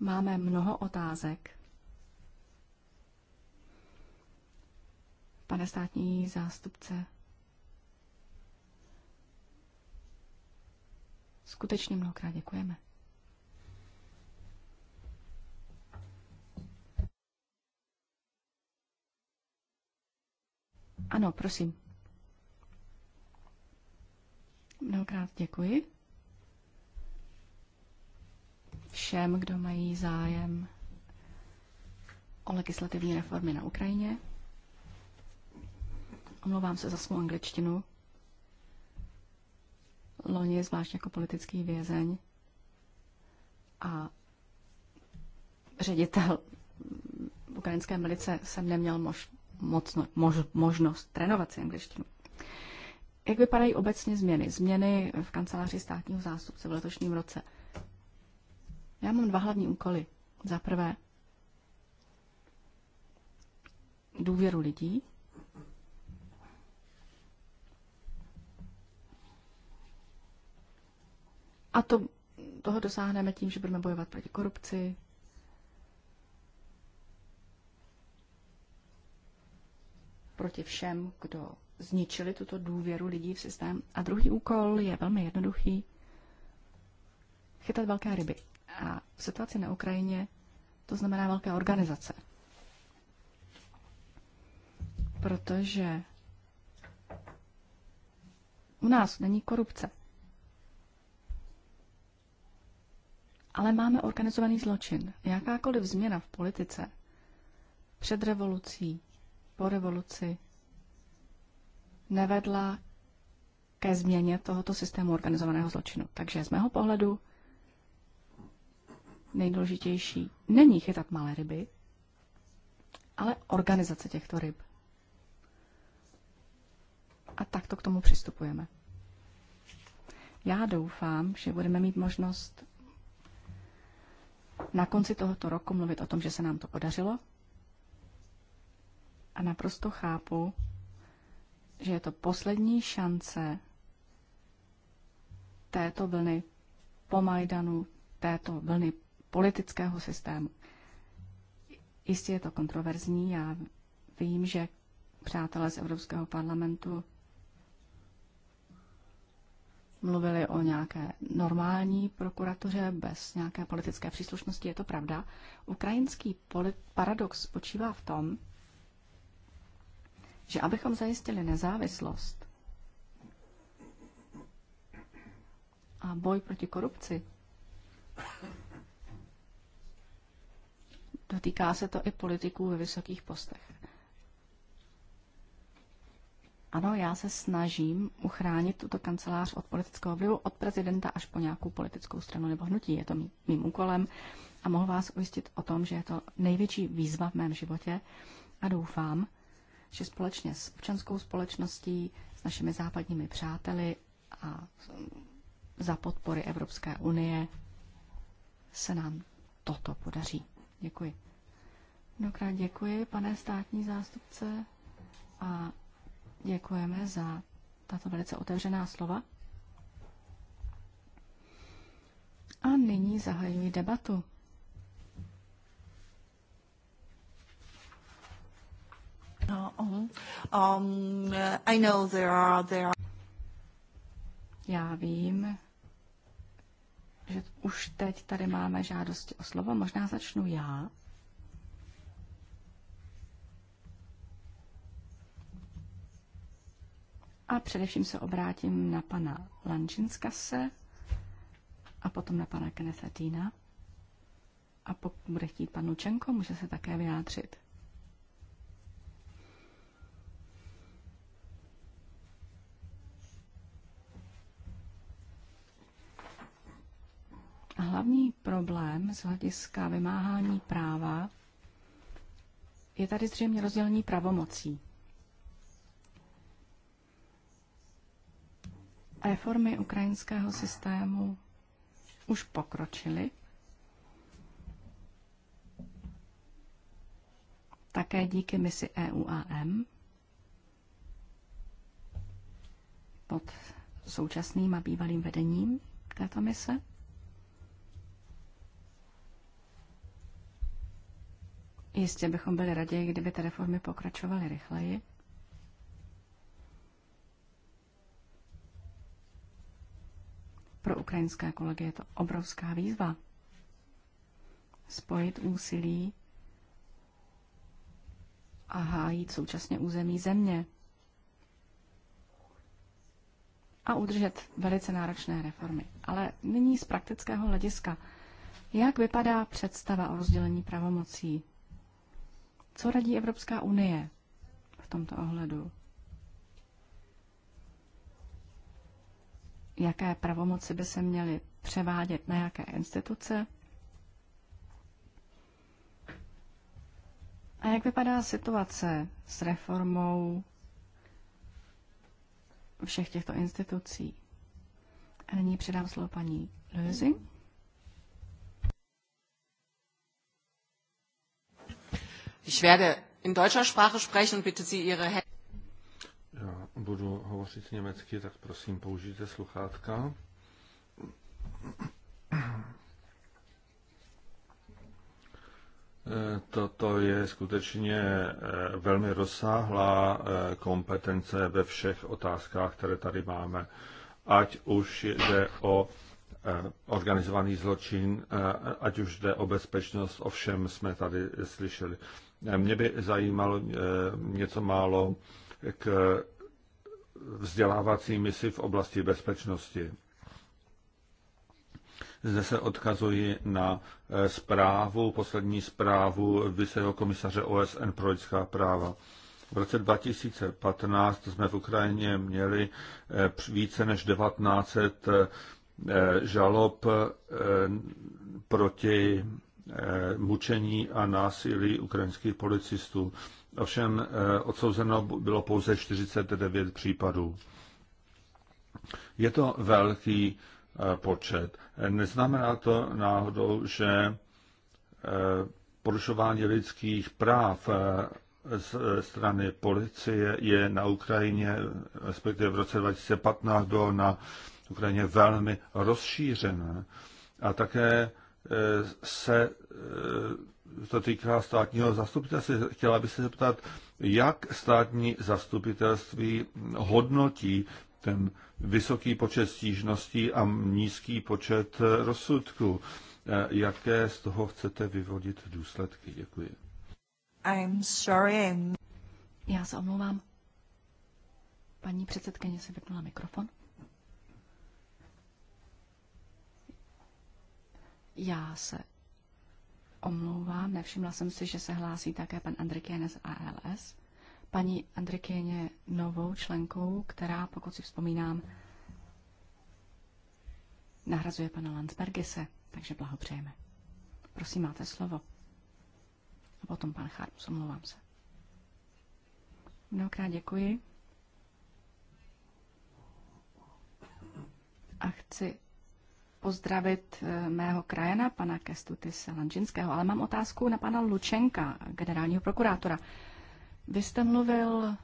Máme mnoho otázek. Pane státní zástupce, skutečně mnohokrát děkujeme. Ano, prosím. Mnohokrát děkuji všem, kdo mají zájem o legislativní reformy na Ukrajině. Omlouvám se za svou angličtinu. Loni, zvlášť jako politický vězeň a ředitel ukrajinské milice, jsem neměl mož, mocno, mož, možnost trénovat si angličtinu. Jak vypadají obecně změny? Změny v kanceláři státního zástupce v letošním roce – já mám dva hlavní úkoly. Za prvé, důvěru lidí. A to, toho dosáhneme tím, že budeme bojovat proti korupci, proti všem, kdo zničili tuto důvěru lidí v systém. A druhý úkol je velmi jednoduchý. Chytat velké ryby. A v situaci na Ukrajině to znamená velké organizace. Protože u nás není korupce. Ale máme organizovaný zločin. Jakákoliv změna v politice před revolucí, po revoluci nevedla ke změně tohoto systému organizovaného zločinu. Takže z mého pohledu nejdůležitější není chytat malé ryby, ale organizace těchto ryb. A takto k tomu přistupujeme. Já doufám, že budeme mít možnost na konci tohoto roku mluvit o tom, že se nám to podařilo. A naprosto chápu, že je to poslední šance této vlny po Majdanu, této vlny politického systému. Jistě je to kontroverzní, já vím, že přátelé z Evropského parlamentu mluvili o nějaké normální prokuratuře bez nějaké politické příslušnosti, je to pravda. Ukrajinský paradox spočívá v tom, že abychom zajistili nezávislost a boj proti korupci, Dotýká se to i politiků ve vysokých postech. Ano, já se snažím uchránit tuto kancelář od politického vlivu, od prezidenta až po nějakou politickou stranu nebo hnutí. Je to mým úkolem a mohu vás ujistit o tom, že je to největší výzva v mém životě a doufám, že společně s občanskou společností, s našimi západními přáteli a za podpory Evropské unie se nám toto podaří. Děkuji. Mnohokrát děkuji, pane státní zástupce, a děkujeme za tato velice otevřená slova. A nyní zahajuji debatu. Um, um, I know there are, there are... Já vím, že už teď tady máme žádosti o slovo. Možná začnu já. A především se obrátím na pana Lančinskase a potom na pana Kenneth A pokud bude chtít pan Lučenko, může se také vyjádřit. Hlavní problém z hlediska vymáhání práva je tady zřejmě rozdělení pravomocí. Reformy ukrajinského systému už pokročily. Také díky misi EUAM pod současným a bývalým vedením této mise. Jistě bychom byli raději, kdyby ty reformy pokračovaly rychleji. Pro ukrajinské kolegy je to obrovská výzva. Spojit úsilí a hájit současně území země. A udržet velice náročné reformy. Ale nyní z praktického hlediska. Jak vypadá představa o rozdělení pravomocí co radí Evropská unie v tomto ohledu? Jaké pravomoci by se měly převádět na jaké instituce? A jak vypadá situace s reformou všech těchto institucí? A nyní předám slovo paní Lösing. Ich werde in deutscher Sprache sprechen und bitte Sie Ihre Hände. Ja, budu hovořit německy, tak prosím, použijte sluchátka. Eh, toto je skutečně eh, velmi rozsáhlá eh, kompetence ve všech otázkách, které tady máme. Ať už jde o organizovaný zločin, ať už jde o bezpečnost, ovšem jsme tady slyšeli. Eh, mě by zajímalo eh, něco málo k vzdělávací misi v oblasti bezpečnosti. Zde se odkazuji na eh, zprávu, poslední zprávu Vysokého komisaře OSN pro lidská práva. V roce 2015 jsme v Ukrajině měli více než 1900 žalob proti Eh, mučení a násilí ukrajinských policistů. Ovšem eh, odsouzeno bylo pouze 49 případů. Je to velký eh, počet. Neznamená to náhodou, že porušování lidských práv z strany policie je na Ukrajině, respektive v roce 2015 bylo na Ukrajině velmi rozšířené. A také se eh, to týká státního zastupitelství. Chtěla bych se zeptat, jak státní zastupitelství hodnotí ten vysoký počet stížností a nízký počet eh, rozsudků. Eh, jaké z toho chcete vyvodit důsledky? Děkuji. I'm sorry. Já se omlouvám. Paní předsedkyně se vypnula mikrofon. Já se omlouvám, nevšimla jsem si, že se hlásí také pan Andrikéne z ALS. Paní Andrikéně novou členkou, která, pokud si vzpomínám, nahrazuje pana Landsbergise, takže blahopřejeme. Prosím, máte slovo. A potom pan Charms, omlouvám se. Mnohokrát děkuji. A chci pozdravit eh, mého krajana, pana Kestutise Lanžinského, ale mám otázku na pana Lučenka, generálního prokurátora. Vy jste mluvil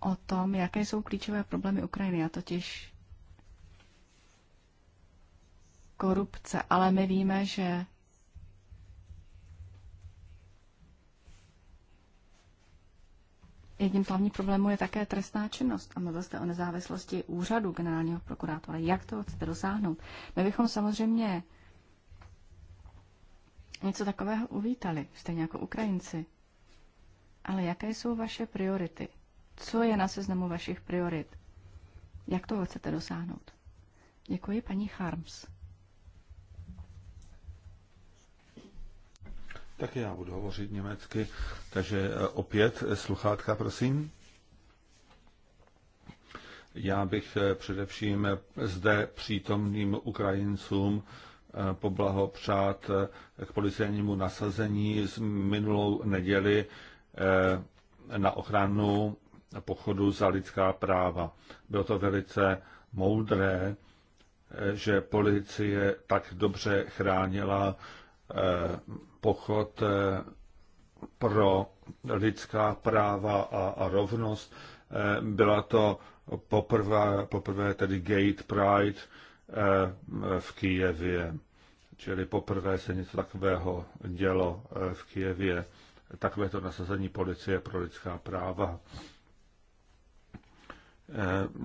o tom, jaké jsou klíčové problémy Ukrajiny, a totiž korupce, ale my víme, že Jedním z hlavních problémů je také trestná činnost. A mluvil jste o nezávislosti úřadu generálního prokurátora. Jak to chcete dosáhnout? My bychom samozřejmě něco takového uvítali, stejně jako Ukrajinci. Ale jaké jsou vaše priority? Co je na seznamu vašich priorit? Jak toho chcete dosáhnout? Děkuji, paní Harms. Tak já budu hovořit německy, takže eh, opět eh, sluchátka, prosím. Já bych eh, především zde přítomným Ukrajincům poblahopřát k policejnímu nasazení z minulou neděli na ochranu pochodu za lidská práva. Bylo to velice moudré, že policie tak dobře chránila pochod eh, pro lidská práva a, a rovnost. Eh, byla to poprvé, poprvé tedy Gate Pride eh, v Kijevě. Čili poprvé se něco takového dělo v Kijevě. Takové to nasazení policie pro lidská práva.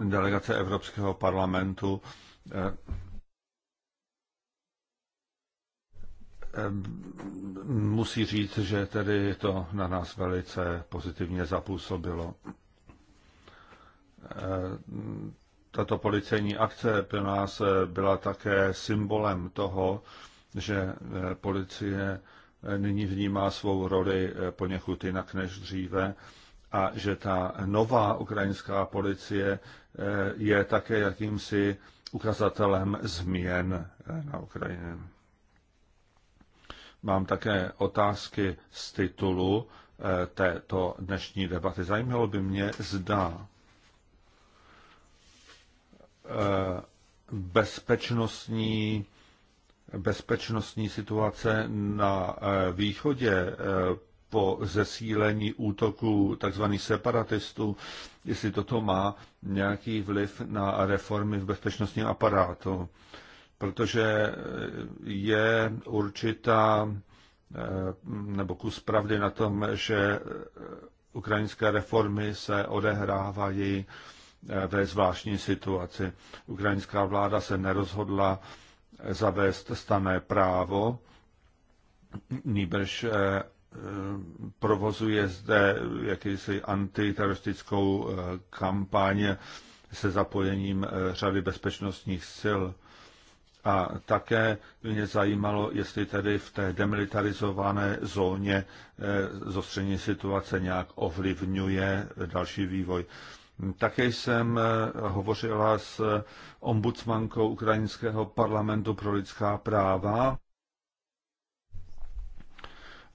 Delegace Evropského parlamentu musí říct, že tedy to na nás velice pozitivně zapůsobilo. Tato policejní akce pro nás byla také symbolem toho, že eh, policie eh, nyní vnímá svou roli eh, poněkud jinak než dříve a že ta nová ukrajinská policie je také jakýmsi ukazatelem změn na Ukrajině. Mám také otázky z titulu eh, této dnešní debaty. Zajímalo by mě, zda eh, bezpečnostní, bezpečnostní situace na eh, východě po zesílení útoků tzv. separatistů, jestli toto má nějaký vliv na reformy v bezpečnostním aparátu protože eh, je určitá eh, nebo kus pravdy na tom, že eh, ukrajinské reformy se odehrávají ve zvláštní situaci. Ukrajinská vláda se nerozhodla zavést stané právo, nýbrž provozuje zde jakýsi antiteroristickou kampaň se zapojením řady bezpečnostních sil. A také mě zajímalo, jestli tedy v té demilitarizované zóně eh, zostření situace nějak ovlivňuje další vývoj. Také jsem eh, hovořila s ombudsmankou Ukrajinského parlamentu pro lidská práva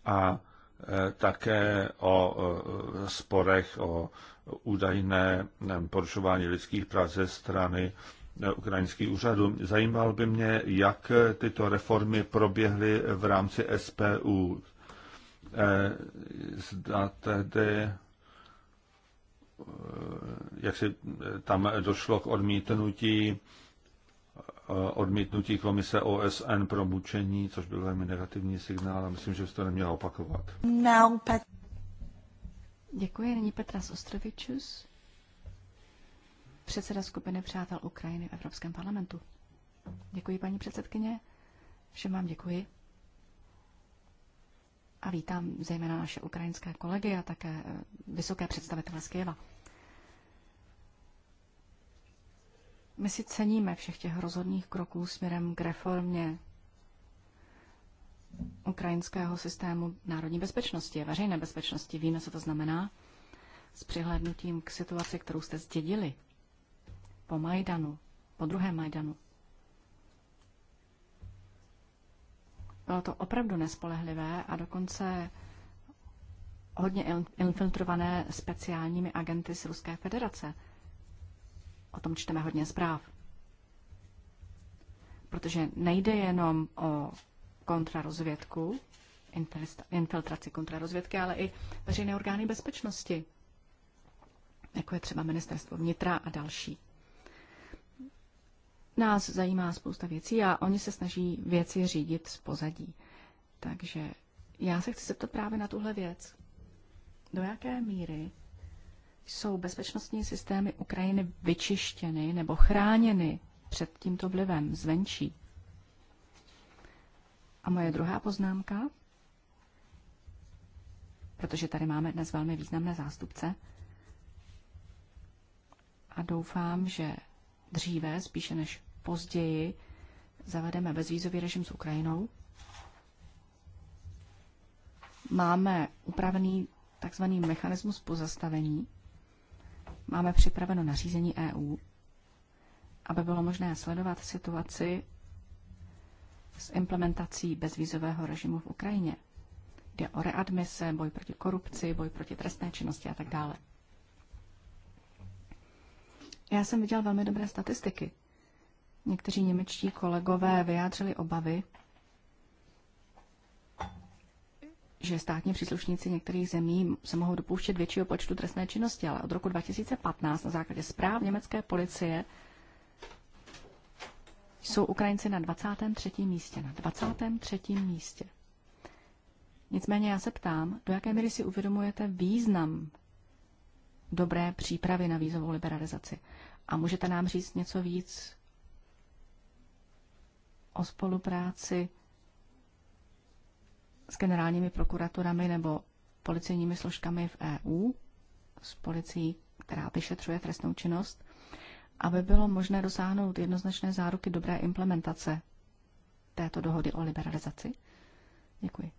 a eh, také o sporech o údajné porušování lidských práv ze strany Ukrajinský úřadu Zajímal by mě, jak tyto reformy proběhly v rámci SPU. Eh, zda tedy eh, jak si eh, tam došlo k odmítnutí odmítnutí komise OSN pro mučení, což byl velmi negativní signál a myslím, že se to nemělo opakovat. Now, Pet- Děkuji, není Petra Ostrovičus předseda skupiny Přátel Ukrajiny v Evropském parlamentu. Děkuji, paní předsedkyně. Všem vám děkuji. A vítám zejména naše ukrajinské kolegy a také eh, vysoké představitele z Kyjeva. My si ceníme všech těch rozhodných kroků směrem k reformě ukrajinského systému národní bezpečnosti a veřejné bezpečnosti. Víme, co to znamená s přihlédnutím k situaci, kterou jste zdědili po Majdanu, po druhém Majdanu. Bylo to opravdu nespolehlivé a dokonce hodně infiltrované speciálními agenty z Ruské federace. O tom čteme hodně zpráv. Protože nejde jenom o kontrarozvědku, infiltraci kontrarozvědky, ale i veřejné orgány bezpečnosti, jako je třeba ministerstvo vnitra a další nás zajímá spousta věcí a oni se snaží věci řídit z pozadí. Takže já se chci zeptat právě na tuhle věc. Do jaké míry jsou bezpečnostní systémy Ukrajiny vyčištěny nebo chráněny před tímto vlivem zvenčí? A moje druhá poznámka, protože tady máme dnes velmi významné zástupce, a doufám, že dříve, spíše než později, zavedeme bezvízový režim s Ukrajinou. Máme upravený takzvaný mechanismus pozastavení. Máme připraveno nařízení EU, aby bylo možné sledovat situaci s implementací bezvízového režimu v Ukrajině. Jde o readmise, boj proti korupci, boj proti trestné činnosti a tak dále. Já jsem viděl velmi dobré statistiky. Někteří němečtí kolegové vyjádřili obavy, že státní příslušníci některých zemí se mohou dopouštět většího počtu trestné činnosti, ale od roku 2015 na základě zpráv německé policie jsou Ukrajinci na 23. místě. Na 23. místě. Nicméně já se ptám, do jaké míry si uvědomujete význam dobré přípravy na vízovou liberalizaci. A můžete nám říct něco víc o spolupráci s generálními prokuraturami nebo policejními složkami v EU, s policií, která vyšetřuje trestnou činnost, aby bylo možné dosáhnout jednoznačné záruky dobré implementace této dohody o liberalizaci? Děkuji.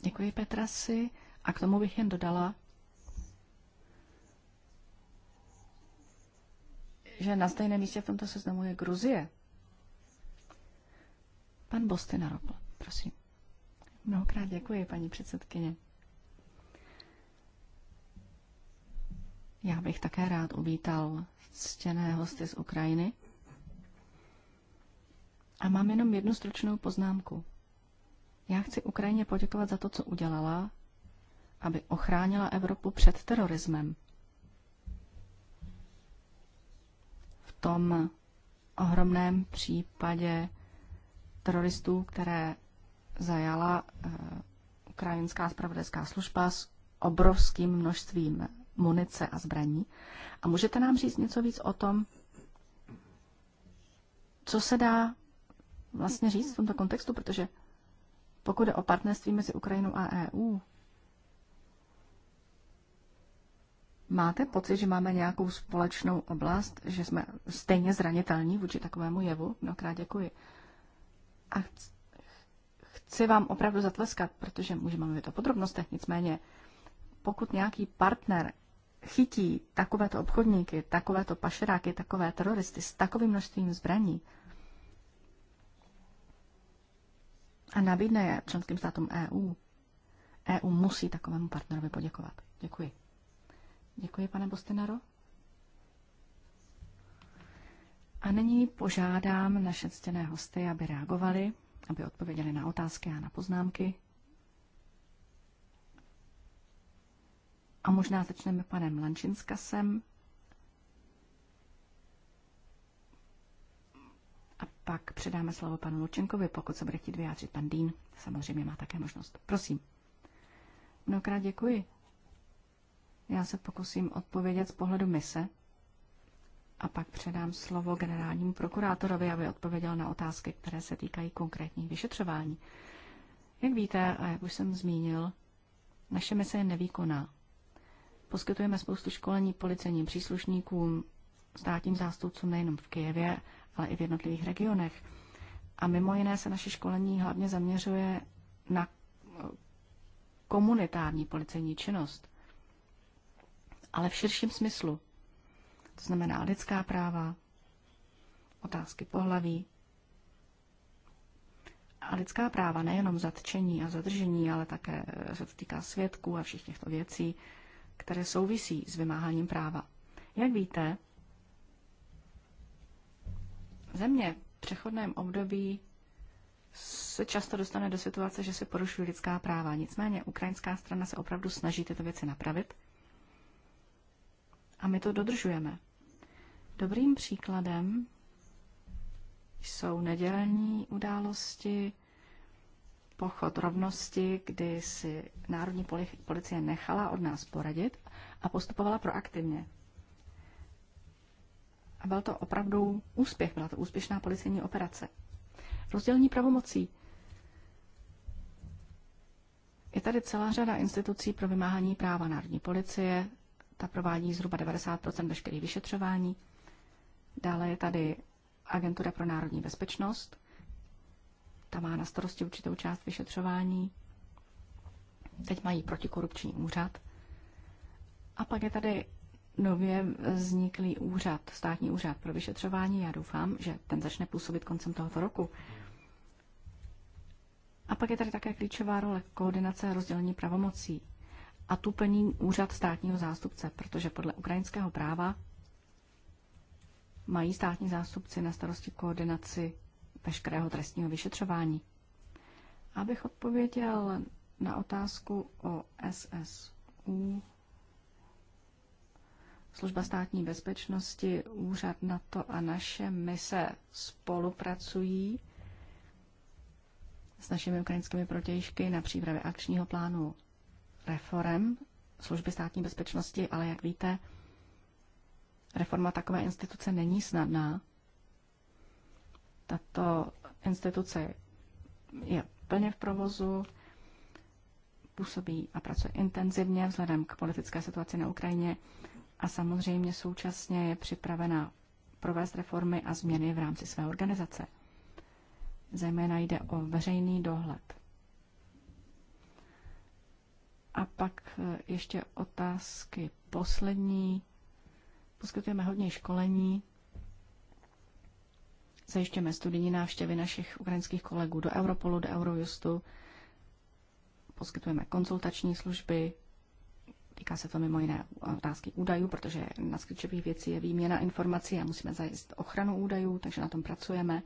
Děkuji Petrasi. A k tomu bych jen dodala, že na stejném místě v tomto seznamu je Gruzie. Pan Bostynaropl, prosím. Mnohokrát děkuji, paní předsedkyně. Já bych také rád uvítal ctěné hosty z Ukrajiny. A mám jenom jednu stručnou poznámku. Já chci Ukrajině poděkovat za to, co udělala, aby ochránila Evropu před terorismem. tom ohromném případě teroristů, které zajala eh, ukrajinská spravodajská služba s obrovským množstvím munice a zbraní. A můžete nám říct něco víc o tom, co se dá vlastně říct v tomto kontextu, protože pokud je o partnerství mezi Ukrajinou a EU, Máte pocit, že máme nějakou společnou oblast, že jsme stejně zranitelní vůči takovému jevu? Mnohokrát děkuji. A chci vám opravdu zatleskat, protože můžeme mluvit o podrobnostech, nicméně pokud nějaký partner chytí takovéto obchodníky, takovéto pašeráky, takové teroristy s takovým množstvím zbraní a nabídne je členským státům EU, EU musí takovému partnerovi poděkovat. Děkuji. Děkuji, pane Bostinaro. A nyní požádám naše ctěné hosty, aby reagovali, aby odpověděli na otázky a na poznámky. A možná začneme panem Lančinskasem. A pak předáme slovo panu Lučenkovi, pokud se bude chtít vyjádřit pan Dín. Samozřejmě má také možnost. Prosím. Mnohokrát děkuji. Já se pokusím odpovědět z pohledu mise a pak předám slovo generálnímu prokurátorovi, aby odpověděl na otázky, které se týkají konkrétních vyšetřování. Jak víte, a jak už jsem zmínil, naše mise je nevýkonná. Poskytujeme spoustu školení policejním příslušníkům, státním zástupcům nejenom v Kijevě, ale i v jednotlivých regionech. A mimo jiné se naše školení hlavně zaměřuje na komunitární policejní činnost ale v širším smyslu. To znamená lidská práva, otázky pohlaví. A lidská práva nejenom zatčení a zadržení, ale také eh, se to týká svědků a všech těchto věcí, které souvisí s vymáháním práva. Jak víte, země v přechodném období se často dostane do situace, že se porušují lidská práva. Nicméně ukrajinská strana se opravdu snaží tyto věci napravit a my to dodržujeme. Dobrým příkladem jsou nedělní události, pochod rovnosti, kdy si Národní policie nechala od nás poradit a postupovala proaktivně. A byl to opravdu úspěch, byla to úspěšná policejní operace. Rozdělení pravomocí. Je tady celá řada institucí pro vymáhání práva Národní policie, ta provádí zhruba 90 veškerých vyšetřování. Dále je tady Agentura pro národní bezpečnost. Ta má na starosti určitou část vyšetřování. Teď mají protikorupční úřad. A pak je tady nově vzniklý úřad, státní úřad pro vyšetřování. Já doufám, že ten začne působit koncem tohoto roku. A pak je tady také klíčová role koordinace a rozdělení pravomocí a tu plní úřad státního zástupce, protože podle ukrajinského práva mají státní zástupci na starosti koordinaci veškerého trestního vyšetřování. Abych odpověděl na otázku o SSU, Služba státní bezpečnosti, úřad NATO a naše mise spolupracují s našimi ukrajinskými protějšky na přípravě akčního plánu reform služby státní bezpečnosti, ale jak víte, reforma takové instituce není snadná. Tato instituce je plně v provozu, působí a pracuje intenzivně vzhledem k politické situaci na Ukrajině a samozřejmě současně je připravena provést reformy a změny v rámci své organizace. Zejména jde o veřejný dohled. A pak e, ještě otázky poslední. Poskytujeme hodně školení. Zajišťujeme studijní návštěvy našich ukrajinských kolegů do Europolu, do Eurojustu. Poskytujeme konzultační služby. Týká se to mimo jiné otázky údajů, protože na z věcí je výměna informací a musíme zajistit ochranu údajů, takže na tom pracujeme.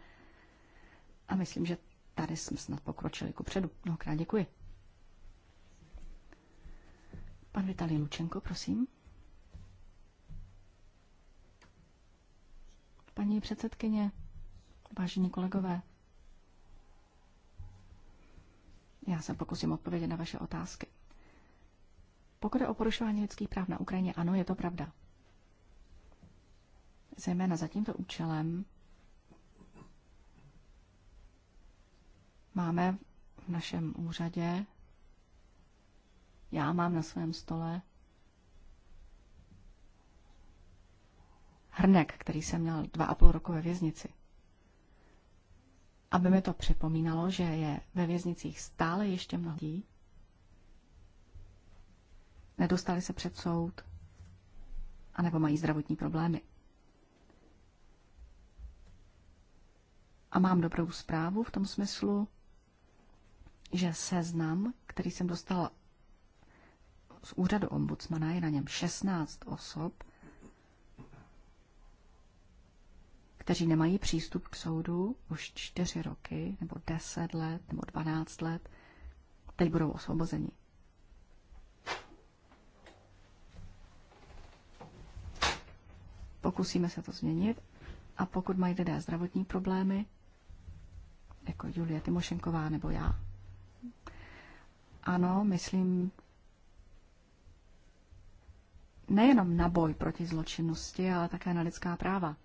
A myslím, že tady jsme snad pokročili ku předu. Mnohokrát děkuji. Pan Vitali Lučenko, prosím. Paní předsedkyně, vážení kolegové, já se pokusím odpovědět na vaše otázky. Pokud je o porušování lidských práv na Ukrajině, ano, je to pravda. Zejména za tímto účelem máme v našem úřadě já mám na svém stole hrnek, který jsem měl dva a půl roku ve věznici. Aby mi to připomínalo, že je ve věznicích stále ještě mnoho lidí, nedostali se před soud, nebo mají zdravotní problémy. A mám dobrou zprávu v tom smyslu, že seznam, který jsem dostala z úřadu ombudsmana, je na něm 16 osob, kteří nemají přístup k soudu už 4 roky, nebo 10 let, nebo 12 let, teď budou osvobozeni. Pokusíme se to změnit a pokud mají lidé zdravotní problémy, jako Julie Timošenková nebo já. Ano, myslím, nejenom na boj proti zločinnosti, ale také na lidská práva.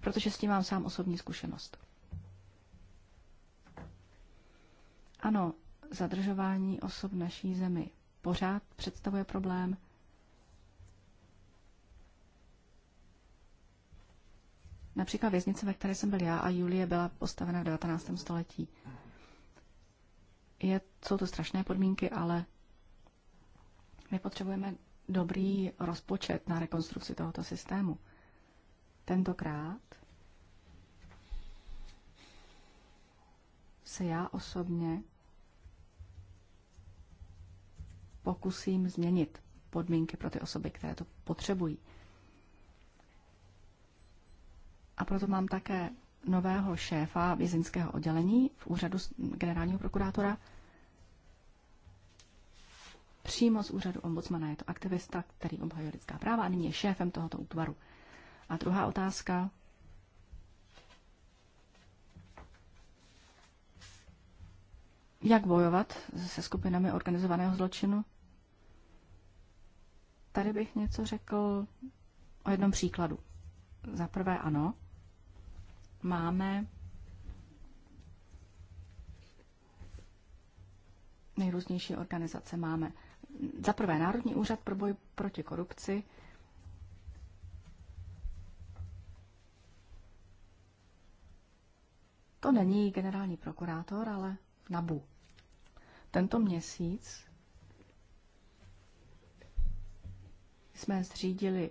Protože s tím mám sám osobní zkušenost. Ano, zadržování osob naší zemi pořád představuje problém. Například věznice, ve které jsem byl já a Julie, byla postavena v 19. století. Je, jsou to strašné podmínky, ale my potřebujeme dobrý rozpočet na rekonstrukci tohoto systému. Tentokrát se já osobně pokusím změnit podmínky pro ty osoby, které to potřebují. A proto mám také nového šéfa vězeňského oddělení v úřadu generálního prokurátora, přímo z úřadu ombudsmana. Je to aktivista, který obhajuje lidská práva a nyní je šéfem tohoto útvaru. A druhá otázka. Jak bojovat se skupinami organizovaného zločinu? Tady bych něco řekl o jednom příkladu. Za prvé ano, máme nejrůznější organizace. Máme za prvé, Národní úřad pro boj proti korupci To není generální prokurátor, ale NABU. Tento měsíc jsme zřídili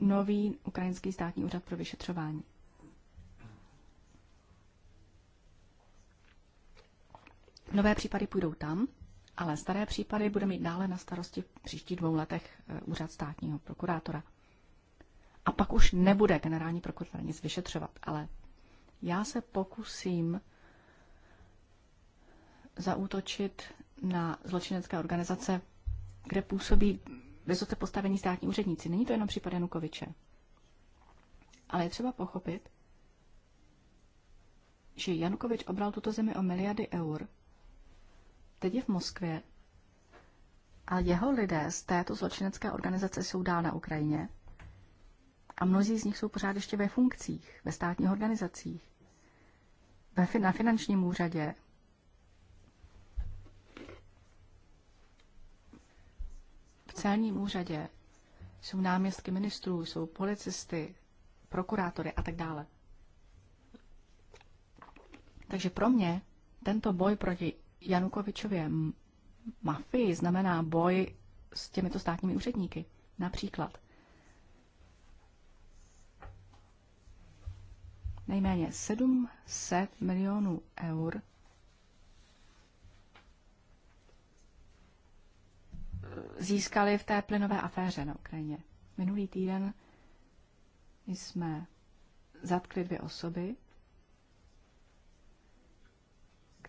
nový ukrajinský státní úřad pro vyšetřování. Nové případy půjdou tam ale staré případy bude mít dále na starosti v příštích dvou letech eh, úřad státního prokurátora. A pak už nebude generální prokurátor nic vyšetřovat, ale já se pokusím zaútočit na zločinecké organizace, kde působí vysoce postavení státní úředníci. Není to jenom případ Janukoviče. Ale je třeba pochopit, že Janukovič obral tuto zemi o miliardy eur teď je v Moskvě a jeho lidé z této zločinecké organizace jsou dál na Ukrajině a mnozí z nich jsou pořád ještě ve funkcích, ve státních organizacích, ve, na finančním úřadě. V celním úřadě jsou náměstky ministrů, jsou policisty, prokurátory a tak dále. Takže pro mě tento boj proti Janukovičově mafii znamená boj s těmito státními úředníky. Například nejméně 700 milionů eur získali v té plynové aféře na Ukrajině. Minulý týden jsme zatkli dvě osoby,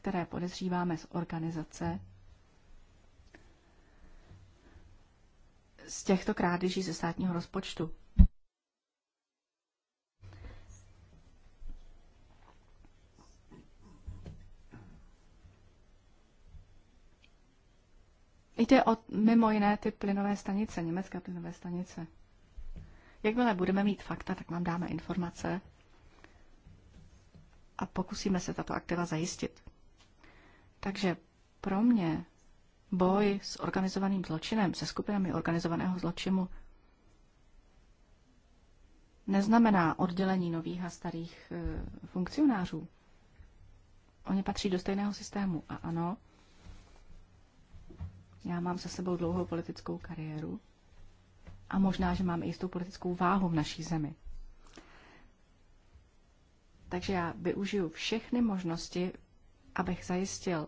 které podezříváme z organizace z těchto krádeží ze státního rozpočtu. Jde o mimo jiné ty plynové stanice, německé plynové stanice. Jakmile budeme mít fakta, tak vám dáme informace a pokusíme se tato aktiva zajistit. Takže pro mě boj s organizovaným zločinem, se skupinami organizovaného zločinu, neznamená oddělení nových a starých e, funkcionářů. Oni patří do stejného systému. A ano, já mám za sebou dlouhou politickou kariéru a možná, že mám i jistou politickou váhu v naší zemi. Takže já využiju všechny možnosti abych zajistil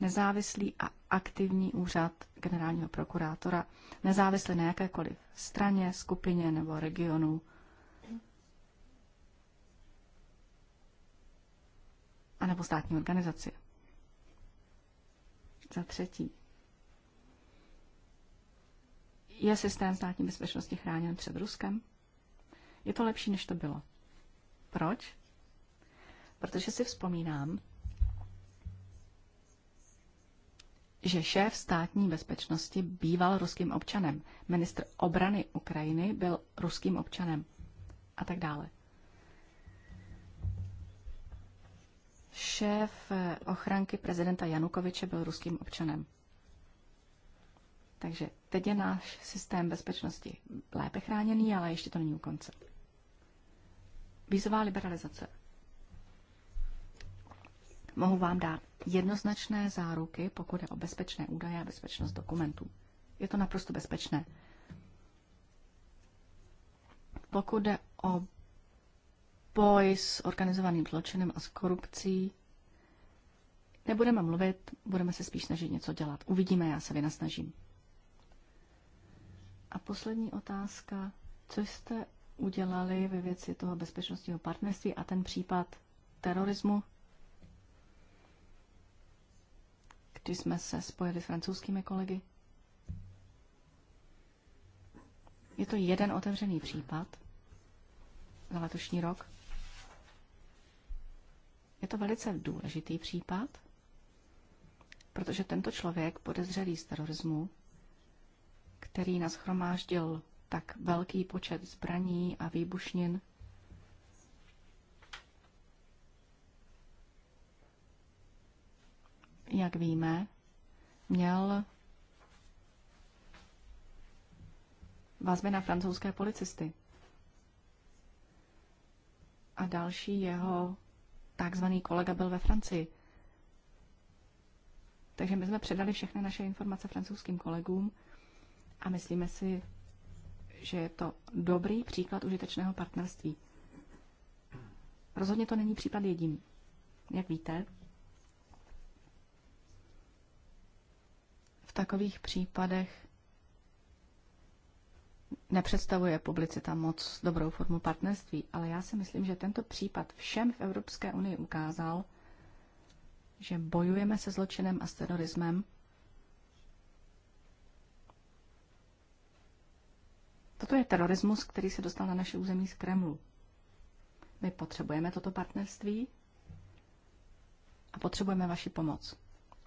nezávislý a aktivní úřad generálního prokurátora, nezávislý na jakékoliv straně, skupině nebo regionu. A nebo státní organizaci. Za třetí. Je systém státní bezpečnosti chráněn před Ruskem? Je to lepší, než to bylo. Proč? Protože si vzpomínám, že šéf státní bezpečnosti býval ruským občanem, ministr obrany Ukrajiny byl ruským občanem a tak dále. Šéf eh, ochranky prezidenta Janukoviče byl ruským občanem. Takže teď je náš systém bezpečnosti lépe chráněný, ale ještě to není u konce. Vízová liberalizace. Mohu vám dát jednoznačné záruky, pokud je o bezpečné údaje a bezpečnost dokumentů. Je to naprosto bezpečné. Pokud je o boj s organizovaným zločinem a s korupcí, nebudeme mluvit, budeme se spíš snažit něco dělat. Uvidíme, já se vynasnažím. A poslední otázka. Co jste udělali ve věci toho bezpečnostního partnerství a ten případ terorismu? Když jsme se spojili s francouzskými kolegy. Je to jeden otevřený případ za letošní rok. Je to velice důležitý případ, protože tento člověk podezřelý z terorismu, který nashromáždil tak velký počet zbraní a výbušnin, jak víme, měl vazby na francouzské policisty. A další jeho takzvaný kolega byl ve Francii. Takže my jsme předali všechny naše informace francouzským kolegům a myslíme si, že je to dobrý příklad užitečného partnerství. Rozhodně to není případ jediný. Jak víte, takových případech nepředstavuje publicita moc dobrou formu partnerství, ale já si myslím, že tento případ všem v Evropské unii ukázal, že bojujeme se zločinem a s terorismem. Toto je terorismus, který se dostal na naše území z Kremlu. My potřebujeme toto partnerství a potřebujeme vaši pomoc.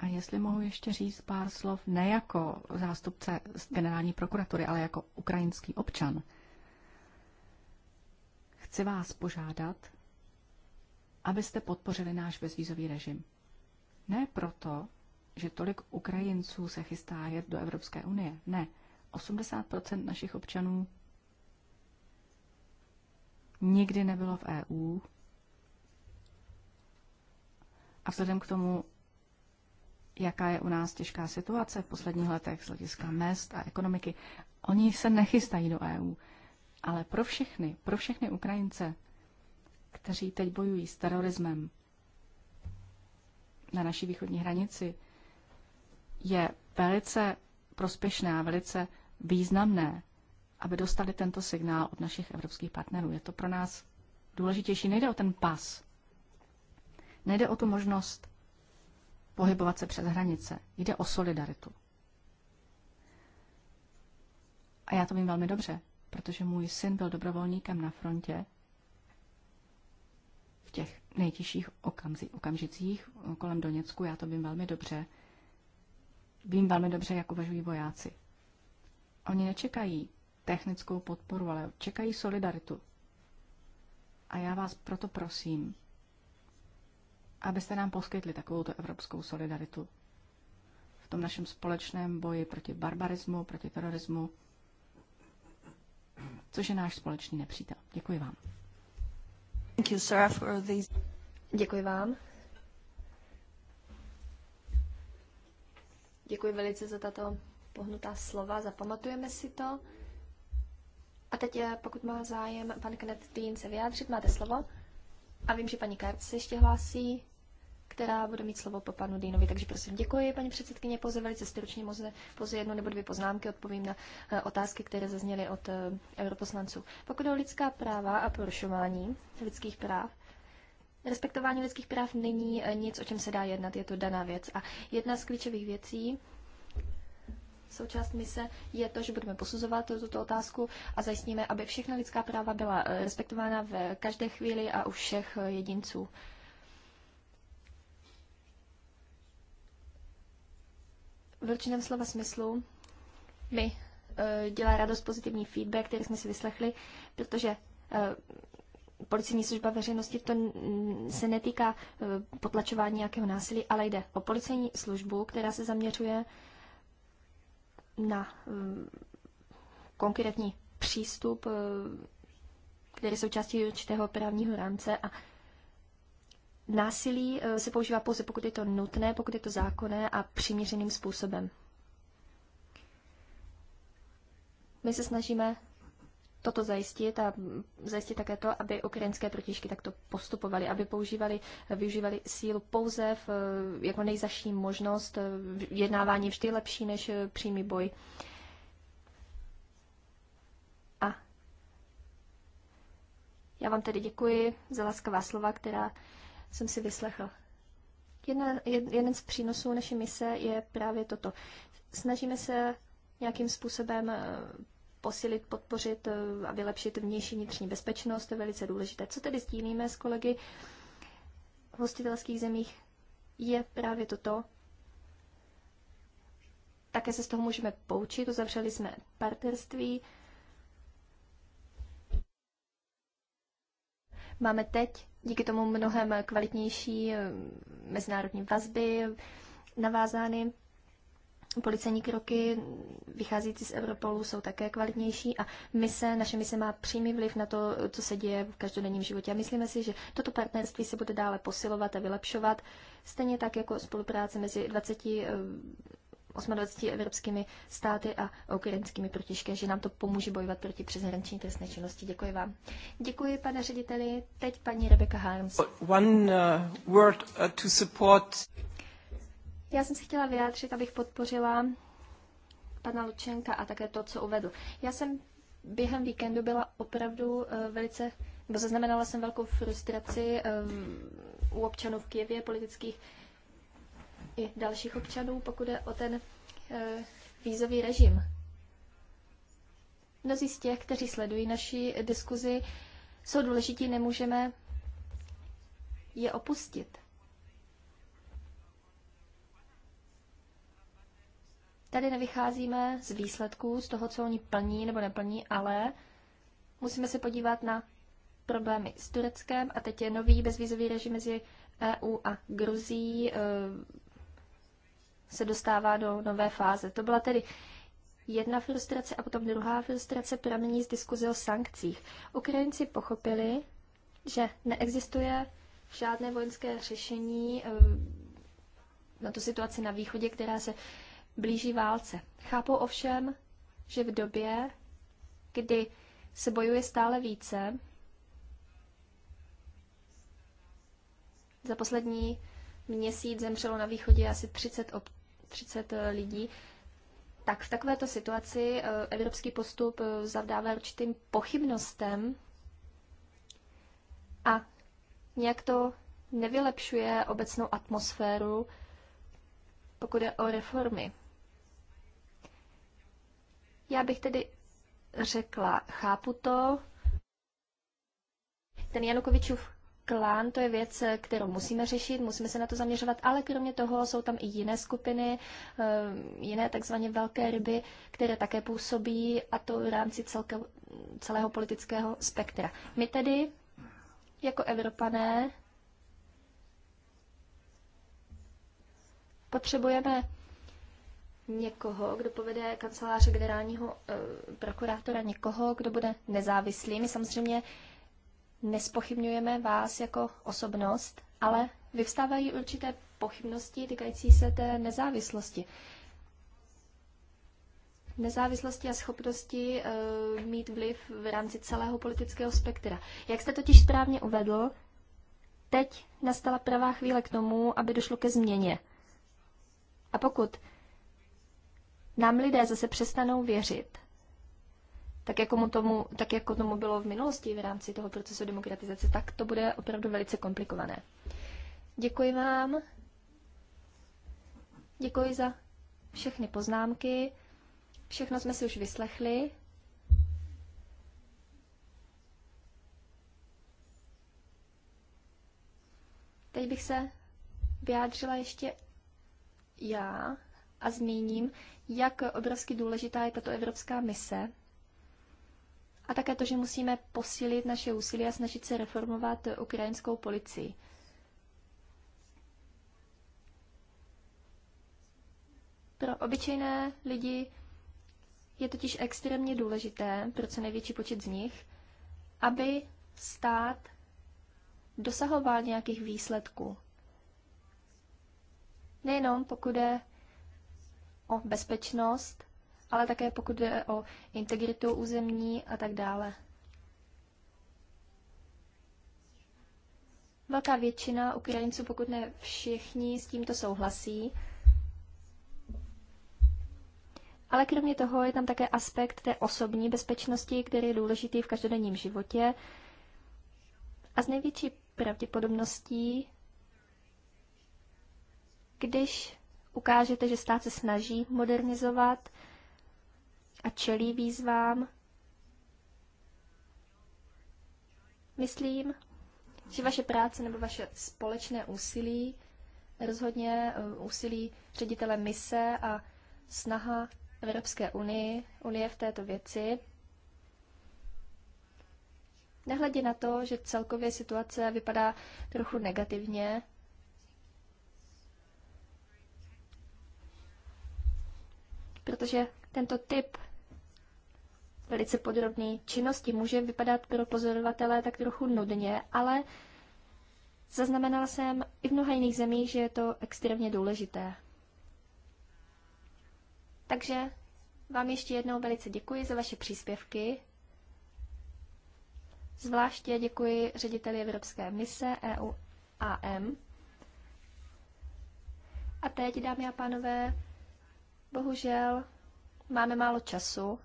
A jestli mohu ještě říct pár slov ne jako zástupce z generální prokuratury, ale jako ukrajinský občan. Chci vás požádat, abyste podpořili náš bezvízový režim. Ne proto, že tolik Ukrajinců se chystá jet do Evropské unie. Ne. 80% našich občanů nikdy nebylo v EU. A vzhledem k tomu jaká je u nás těžká situace v posledních letech z hlediska mest a ekonomiky. Oni se nechystají do EU, ale pro všechny, pro všechny Ukrajince, kteří teď bojují s terorismem na naší východní hranici, je velice prospěšné a velice významné, aby dostali tento signál od našich evropských partnerů. Je to pro nás důležitější. Nejde o ten pas. Nejde o tu možnost pohybovat se přes hranice. Jde o solidaritu. A já to vím velmi dobře, protože můj syn byl dobrovolníkem na frontě v těch nejtěžších okamžicích kolem Doněcku. Já to vím velmi dobře. Vím velmi dobře, jak uvažují vojáci. Oni nečekají technickou podporu, ale čekají solidaritu. A já vás proto prosím, abyste nám poskytli takovou evropskou solidaritu v tom našem společném boji proti barbarismu, proti terorismu, což je náš společný nepřítel. Děkuji vám. Thank you, Sarah, for these... Děkuji vám. Děkuji velice za tato pohnutá slova, zapamatujeme si to. A teď, pokud má zájem pan Knetín se vyjádřit, máte slovo. A vím, že paní Kert se ještě hlásí která bude mít slovo po panu Dýnovi. Takže prosím, děkuji, paní předsedkyně, pouze velice stručně, pouze jednu nebo dvě poznámky odpovím na eh, otázky, které zazněly od eh, europoslanců. Pokud o lidská práva a porušování lidských práv, Respektování lidských práv není eh, nic, o čem se dá jednat, je to daná věc. A jedna z klíčových věcí, součást mise je to, že budeme posuzovat tuto otázku a zajistíme, aby všechna lidská práva byla respektována v každé chvíli a u všech jedinců. v určitém slova smyslu mi eh, dělá radost pozitivní feedback, který jsme si vyslechli, protože eh, policijní služba veřejnosti to se netýká eh, potlačování nějakého násilí, ale jde o policejní službu, která se zaměřuje na konkrétní přístup, který je součástí určitého právního rámce a násilí eh, se používá pouze, pokud je to nutné, pokud je to zákonné a přiměřeným způsobem. My se snažíme toto zajistit a zajistit také to, aby ukrajinské protižky takto postupovali, aby používali, využívali sílu pouze v, eh, jako nejzaší možnost. Eh, Jednávání vždy lepší než přímý boj. A já vám tedy děkuji za laskavá slova, která jsem si vyslechl. Jedna, jed, jeden z přínosů naší mise je právě toto. Snažíme se nějakým způsobem eh, posilit, podpořit eh, a vylepšit vnější vnitřní bezpečnost, to je velice důležité. Co tedy sdílíme s kolegy v hostitelských zemích, je právě toto. Také se z toho můžeme poučit. Uzavřeli jsme partnerství Máme teď díky tomu mnohem kvalitnější eh, mezinárodní vazby navázány. Policejní kroky vycházící z Europolu jsou také kvalitnější a se, naše mise má přímý vliv na to, co se děje v každodenním životě. A myslíme si, že toto partnerství se bude dále posilovat a vylepšovat, stejně tak jako spolupráce mezi 20 28 evropskými státy a ukrajinskými protižky, že nám to pomůže bojovat proti přeshraniční trestné činnosti. Děkuji vám. Děkuji, pane řediteli. Teď paní Rebecca Harms. One uh, word uh, to support. Já jsem se chtěla vyjádřit, abych podpořila pana Lučenka a také to, co uvedl. Já jsem během víkendu byla opravdu uh, velice, nebo zaznamenala jsem velkou frustraci um, u občanů v Kijevě, politických i dalších občanů, pokud je o ten e, vízový režim. Mnozí z těch, kteří sledují naši diskuzi, jsou důležití, nemůžeme je opustit. Tady nevycházíme z výsledků, z toho, co oni plní nebo neplní, ale musíme se podívat na problémy s Tureckem a teď je nový bezvízový režim mezi EU a Gruzí, eh, se dostává do nové fáze. To byla tedy jedna frustrace a potom druhá frustrace pramení z diskuze o sankcích. Ukrajinci pochopili, že neexistuje žádné vojenské řešení eh, na tu situaci na východě, která se blíží válce. Chápou ovšem, že v době, kdy se bojuje stále více, za poslední měsíc zemřelo na východě asi 30 30 eh, lidí, tak v takovéto situaci eh, evropský postup eh, zavdává určitým pochybnostem a nějak to nevylepšuje obecnou atmosféru, pokud je o reformy. Já bych tedy řekla, chápu to, ten Janukovičův Klan to je věc, kterou musíme řešit, musíme se na to zaměřovat, ale kromě toho jsou tam i jiné skupiny, eh, jiné takzvaně velké ryby, které také působí a to v rámci celke, celého politického spektra. My tedy jako Evropané potřebujeme někoho, kdo povede kanceláře generálního e, prokurátora, někoho, kdo bude nezávislý. My samozřejmě nespochybňujeme vás jako osobnost, ale vyvstávají určité pochybnosti týkající se té nezávislosti. Nezávislosti a schopnosti uh, mít vliv v rámci celého politického spektra. Jak jste totiž správně uvedl, teď nastala pravá chvíle k tomu, aby došlo ke změně. A pokud nám lidé zase přestanou věřit, tak jako, mu tomu, tak jako tomu bylo v minulosti v rámci toho procesu demokratizace, tak to bude opravdu velice komplikované. Děkuji vám. Děkuji za všechny poznámky. Všechno jsme si už vyslechli. Teď bych se vyjádřila ještě já a zmíním, jak obrovsky důležitá je tato evropská mise a také to, že musíme posílit naše úsilí a snažit se reformovat ukrajinskou policii. Pro obyčejné lidi je totiž extrémně důležité, pro co největší počet z nich, aby stát dosahoval nějakých výsledků. Nejenom pokud je o bezpečnost, ale také pokud jde o integritu územní a tak dále. Velká většina Ukrajinců, pokud ne všichni, s tímto souhlasí. Ale kromě toho je tam také aspekt té osobní bezpečnosti, který je důležitý v každodenním životě. A z největší pravděpodobností, když ukážete, že stát se snaží modernizovat, a čelí výzvám. Myslím, že vaše práce nebo vaše společné úsilí, rozhodně eh, úsilí ředitele mise a snaha Evropské unie, unie v této věci, Nehledě na to, že celkově situace vypadá trochu negativně, protože tento typ velice podrobné činnosti. Může vypadat pro pozorovatele tak trochu nudně, ale zaznamenala jsem i v mnoha jiných zemích, že je to extrémně důležité. Takže vám ještě jednou velice děkuji za vaše příspěvky. Zvláště děkuji řediteli Evropské mise EU AM. A teď, dámy a pánové, bohužel máme málo času,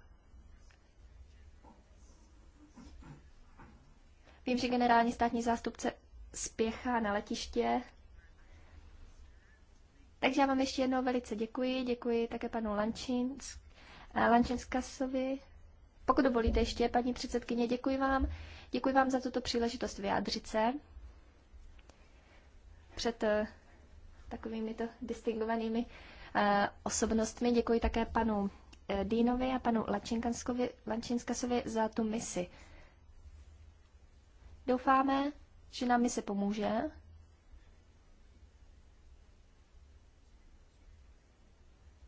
Vím, že generální státní zástupce spěchá na letiště. Takže já vám ještě jednou velice děkuji. Děkuji také panu Lančins, eh, Lančinskasovi. Pokud dovolíte ještě, paní předsedkyně, děkuji vám. Děkuji vám za tuto příležitost vyjádřit se před eh, takovými to distingovanými eh, osobnostmi. Děkuji také panu Dýnovi a panu Lančinskasovi za tu misi. Doufáme, že nám se pomůže.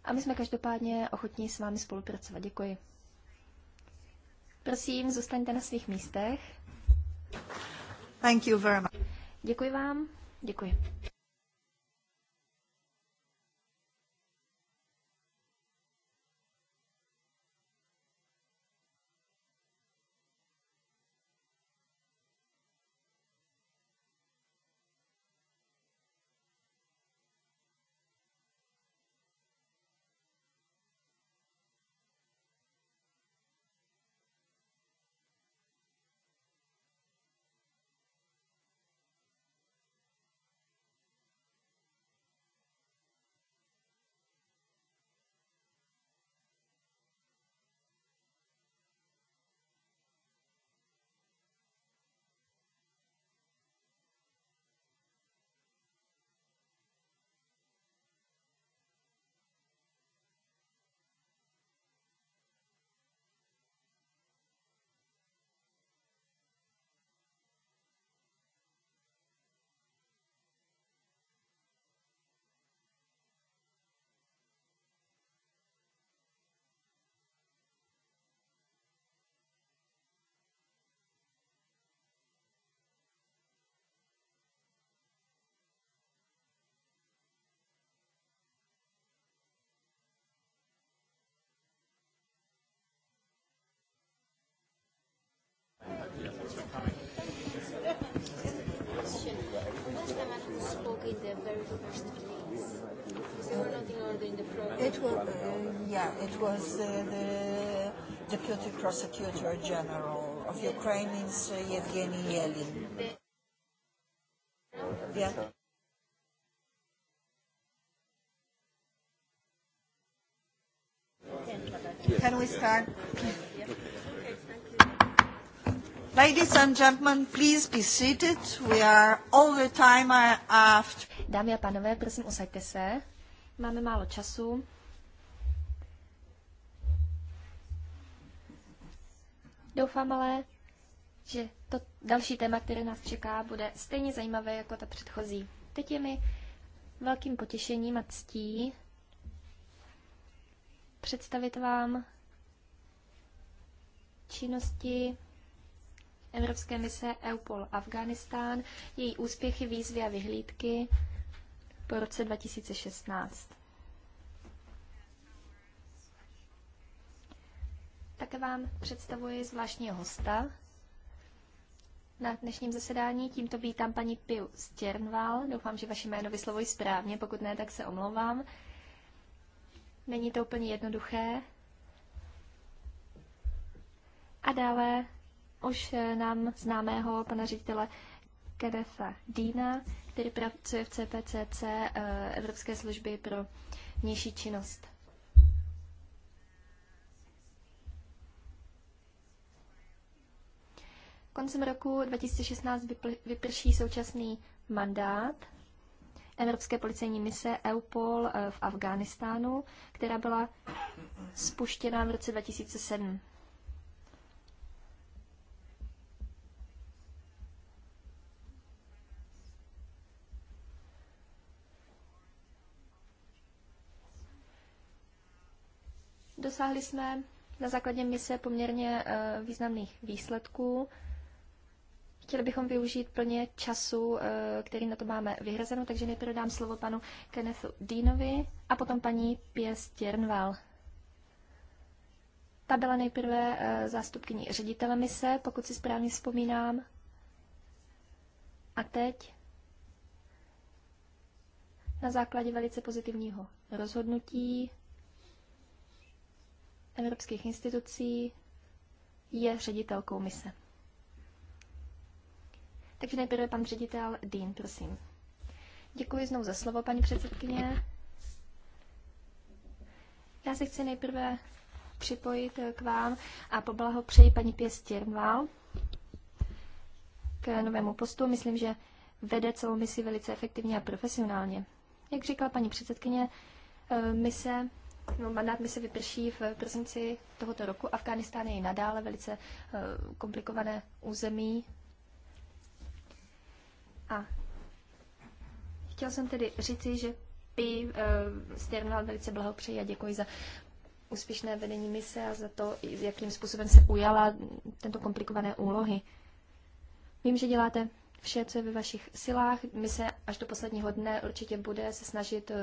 A my jsme každopádně ochotní s vámi spolupracovat. Děkuji. Prosím, zůstaňte na svých místech. Thank you very much. Děkuji vám. Děkuji. It was, uh, yeah, it was uh, the Deputy Prosecutor General of Ukraine, is uh, Yevgeny Yelin. Yeah. Can we start? Ladies and gentlemen, please be seated. We are all the time uh, after. Dámy a pánové, prosím, usaďte se. Máme málo času. Doufám ale, že to další téma, které nás čeká, bude stejně zajímavé jako ta předchozí. Teď je mi velkým potěšením a ctí představit vám činnosti Evropské mise EUPOL Afganistán, její úspěchy, výzvy a vyhlídky po roce 2016. Také vám představuji zvláštního hosta na dnešním zasedání. Tímto vítám paní Piu Stěrnval. Doufám, že vaše jméno vyslovuji správně, pokud ne, tak se omlouvám. Není to úplně jednoduché. A dále už nám známého pana ředitele Kedefa Dýna, který pracuje v CPCC eh, Evropské služby pro vnější činnost. Koncem roku 2016 vyprší současný mandát Evropské policejní mise EUPOL eh, v Afghánistánu, která byla spuštěna v roce 2007. Dosáhli jsme na základě mise poměrně eh, významných výsledků. Chtěli bychom využít plně času, eh, který na to máme vyhrazeno, takže nejprve dám slovo panu Kennethu Deanovi a potom paní Pies Tjernval. Ta byla nejprve eh, zástupkyní ředitele mise, pokud si správně vzpomínám. A teď na základě velice pozitivního rozhodnutí evropských institucí je ředitelkou mise. Takže nejprve pan ředitel Dean, prosím. Děkuji znovu za slovo, paní předsedkyně. Já se chci nejprve připojit k vám a poblahopřeji paní Pěstěrmval k novému postu. Myslím, že vede celou misi velice efektivně a profesionálně. Jak říkala paní předsedkyně, eh, mise no, mandát mi se vyprší v prosinci tohoto roku. Afganistán je i nadále velice eh, komplikované území. A chtěl jsem tedy říci, že P. Eh, Sternal velice blahopřeji a děkuji za úspěšné vedení mise a za to, jakým způsobem se ujala tento komplikované úlohy. Vím, že děláte vše, co je ve vašich silách. My se až do posledního dne určitě bude se snažit eh,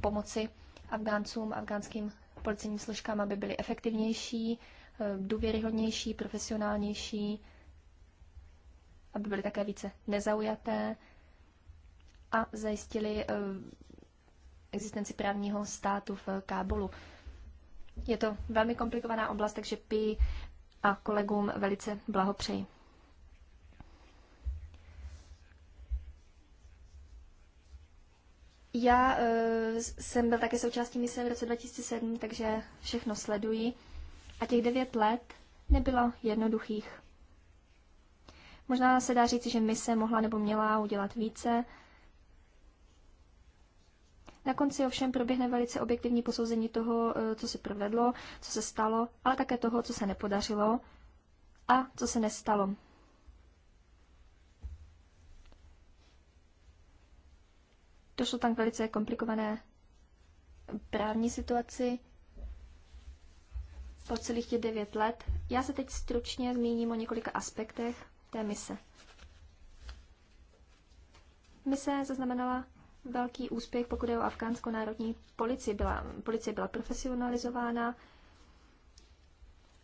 pomoci Afgáncům, afgánským policejním složkám, aby byly efektivnější, eh, důvěryhodnější, profesionálnější, aby byly také více nezaujaté a zajistili eh, existenci právního státu v Kábulu. Je to velmi komplikovaná oblast, takže pí a kolegům velice blahopřeji. Já uh, jsem byl také součástí mise v roce 2007, takže všechno sleduji. A těch devět let nebylo jednoduchých. Možná se dá říct, že mise mohla nebo měla udělat více. Na konci ovšem proběhne velice objektivní posouzení toho, eh, co se provedlo, co se stalo, ale také toho, co se nepodařilo a co se nestalo. Došlo tam k velice komplikované právní situaci po celých těch devět let. Já se teď stručně zmíním o několika aspektech té mise. Mise zaznamenala velký úspěch, pokud je o afgánskou národní policii. Byla, policie byla profesionalizována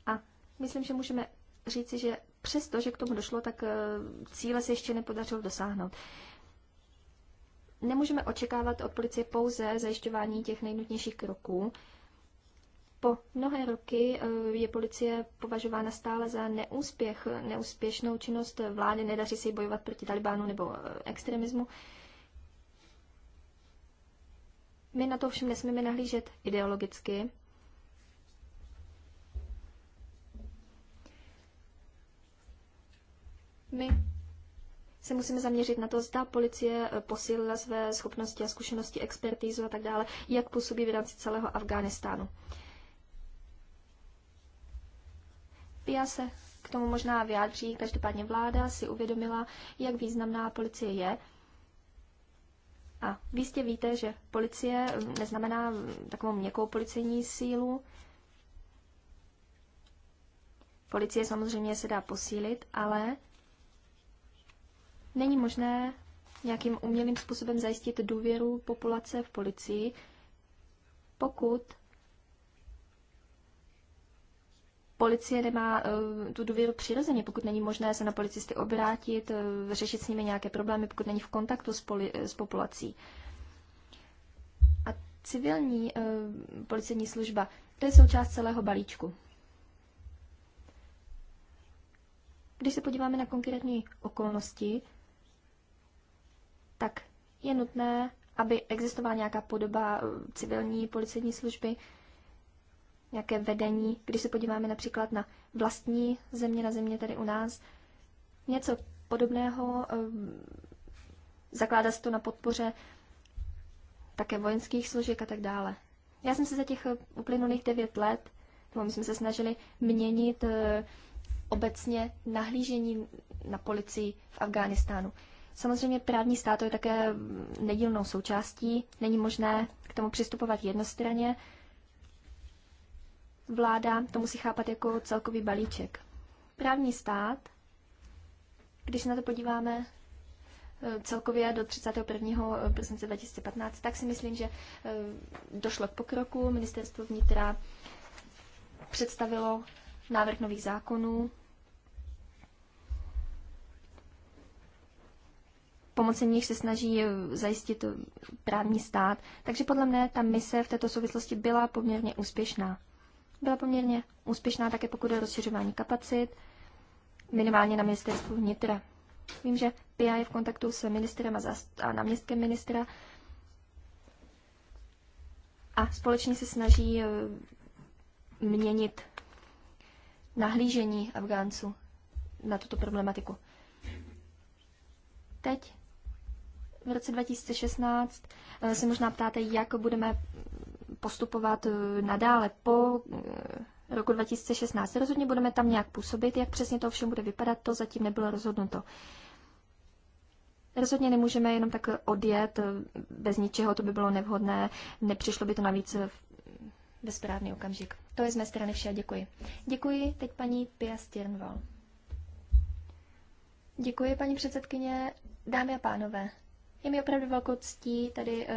a myslím, že můžeme říci, že přesto, že k tomu došlo, tak eh, cíle se ještě nepodařilo dosáhnout nemůžeme očekávat od policie pouze zajišťování těch nejnutnějších kroků. Po mnohé roky eh, je policie považována stále za neúspěch, neúspěšnou činnost vlády, nedaří se jí bojovat proti Talibánu nebo eh, extremismu. My na to všem nesmíme nahlížet ideologicky. My se musíme zaměřit na to, zda policie eh, posílila své schopnosti a zkušenosti, expertízu a tak dále, jak působí v rámci celého Afghánistánu. Pia se k tomu možná vyjádří, každopádně vláda si uvědomila, jak významná policie je. A vy jistě víte, že policie hm, neznamená hm, takovou měkkou policejní sílu. Policie samozřejmě se dá posílit, ale Není možné nějakým umělým způsobem zajistit důvěru populace v policii, pokud policie nemá uh, tu důvěru přirozeně, pokud není možné se na policisty obrátit, uh, řešit s nimi nějaké problémy, pokud není v kontaktu s, poli- s populací. A civilní uh, policejní služba, to je součást celého balíčku. Když se podíváme na konkrétní okolnosti, tak je nutné, aby existovala nějaká podoba eh, civilní policejní služby, nějaké vedení. Když se podíváme například na vlastní země, na země tady u nás, něco podobného, eh, zakládá se to na podpoře také vojenských složek a tak dále. Já jsem se za těch eh, uplynulých devět let, nebo my jsme se snažili měnit obecně nahlížení na policii v Afghánistánu. Samozřejmě právní stát je také nedílnou součástí. Není možné k tomu přistupovat jednostranně. Vláda to musí chápat jako celkový balíček. Právní stát, když se na to podíváme e, celkově do 31. E, prosince 2015, tak si myslím, že e, došlo k pokroku. Ministerstvo vnitra představilo návrh nových zákonů, pomocí nich se snaží eh, zajistit eh, právní stát. Takže podle mne ta mise v této souvislosti byla poměrně úspěšná. Byla poměrně úspěšná také pokud o rozšiřování kapacit, minimálně na ministerstvu vnitra. Vím, že PIA je v kontaktu s ministrem a, a náměstkem ministra a společně se snaží eh, měnit nahlížení Afgánců na tuto problematiku. Teď v roce 2016 eh, se možná ptáte, jak budeme postupovat eh, nadále po eh, roku 2016. Rozhodně budeme tam nějak působit, jak přesně to všem bude vypadat, to zatím nebylo rozhodnuto. Rozhodně nemůžeme jenom tak odjet bez ničeho, to by bylo nevhodné, nepřišlo by to navíc ve správný okamžik. To je z mé strany vše, děkuji. Děkuji teď paní Pia Stirnval. Děkuji, paní předsedkyně. Dámy a pánové, je mi opravdu velkou ctí tady uh,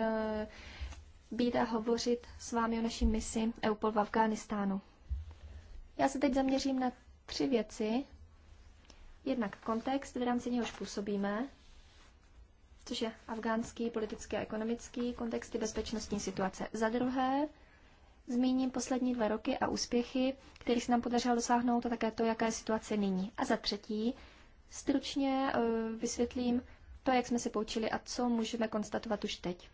být a hovořit s vámi o naší misi EUPOL v Afghánistánu. Já se teď zaměřím na tři věci. Jednak kontext, v rámci něhož působíme, což je afgánský politický a ekonomický kontext bezpečnostní situace. Za druhé, zmíním poslední dva roky a úspěchy, které se nám podařilo dosáhnout a také to, jaká je situace nyní. A za třetí, stručně eh, vysvětlím to, jak jsme se poučili a co můžeme konstatovat už teď.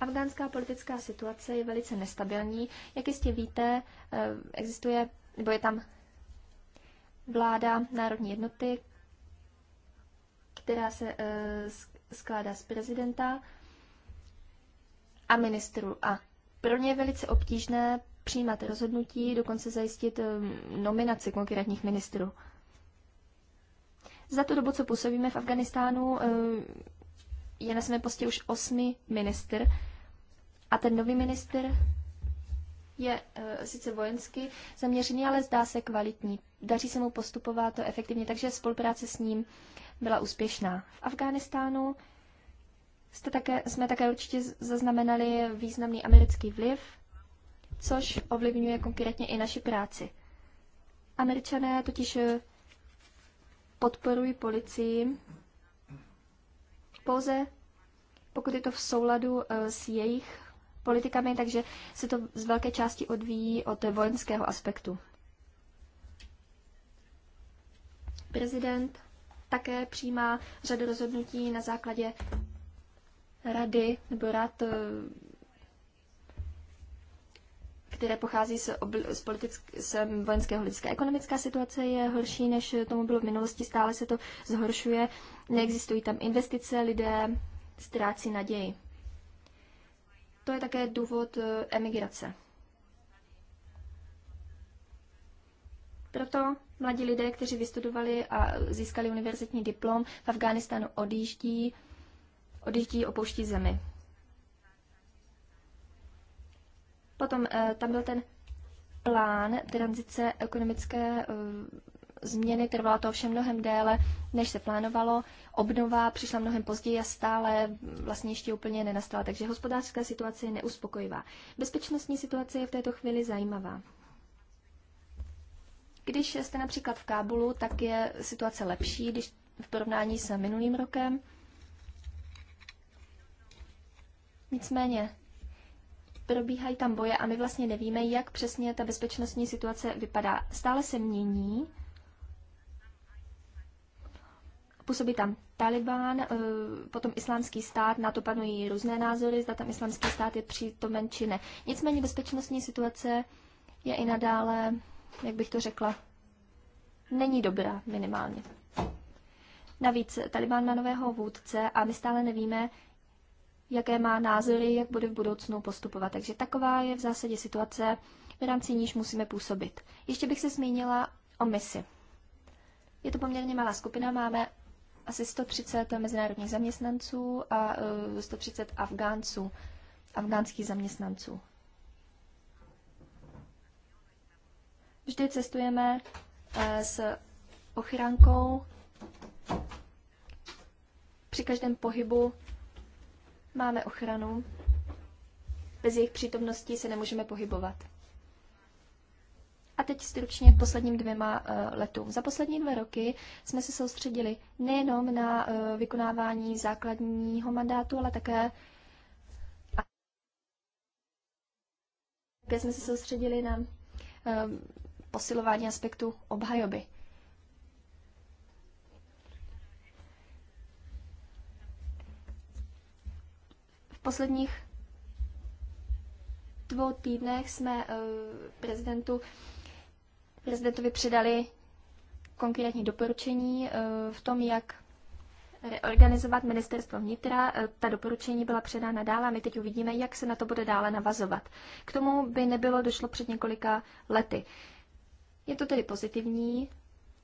Afgánská politická situace je velice nestabilní. Jak jistě víte, eh, existuje, nebo je tam vláda národní jednoty, která se eh, skládá z prezidenta a ministru. A pro ně je velice obtížné přijímat rozhodnutí, dokonce zajistit eh, nominaci konkrétních ministrů. Za tu dobu, co působíme v Afganistánu, eh, je na svém postě už osmi minister a ten nový minister je eh, sice vojensky zaměřený, ale zdá se kvalitní. Daří se mu postupovat to efektivně, takže spolupráce s ním byla úspěšná. V Afghánistánu jste také, jsme také určitě zaznamenali významný americký vliv, což ovlivňuje konkrétně i naši práci. Američané totiž eh, podporuji policii pouze pokud je to v souladu eh, s jejich politikami, takže se to z velké části odvíjí od vojenského aspektu. Prezident také přijímá řadu rozhodnutí na základě rady nebo rad eh, které pochází z, obl- z, politick- z vojenského lidské. Ekonomická situace je horší, než tomu bylo v minulosti, stále se to zhoršuje, neexistují tam investice, lidé ztrácí naději. To je také důvod eh, emigrace. Proto mladí lidé, kteří vystudovali a získali univerzitní diplom, v Afghánistánu odjíždí, odjíždí, opouští zemi. Potom eh, tam byl ten plán tranzice ekonomické eh, změny trvala to ovšem mnohem déle, než se plánovalo. Obnova přišla mnohem později a stále vlastně ještě úplně nenastala, takže hospodářská situace je neuspokojivá. Bezpečnostní situace je v této chvíli zajímavá. Když jste například v Kábulu, tak je situace lepší, když v porovnání s minulým rokem. Nicméně probíhají tam boje a my vlastně nevíme, jak přesně ta bezpečnostní situace vypadá. Stále se mění. Působí tam Taliban, eh, potom islámský stát, na to panují různé názory, zda tam islámský stát je přítomen či ne. Nicméně bezpečnostní situace je i nadále, jak bych to řekla, není dobrá minimálně. Navíc Taliban má nového vůdce a my stále nevíme, jaké má názory, jak bude v budoucnu postupovat. Takže taková je v zásadě situace, v rámci níž musíme působit. Ještě bych se zmínila o misi. Je to poměrně malá skupina, máme asi 130 mezinárodních zaměstnanců a 130 e, Afgánců, afgánských zaměstnanců. Vždy cestujeme e, s ochrankou. Při každém pohybu Máme ochranu. Bez jejich přítomnosti se nemůžeme pohybovat. A teď stručně k posledním dvěma eh, letům. Za poslední dva roky jsme se soustředili nejenom na eh, vykonávání základního mandátu, ale také jsme se soustředili na eh, posilování aspektu obhajoby. posledních dvou týdnech jsme eh, prezidentu, prezidentovi předali konkrétní doporučení eh, v tom, jak reorganizovat ministerstvo vnitra. Eh, ta doporučení byla předána dále a my teď uvidíme, jak se na to bude dále navazovat. K tomu by nebylo došlo před několika lety. Je to tedy pozitivní.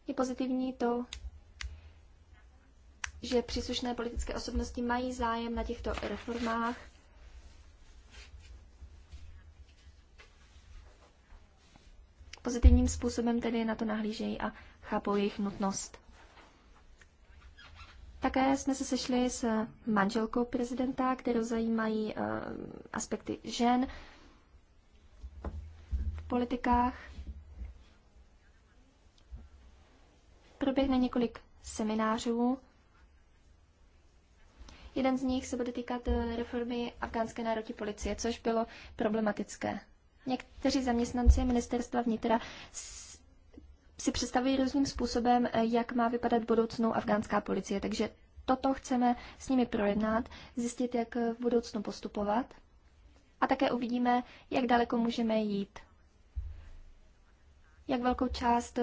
Je pozitivní to, že příslušné politické osobnosti mají zájem na těchto reformách. Pozitivním způsobem tedy na to nahlížejí a chápou jejich nutnost. Také jsme se sešli s manželkou prezidenta, kterou zajímají uh, aspekty žen v politikách. Proběhne několik seminářů Jeden z nich se bude týkat eh, reformy afgánské národní policie, což bylo problematické. Někteří zaměstnanci ministerstva vnitra si představují různým způsobem, eh, jak má vypadat budoucnou afgánská policie. Takže toto chceme s nimi projednat, zjistit, jak eh, v budoucnu postupovat. A také uvidíme, jak daleko můžeme jít. Jak velkou část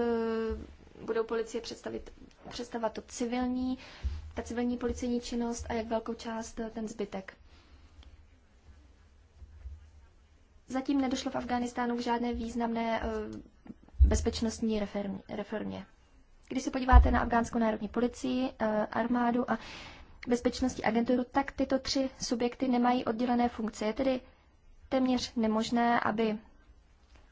budou policie představit, představovat to civilní ta civilní policejní činnost a jak velkou část eh, ten zbytek. Zatím nedošlo v Afghánistánu k žádné významné eh, bezpečnostní reformě. Když se podíváte na afgánskou národní policii, eh, armádu a bezpečnostní agenturu, tak tyto tři subjekty nemají oddělené funkce. Je tedy téměř nemožné, aby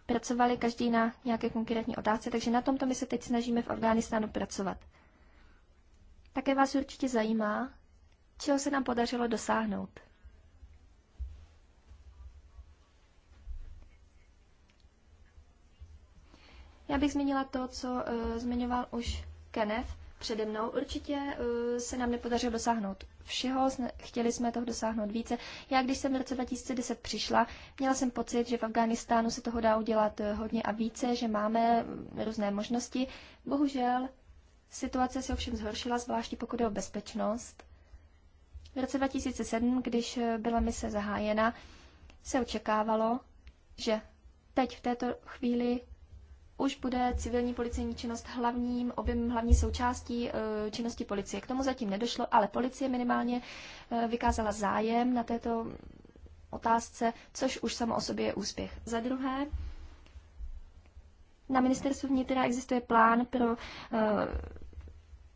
pracovali každý na nějaké konkrétní otázce, takže na tomto my se teď snažíme v Afghánistánu pracovat. Také vás určitě zajímá, čeho se nám podařilo dosáhnout. Já bych zmínila to, co uh, zmiňoval už Kenneth přede mnou. Určitě uh, se nám nepodařilo dosáhnout všeho, chtěli jsme toho dosáhnout více. Já, když jsem v roce 2010 přišla, měla jsem pocit, že v Afghánistánu se toho dá udělat eh, hodně a více, že máme různé možnosti. Bohužel Situace se ovšem zhoršila, zvláště pokud je o bezpečnost. V roce 2007, když eh, byla mise zahájena, se očekávalo, že teď v této chvíli už bude civilní policejní činnost hlavním objemem, hlavní součástí eh, činnosti policie. K tomu zatím nedošlo, ale policie minimálně eh, vykázala zájem na této otázce, což už samo o sobě je úspěch. Za druhé, na ministerstvu vnitra existuje plán pro eh,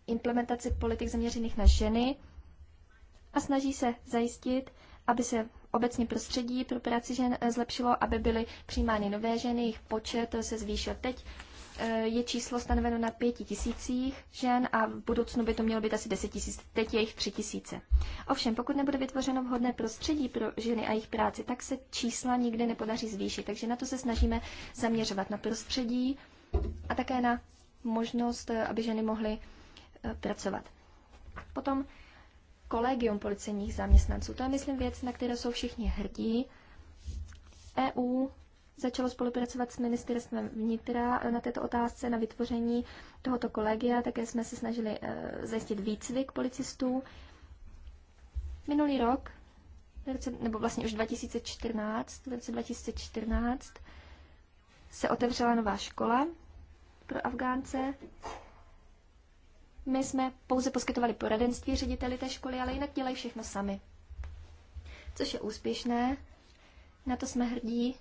implementaci politik zaměřených na ženy a snaží se zajistit, aby se obecně prostředí pro práci žen eh, zlepšilo, aby byly přijímány nové ženy, jejich počet se zvýšil. Teď Eh, je číslo stanoveno na pěti tisících žen a v budoucnu by to mělo být asi 10 tisíc, teď je jich tři tisíce. Ovšem, pokud nebude vytvořeno vhodné prostředí pro ženy a jejich práci, tak se čísla nikdy nepodaří zvýšit. Takže na to se snažíme zaměřovat na prostředí a také na možnost, eh, aby ženy mohly eh, pracovat. Potom kolegium policejních zaměstnanců. To je, myslím, věc, na kterou jsou všichni hrdí. EU začalo spolupracovat s ministerstvem vnitra na této otázce, na vytvoření tohoto kolegia. Také jsme se snažili eh, zajistit výcvik policistů. Minulý rok, nebo vlastně už 2014, v roce 2014 se otevřela nová škola pro Afgánce. My jsme pouze poskytovali poradenství řediteli té školy, ale jinak dělají všechno sami. Což je úspěšné, na to jsme hrdí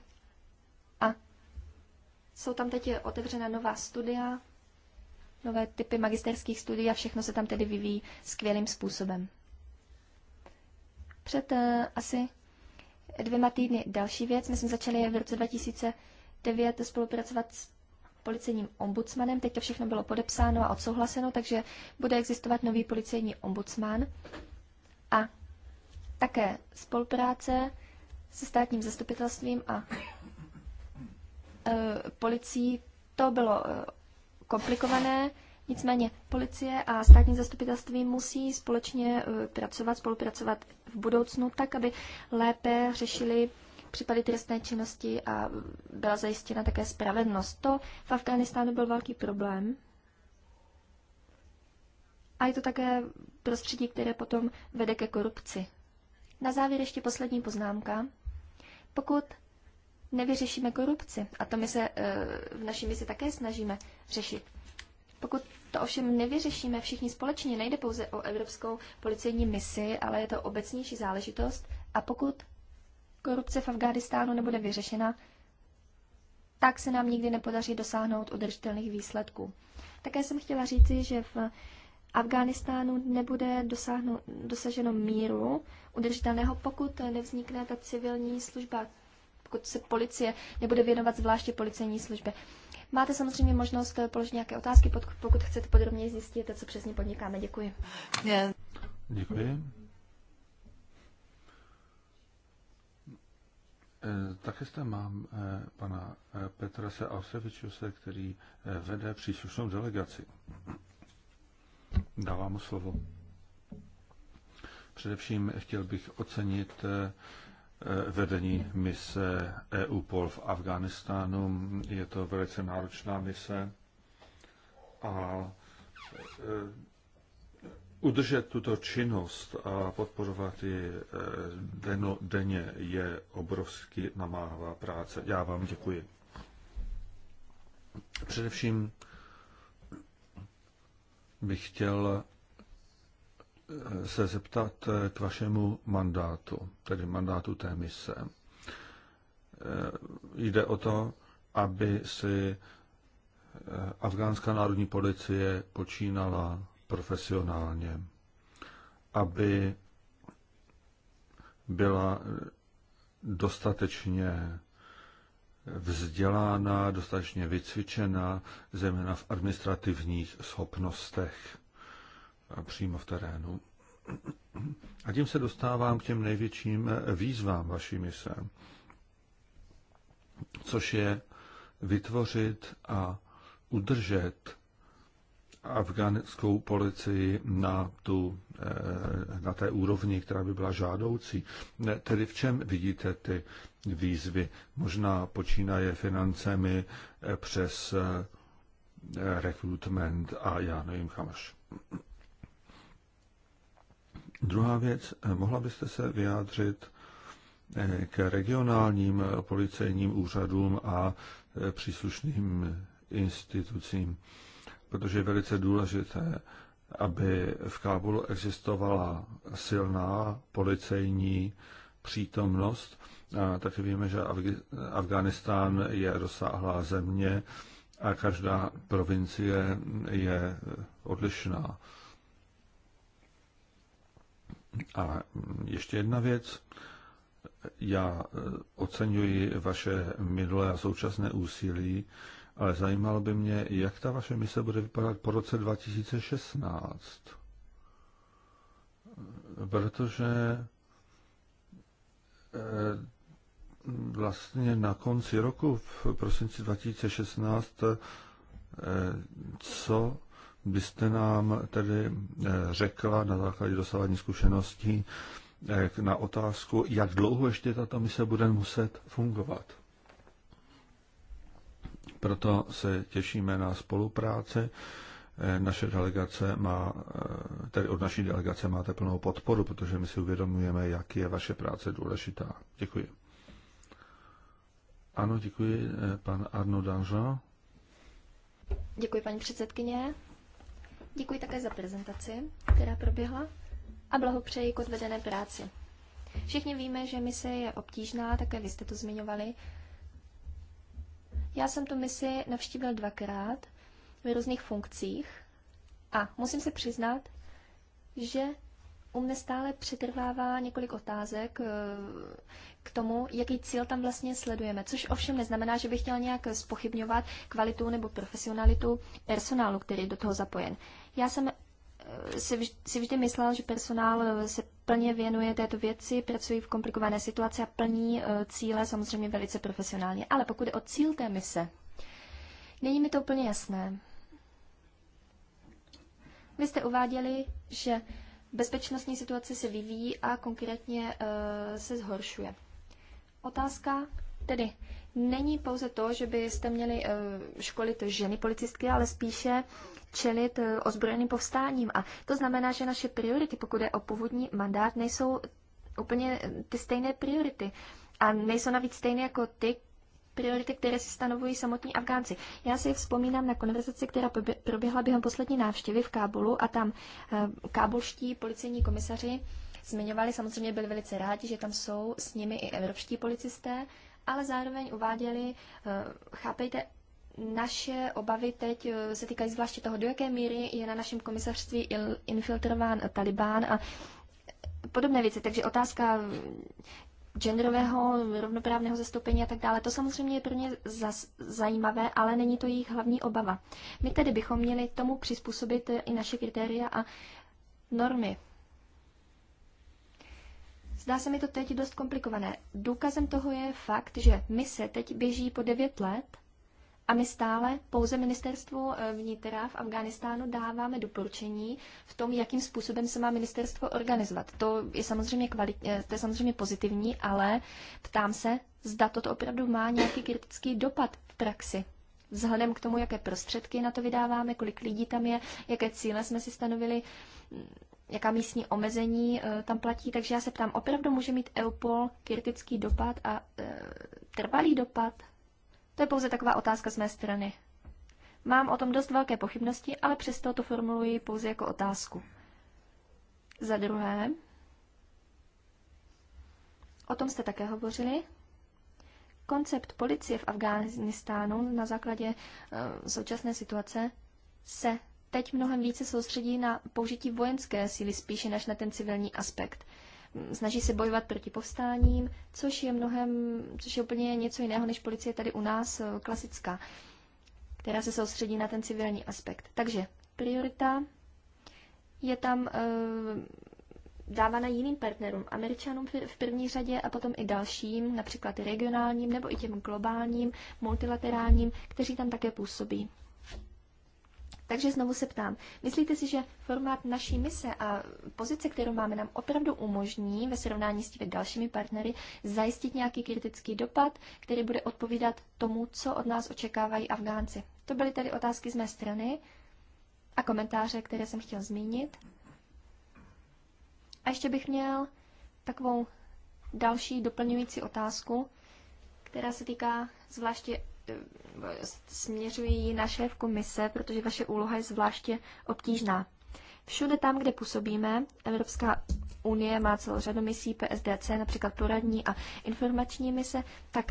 jsou tam teď otevřena nová studia, nové typy magisterských studií a všechno se tam tedy vyvíjí skvělým způsobem. Před uh, asi dvěma týdny další věc. My jsme začali v roce 2009 spolupracovat s policejním ombudsmanem. Teď to všechno bylo podepsáno a odsouhlaseno, takže bude existovat nový policejní ombudsman. A také spolupráce se státním zastupitelstvím a Eh, policií to bylo eh, komplikované, nicméně policie a státní zastupitelství musí společně eh, pracovat, spolupracovat v budoucnu tak, aby lépe řešili případy trestné činnosti a byla zajištěna také spravedlnost. To v Afghánistánu byl velký problém. A je to také prostředí, které potom vede ke korupci. Na závěr ještě poslední poznámka. Pokud nevyřešíme korupci. A to my se eh, v naší misi také snažíme řešit. Pokud to ovšem nevyřešíme všichni společně, nejde pouze o evropskou policejní misi, ale je to obecnější záležitost. A pokud korupce v Afghánistánu nebude vyřešena, tak se nám nikdy nepodaří dosáhnout udržitelných výsledků. Také jsem chtěla říci, že v Afghánistánu nebude dosaženo míru udržitelného, pokud nevznikne ta civilní služba pokud se policie nebude věnovat zvláště policejní službě. Máte samozřejmě možnost eh, položit nějaké otázky, pokud chcete podrobněji zjistit, co přesně podnikáme. Děkuji. Děkuji. Eh, Také zde mám eh, pana Petra Se Ausevičuse, který vede příslušnou delegaci. Dávám mu slovo. Především chtěl bych ocenit vedení mise EUPOL v Afganistánu. Je to velice náročná mise a e, udržet tuto činnost a podporovat ji e, denně je obrovsky namáhavá práce. Já vám děkuji. Především bych chtěl se zeptat k vašemu mandátu, tedy mandátu té mise. E, jde o to, aby si e, afgánská národní policie počínala profesionálně, aby byla dostatečně vzdělána, dostatečně vycvičena, zejména v administrativních schopnostech přímo v terénu. A tím se dostávám k těm největším výzvám vaší mise, což je vytvořit a udržet afgánskou policii na, tu, eh, na té úrovni, která by byla žádoucí. Tedy v čem vidíte ty výzvy? Možná počínaje financemi eh, přes eh, rekrutment a já nevím kam až. Druhá věc, eh, mohla byste se vyjádřit eh, k regionálním eh, policejním úřadům a příslušným institucím, protože je velice důležité, aby v Kábulu existovala silná policejní přítomnost. A taky víme, že Afganistán je rozsáhlá země a každá provincie je odlišná. A ještě jedna věc. Já eh, oceňuji vaše minulé a současné úsilí, ale zajímalo by mě, jak ta vaše mise bude vypadat po roce 2016. Protože eh, vlastně na konci roku v prosinci 2016 eh, co byste nám tedy eh, řekla na základě dosávání zkušeností eh, na otázku, jak dlouho ještě tato mise bude muset fungovat. Proto se těšíme na spolupráci. Eh, naše delegace má, tedy od naší delegace máte plnou podporu, protože my si uvědomujeme, jak je vaše práce důležitá. Děkuji. Ano, děkuji, pan Arno Danžo. Děkuji, paní předsedkyně. Děkuji také za prezentaci, která proběhla a blahopřeji k odvedené práci. Všichni víme, že mise je obtížná, také vy jste to zmiňovali. Já jsem tu misi navštívil dvakrát v různých funkcích a musím se přiznat, že u mne stále přetrvává několik otázek eh, k tomu, jaký cíl tam vlastně sledujeme, což ovšem neznamená, že bych chtěl nějak spochybňovat kvalitu nebo profesionalitu personálu, který je do toho zapojen. Já jsem eh, si vždy myslel, že personál eh, se plně věnuje této věci, pracují v komplikované situaci a plní cíle samozřejmě velice profesionálně. Ale pokud je o cíl té mise, není mi to úplně jasné. Vy jste uváděli, že bezpečnostní situace se vyvíjí a konkrétně eh, se zhoršuje. Otázka tedy není pouze to, že byste měli eh, školit ženy policistky, ale spíše čelit eh, ozbrojeným povstáním. A to znamená, že naše priority, pokud je o původní mandát, nejsou úplně ty stejné priority. A nejsou navíc stejné jako ty, priority, které si stanovují samotní Afgánci. Já si vzpomínám na konverzaci, která proběhla během poslední návštěvy v Kábulu a tam eh, kábulští policejní komisaři zmiňovali, samozřejmě byli velice rádi, že tam jsou s nimi i evropští policisté, ale zároveň uváděli, eh, chápejte, naše obavy teď eh, se týkají zvláště toho, do jaké míry je na našem komisařství infiltrován Talibán a podobné věci. Takže otázka genderového, rovnoprávného zastoupení a tak dále. To samozřejmě je pro ně zas, zajímavé, ale není to jejich hlavní obava. My tedy bychom měli tomu přizpůsobit i naše kritéria a normy. Zdá se mi to teď dost komplikované. Důkazem toho je fakt, že mise teď běží po 9 let a my stále pouze ministerstvu eh, vnitra v Afghánistánu dáváme doporučení v tom, jakým způsobem se má ministerstvo organizovat. To je samozřejmě, kvalit, eh, to je samozřejmě pozitivní, ale ptám se, zda toto opravdu má nějaký kritický dopad v praxi. Vzhledem k tomu, jaké prostředky na to vydáváme, kolik lidí tam je, jaké cíle jsme si stanovili, mm, jaká místní omezení eh, tam platí. Takže já se ptám, opravdu může mít EUPOL kritický dopad a e, trvalý dopad to je pouze taková otázka z mé strany. Mám o tom dost velké pochybnosti, ale přesto to formuluji pouze jako otázku. Za druhé, o tom jste také hovořili, koncept policie v Afghánistánu na základě uh, současné situace se teď mnohem více soustředí na použití vojenské síly spíše než na ten civilní aspekt snaží se bojovat proti povstáním, což je mnohem, což je úplně něco jiného než policie tady u nás eh, klasická, která se soustředí na ten civilní aspekt. Takže priorita je tam e, eh, dávána jiným partnerům, američanům v první řadě a potom i dalším, například regionálním nebo i těm globálním, multilaterálním, kteří tam také působí. Takže znovu se ptám, myslíte si, že formát naší mise a pozice, kterou máme, nám opravdu umožní ve srovnání s těmi dalšími partnery zajistit nějaký kritický dopad, který bude odpovídat tomu, co od nás očekávají Afgánci? To byly tedy otázky z mé strany a komentáře, které jsem chtěl zmínit. A ještě bych měl takovou další doplňující otázku, která se týká zvláště směřují na šéf komise, protože vaše úloha je zvláště obtížná. Všude tam, kde působíme, Evropská unie má celou řadu misí PSDC, například poradní a informační mise, tak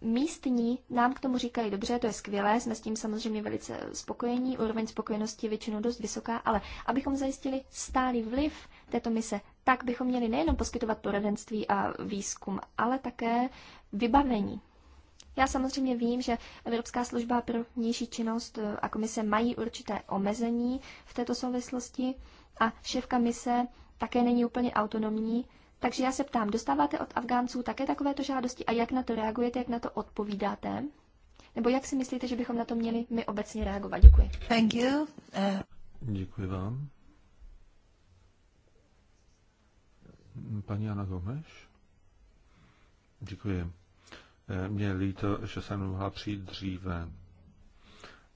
místní nám k tomu říkají, dobře, to je skvělé, jsme s tím samozřejmě velice spokojení, úroveň spokojenosti je většinou dost vysoká, ale abychom zajistili stálý vliv této mise, tak bychom měli nejenom poskytovat poradenství a výzkum, ale také vybavení. Já samozřejmě vím, že Evropská služba pro vnější činnost eh, a komise mají určité omezení v této souvislosti a šéfka mise také není úplně autonomní, takže já se ptám, dostáváte od Afgánců také takovéto žádosti a jak na to reagujete, jak na to odpovídáte? Nebo jak si myslíte, že bychom na to měli my obecně reagovat? Děkuji. Thank you. Uh... Děkuji vám. Paní Ana Gomeš? Děkuji. Eh, mě líto, že jsem mohla přijít dříve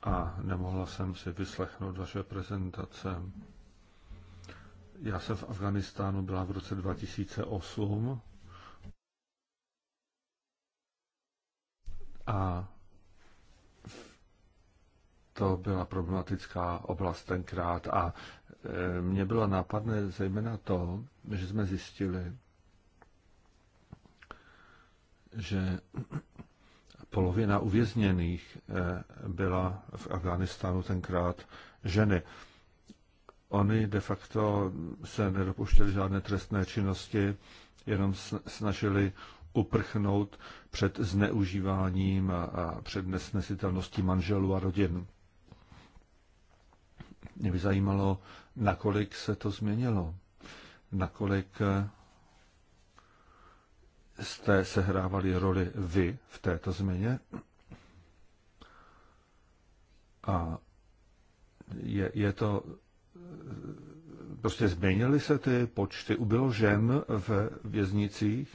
a nemohla jsem si vyslechnout vaše prezentace. Já jsem v Afganistánu byla v roce 2008 a to byla problematická oblast tenkrát a eh, mě bylo nápadné zejména to, že jsme zjistili, že polovina uvězněných eh, byla v Afganistánu tenkrát ženy. Oni de facto se nedopuštěli žádné trestné činnosti, jenom snažili uprchnout před zneužíváním a před nesnesitelností manželů a rodin. Mě by zajímalo, nakolik se to změnilo, nakolik eh, jste sehrávali roli vy v této změně? A je, je to, prostě změnily se ty počty, ubylo žen v věznicích?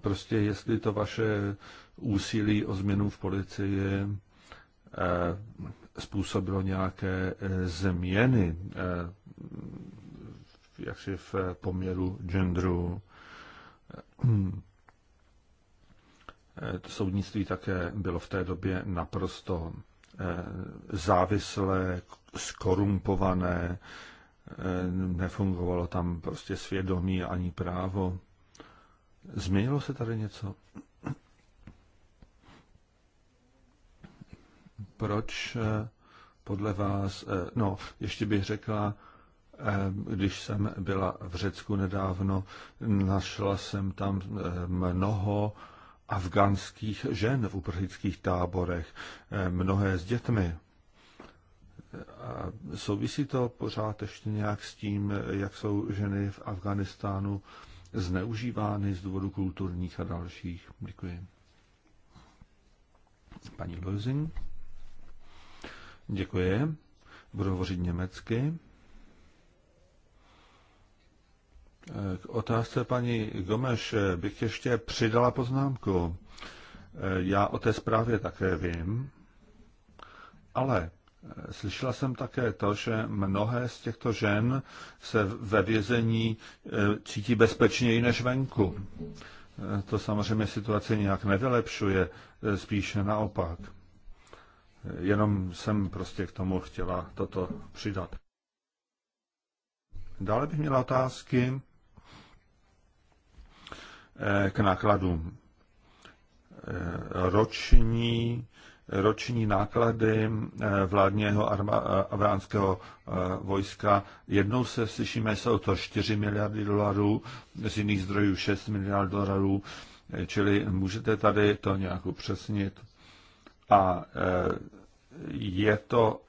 Prostě jestli to vaše úsilí o změnu v policii eh, způsobilo nějaké eh, změny, eh, jaksi v poměru genderu, to eh, soudnictví také bylo v té době naprosto eh, závislé, skorumpované, eh, nefungovalo tam prostě svědomí ani právo. Změnilo se tady něco? Proč podle vás, no, ještě bych řekla, Eh, když jsem byla v Řecku nedávno, našla jsem tam eh, mnoho afgánských žen v uprchlických táborech, eh, mnohé s dětmi. A souvisí to pořád ještě nějak s tím, jak jsou ženy v Afganistánu zneužívány z důvodu kulturních a dalších. Děkuji. Paní Lozing. Děkuji. Budu hovořit německy. K otázce paní Gomeš bych ještě přidala poznámku. Já o té zprávě také vím, ale slyšela jsem také to, že mnohé z těchto žen se ve vězení e, cítí bezpečněji než venku. E, to samozřejmě situaci nějak nevylepšuje, e, spíše naopak. Jenom jsem prostě k tomu chtěla toto přidat. Dále bych měla otázky Eh, k nákladům. Eh, roční, roční náklady eh, vládního afgánského vojska. Jednou se slyšíme, jsou to 4 miliardy dolarů, z jiných zdrojů 6 miliard dolarů, čili můžete tady to nějak upřesnit. A je to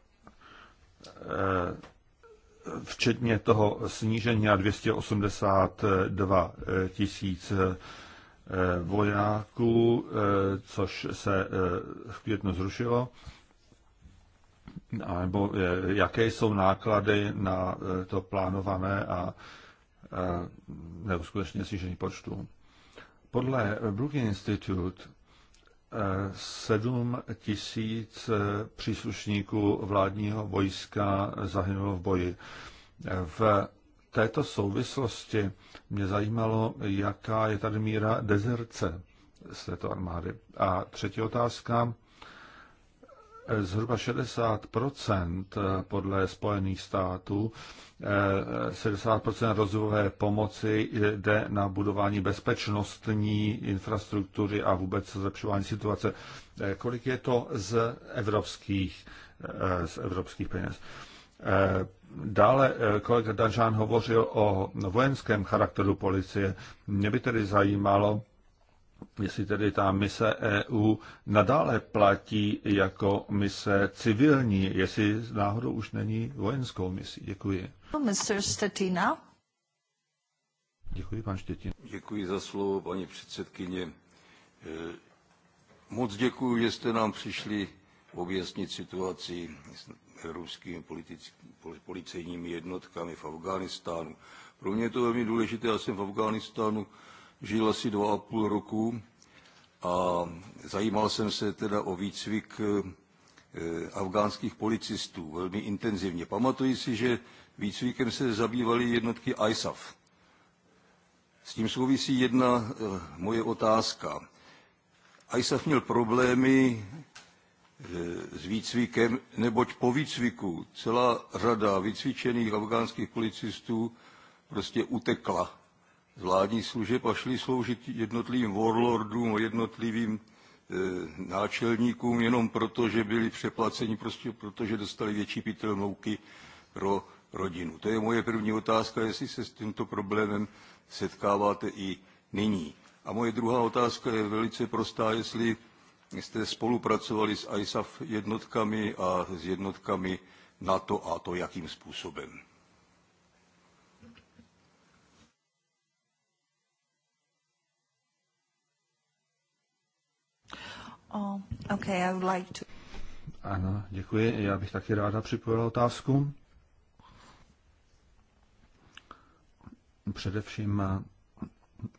včetně toho snížení na 282 tisíc eh, vojáků, eh, což se eh, v květnu zrušilo, nebo jaké jsou náklady na to plánované a neuskutečně snížení počtu. Podle Brookings Institute 7 tisíc příslušníků vládního vojska zahynulo v boji. V této souvislosti mě zajímalo, jaká je tady míra dezerce z této armády. A třetí otázka, zhruba 60 eh, podle Spojených států, 60 eh, rozvojové pomoci jde na budování bezpečnostní infrastruktury a vůbec zlepšování situace. Eh, kolik je to z evropských, z evropských peněz? Dále kolega Danžán hovořil o vojenském charakteru policie. Mě by tedy zajímalo, jestli tedy ta mise EU nadále platí jako mise civilní, jestli náhodou už není vojenskou misí. Děkuji. Mr. Stetina. Děkuji, pan Štětin. Děkuji za slovo, paní předsedkyně. E, moc děkuji, že jste nám přišli objasnit situaci s ruskými politici, policejními jednotkami v Afghánistánu. Pro mě je to velmi důležité, já jsem v Afghánistánu žil asi dva a půl roku a zajímal jsem se teda o výcvik eh, afgánských policistů velmi intenzivně. Pamatuji si, že výcvikem se zabývaly jednotky ISAF. S tím souvisí jedna eh, moje otázka. ISAF měl problémy eh, s výcvikem, neboť po výcviku celá řada vycvičených afgánských policistů prostě utekla z vládních služeb a šli sloužit jednotlivým warlordům a jednotlivým e, náčelníkům jenom proto, že byli přeplaceni, prostě proto, že dostali větší pytel mouky pro rodinu. To je moje první otázka, jestli se s tímto problémem setkáváte i nyní. A moje druhá otázka je velice prostá, jestli jste spolupracovali s ISAF jednotkami a s jednotkami NATO a to jakým způsobem. Oh, okay, I would like to... Ano, děkuji. Já bych taky ráda připojila otázku. Především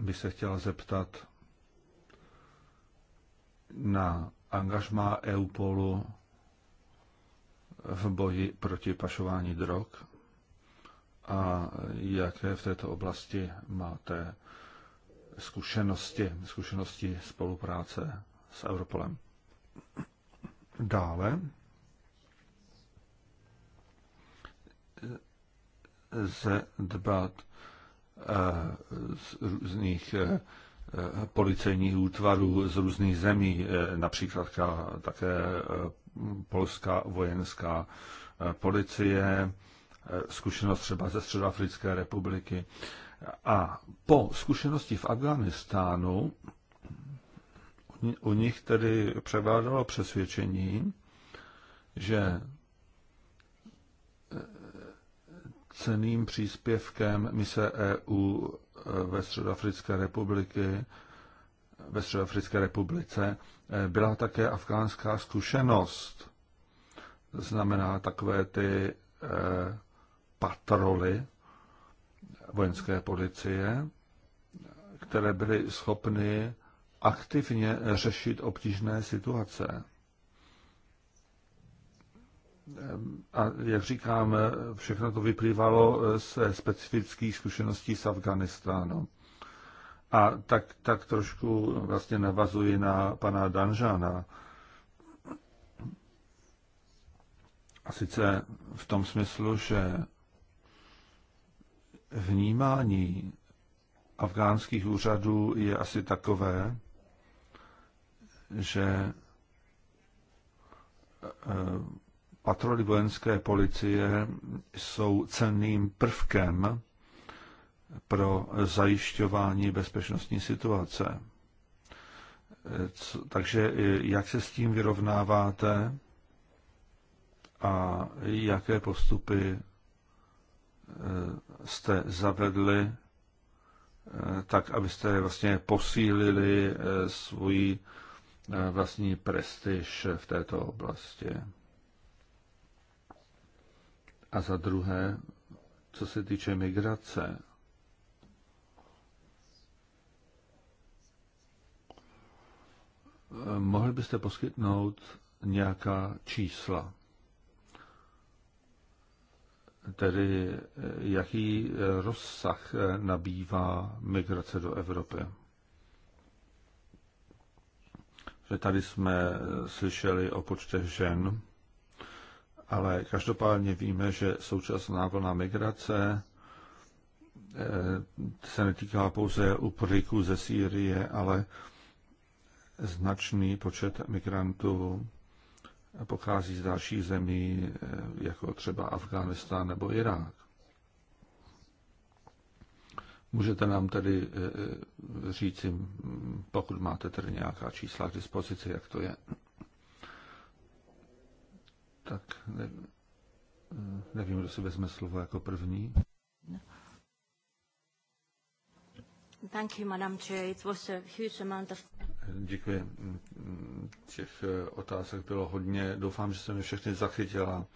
bych se chtěla zeptat na angažmá EUPOLu v boji proti pašování drog a jaké v této oblasti máte zkušenosti, zkušenosti spolupráce s Europolem. Dále se dbat eh, z různých eh, policejních útvarů z různých zemí, eh, například také polská vojenská policie, zkušenost třeba ze Středoafrické republiky. A po zkušenosti v Afganistánu u nich tedy převládalo přesvědčení, že eh, ceným příspěvkem mise EU eh, ve Středoafrické republiky ve Středoafrické republice eh, byla také afgánská zkušenost. Znamená takové ty patroly vojenské policie, které byly schopny aktivně řešit obtížné situace. A jak říkám, všechno to vyplývalo ze specifických zkušeností z Afganistánu. A tak, tak trošku vlastně navazuji na pana Danžana. A sice v tom smyslu, že vnímání afgánských úřadů je asi takové, že e, patroly vojenské policie jsou cenným prvkem pro zajišťování bezpečnostní situace. E, takže e, jak se s tím vyrovnáváte a jaké postupy jste zavedli, tak abyste vlastně posílili svoji Eh, vlastní prestiž v této oblasti. A za druhé, co se týče migrace, eh, mohli byste poskytnout nějaká čísla? Tedy eh, jaký rozsah nabývá migrace do Evropy? že Tady jsme eh, slyšeli o počtech žen, ale každopádně víme, že současná vlna migrace eh, se netýká pouze uprchlíků ze Sýrie, ale značný počet migrantů pochází z dalších zemí, eh, jako třeba Afghánistán nebo Irák. Můžete nám tedy eh, eh, říci, pokud máte tedy nějaká čísla k dispozici, jak to je. Tak eh, nevím, kdo si vezme slovo jako první. Thank you, Madam Chair. It was a huge amount of... Děkuji. Těch otázek bylo hodně. Doufám, že jsem je všechny zachytila.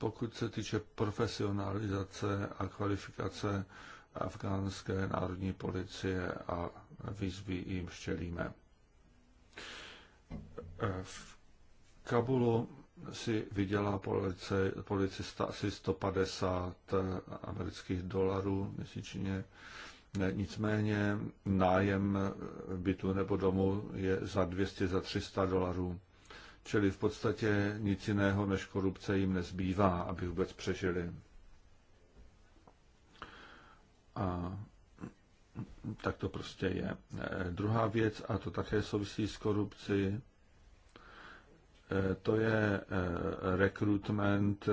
Pokud se týče profesionalizace a kvalifikace afgánské národní policie a výzvy jim štělíme. V Kabulu si vydělá policie, policista asi 150 amerických dolarů měsíčně. nicméně nájem bytu nebo domu je za 200, za 300 dolarů. Čili v podstatě nic jiného než korupce jim nezbývá, aby vůbec přežili. A tak to prostě je. E, druhá věc, a to také souvisí s korupcí, e, to je e, rekrutment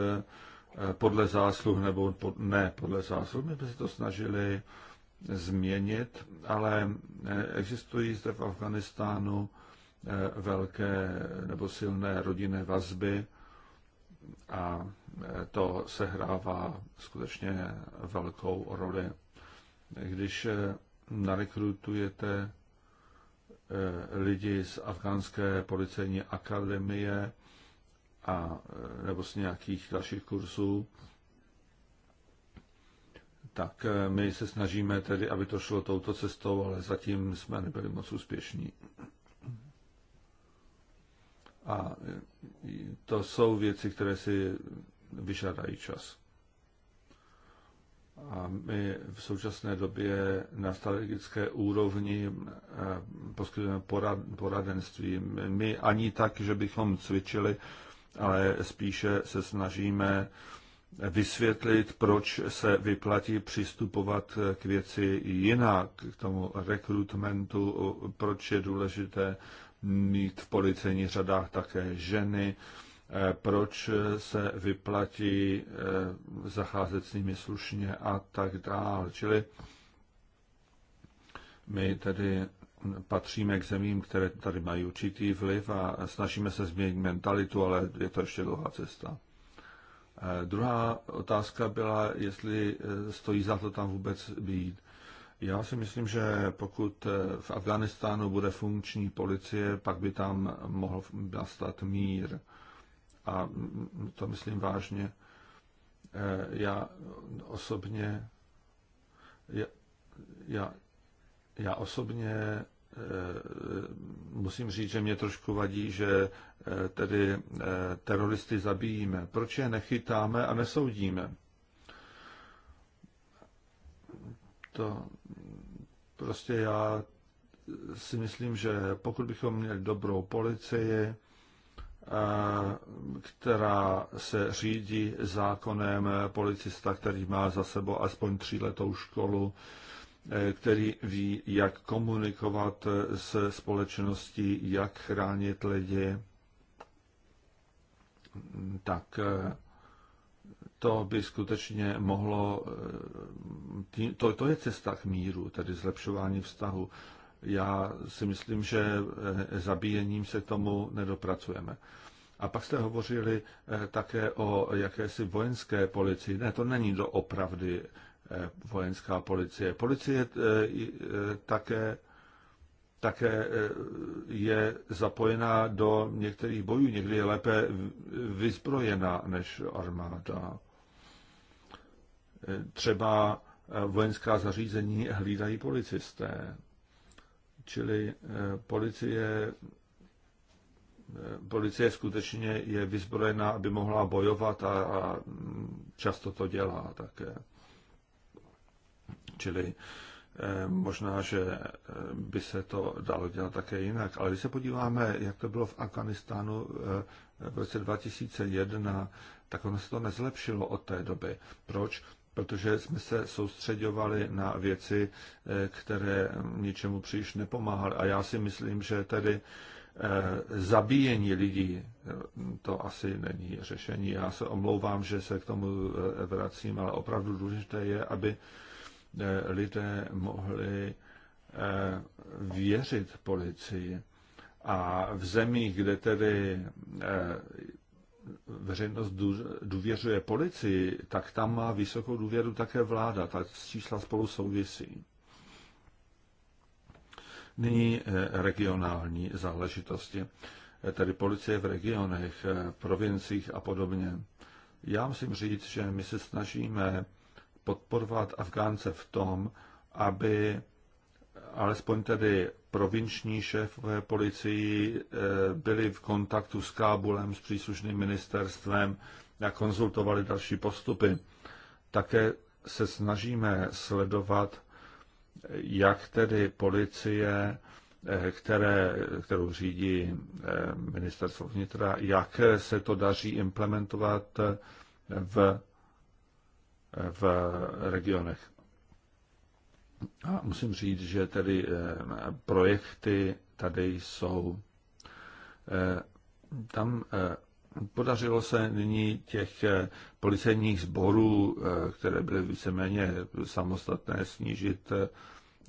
podle zásluh nebo pod, ne podle zásluh. My jsme se to snažili změnit, ale existují zde v Afganistánu Eh, velké nebo silné rodinné vazby a eh, to sehrává skutečně velkou roli. Když eh, narekrutujete lidi z afgánské policejní akademie a, nebo z nějakých dalších kursů, tak my se snažíme tedy, aby to šlo touto cestou, ale zatím jsme nebyli moc úspěšní. A to jsou věci, které si vyžádají čas. A my v současné době na strategické úrovni eh, poskytujeme porad, poradenství. My ani tak, že bychom cvičili, ale spíše se snažíme vysvětlit, proč se vyplatí přistupovat k věci jinak, k tomu rekrutmentu, proč je důležité mít v policejních řadách také ženy, eh, proč se vyplatí eh, zacházet s nimi slušně a tak dále. Čili my tedy patříme k zemím, které tady mají určitý vliv a snažíme se změnit mentalitu, ale je to ještě dlouhá cesta. Eh, druhá otázka byla, jestli stojí za to tam vůbec být. Já si myslím, že pokud eh, v Afganistánu bude funkční policie, pak by tam mohl nastat mír. A to myslím vážně. Eh, já osobně, já, já, já osobně eh, musím říct, že mě trošku vadí, že tedy teroristy zabíjíme. Proč je nechytáme a nesoudíme? to prostě já si myslím, že pokud bychom měli dobrou policii, eh, která se řídí zákonem policista, který má za sebou aspoň tříletou školu, eh, který ví, jak komunikovat se společností, jak chránit lidi, tak eh, to by skutečně mohlo, eh, to, to je cesta k míru, tedy zlepšování vztahu. Já si myslím, že eh, zabíjením se tomu nedopracujeme. A pak jste hovořili eh, také o jakési vojenské policii. Ne, to není doopravdy vojenská policie. Policie také, také je zapojená do některých bojů. Někdy je lépe vyzbrojená než armáda třeba eh, vojenská zařízení hlídají policisté. Čili eh, policie, eh, policie skutečně je vyzbrojená, aby mohla bojovat a, a často to dělá také. Čili možná, že by se to dalo dělat také jinak. Ale když se podíváme, jak to bylo v Afganistánu v roce 2001, tak ono se to nezlepšilo od té doby. Proč? protože jsme se soustředovali na věci, eh, které ničemu příliš nepomáhaly. A já si myslím, že tedy eh, zabíjení lidí, eh, to asi není řešení. Já se omlouvám, že se k tomu vracím, ale opravdu důležité je, aby lidé mohli věřit policii. A v zemích, kde tedy veřejnost důvěřuje policii, tak tam má vysokou důvěru také vláda. z čísla spolu souvisí. Nyní eh, regionální záležitosti, eh, tedy policie v regionech, eh, provinciích a podobně. Já musím říct, že my se snažíme podporovat Afgánce v tom, aby alespoň tedy provinční šéfové policií eh, byli v kontaktu s Kábulem, s příslušným ministerstvem a konzultovali další postupy. Také se snažíme sledovat, jak tedy policie, eh, které, kterou řídí eh, ministerstvo vnitra, jak se to daří implementovat v, v regionech. A musím říct, že tedy eh, projekty tady jsou. Eh, tam eh, podařilo se nyní těch policejních sborů, které byly víceméně samostatné, snížit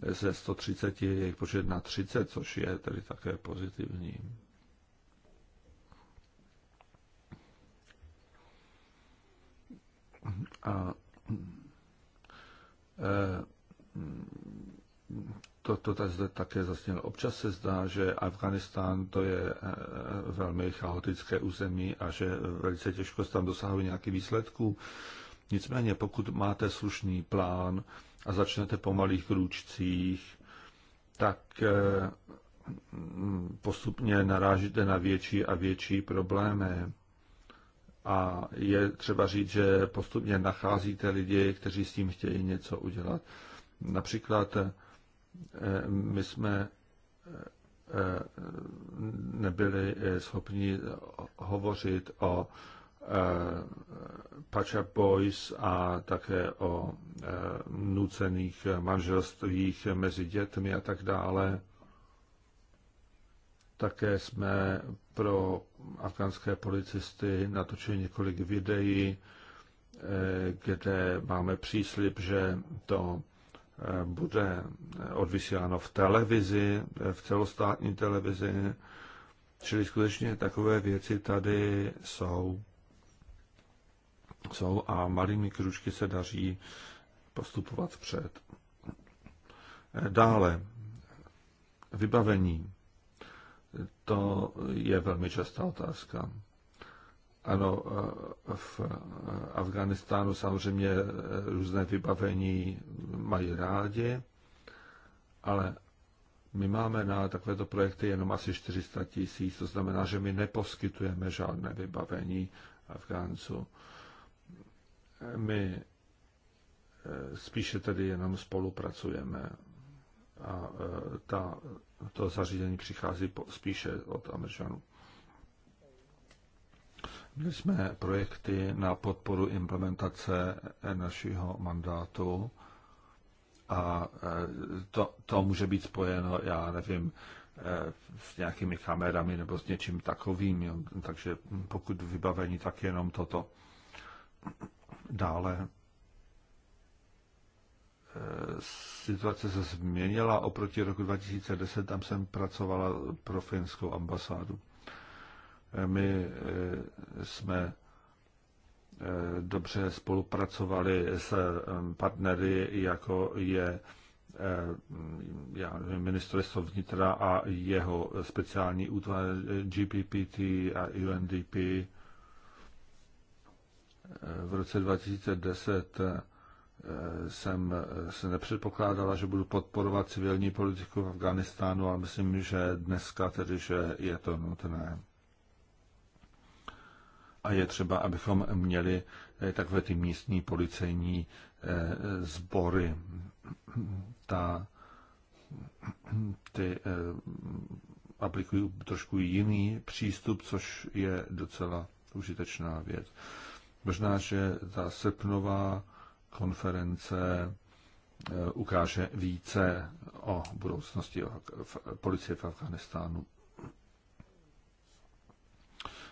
ze 130 jejich počet na 30, což je tedy také pozitivní. A e, to, to tak zde také zasnělo. Občas se zdá, že Afganistán to je eh, velmi chaotické území a že velice těžko se tam dosahuje nějaký výsledků. Nicméně, pokud máte slušný plán a začnete po malých krůčcích, tak eh, postupně narážíte na větší a větší problémy. A je třeba říct, že postupně nacházíte lidi, kteří s tím chtějí něco udělat. Například eh, my jsme eh, nebyli eh, schopni hovořit o Pacha Boys a také o nucených manželstvích mezi dětmi a tak dále. Také jsme pro afgánské policisty natočili několik videí, kde máme příslip, že to bude odvysíláno v televizi, v celostátní televizi, čili skutečně takové věci tady jsou. Jsou a malými kručky se daří postupovat před. Dále, vybavení. To je velmi častá otázka. Ano, eh, v eh, Afganistánu samozřejmě eh, různé vybavení mají rádi, ale my máme na takovéto projekty jenom asi 400 tisíc, to znamená, že my neposkytujeme žádné vybavení Afgáncu. My spíše tedy jenom spolupracujeme a ta, to zařízení přichází po, spíše od Američanů. Měli jsme projekty na podporu implementace našeho mandátu a e, to, to může být spojeno, já nevím, e, s nějakými kamerami nebo s něčím takovým, jo. takže pokud vybavení, tak jenom toto. Dále e, situace se změnila oproti roku 2010, tam jsem pracovala pro finskou ambasádu. My eh, jsme eh, dobře spolupracovali s eh, partnery, jako je já nevím, ministerstvo vnitra a jeho speciální útvar GPPT a UNDP. V roce 2010 jsem se nepředpokládala, že budu podporovat civilní politiku v Afganistánu, ale myslím, že dneska tedy, že je to nutné a je třeba, abychom měli eh, takové ty místní policejní eh, sbory. Ta, ty eh, aplikují trošku jiný přístup, což je docela užitečná věc. Možná, že ta srpnová konference ukáže více o budoucnosti policie v Afganistánu.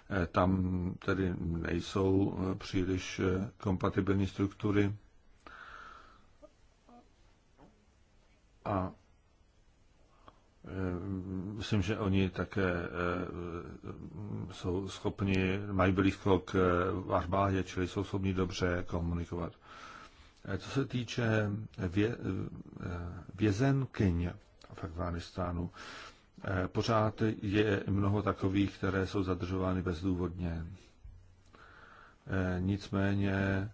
Eh, tam tedy nejsou eh, příliš eh, kompatibilní struktury. A Myslím, že oni také jsou schopni, mají blízko k Arbáhě, čili jsou schopni dobře komunikovat. Co se týče vě, vězenkyň v Afganistánu, Eh, pořád je mnoho takových, které jsou zadržovány bezdůvodně. Eh, nicméně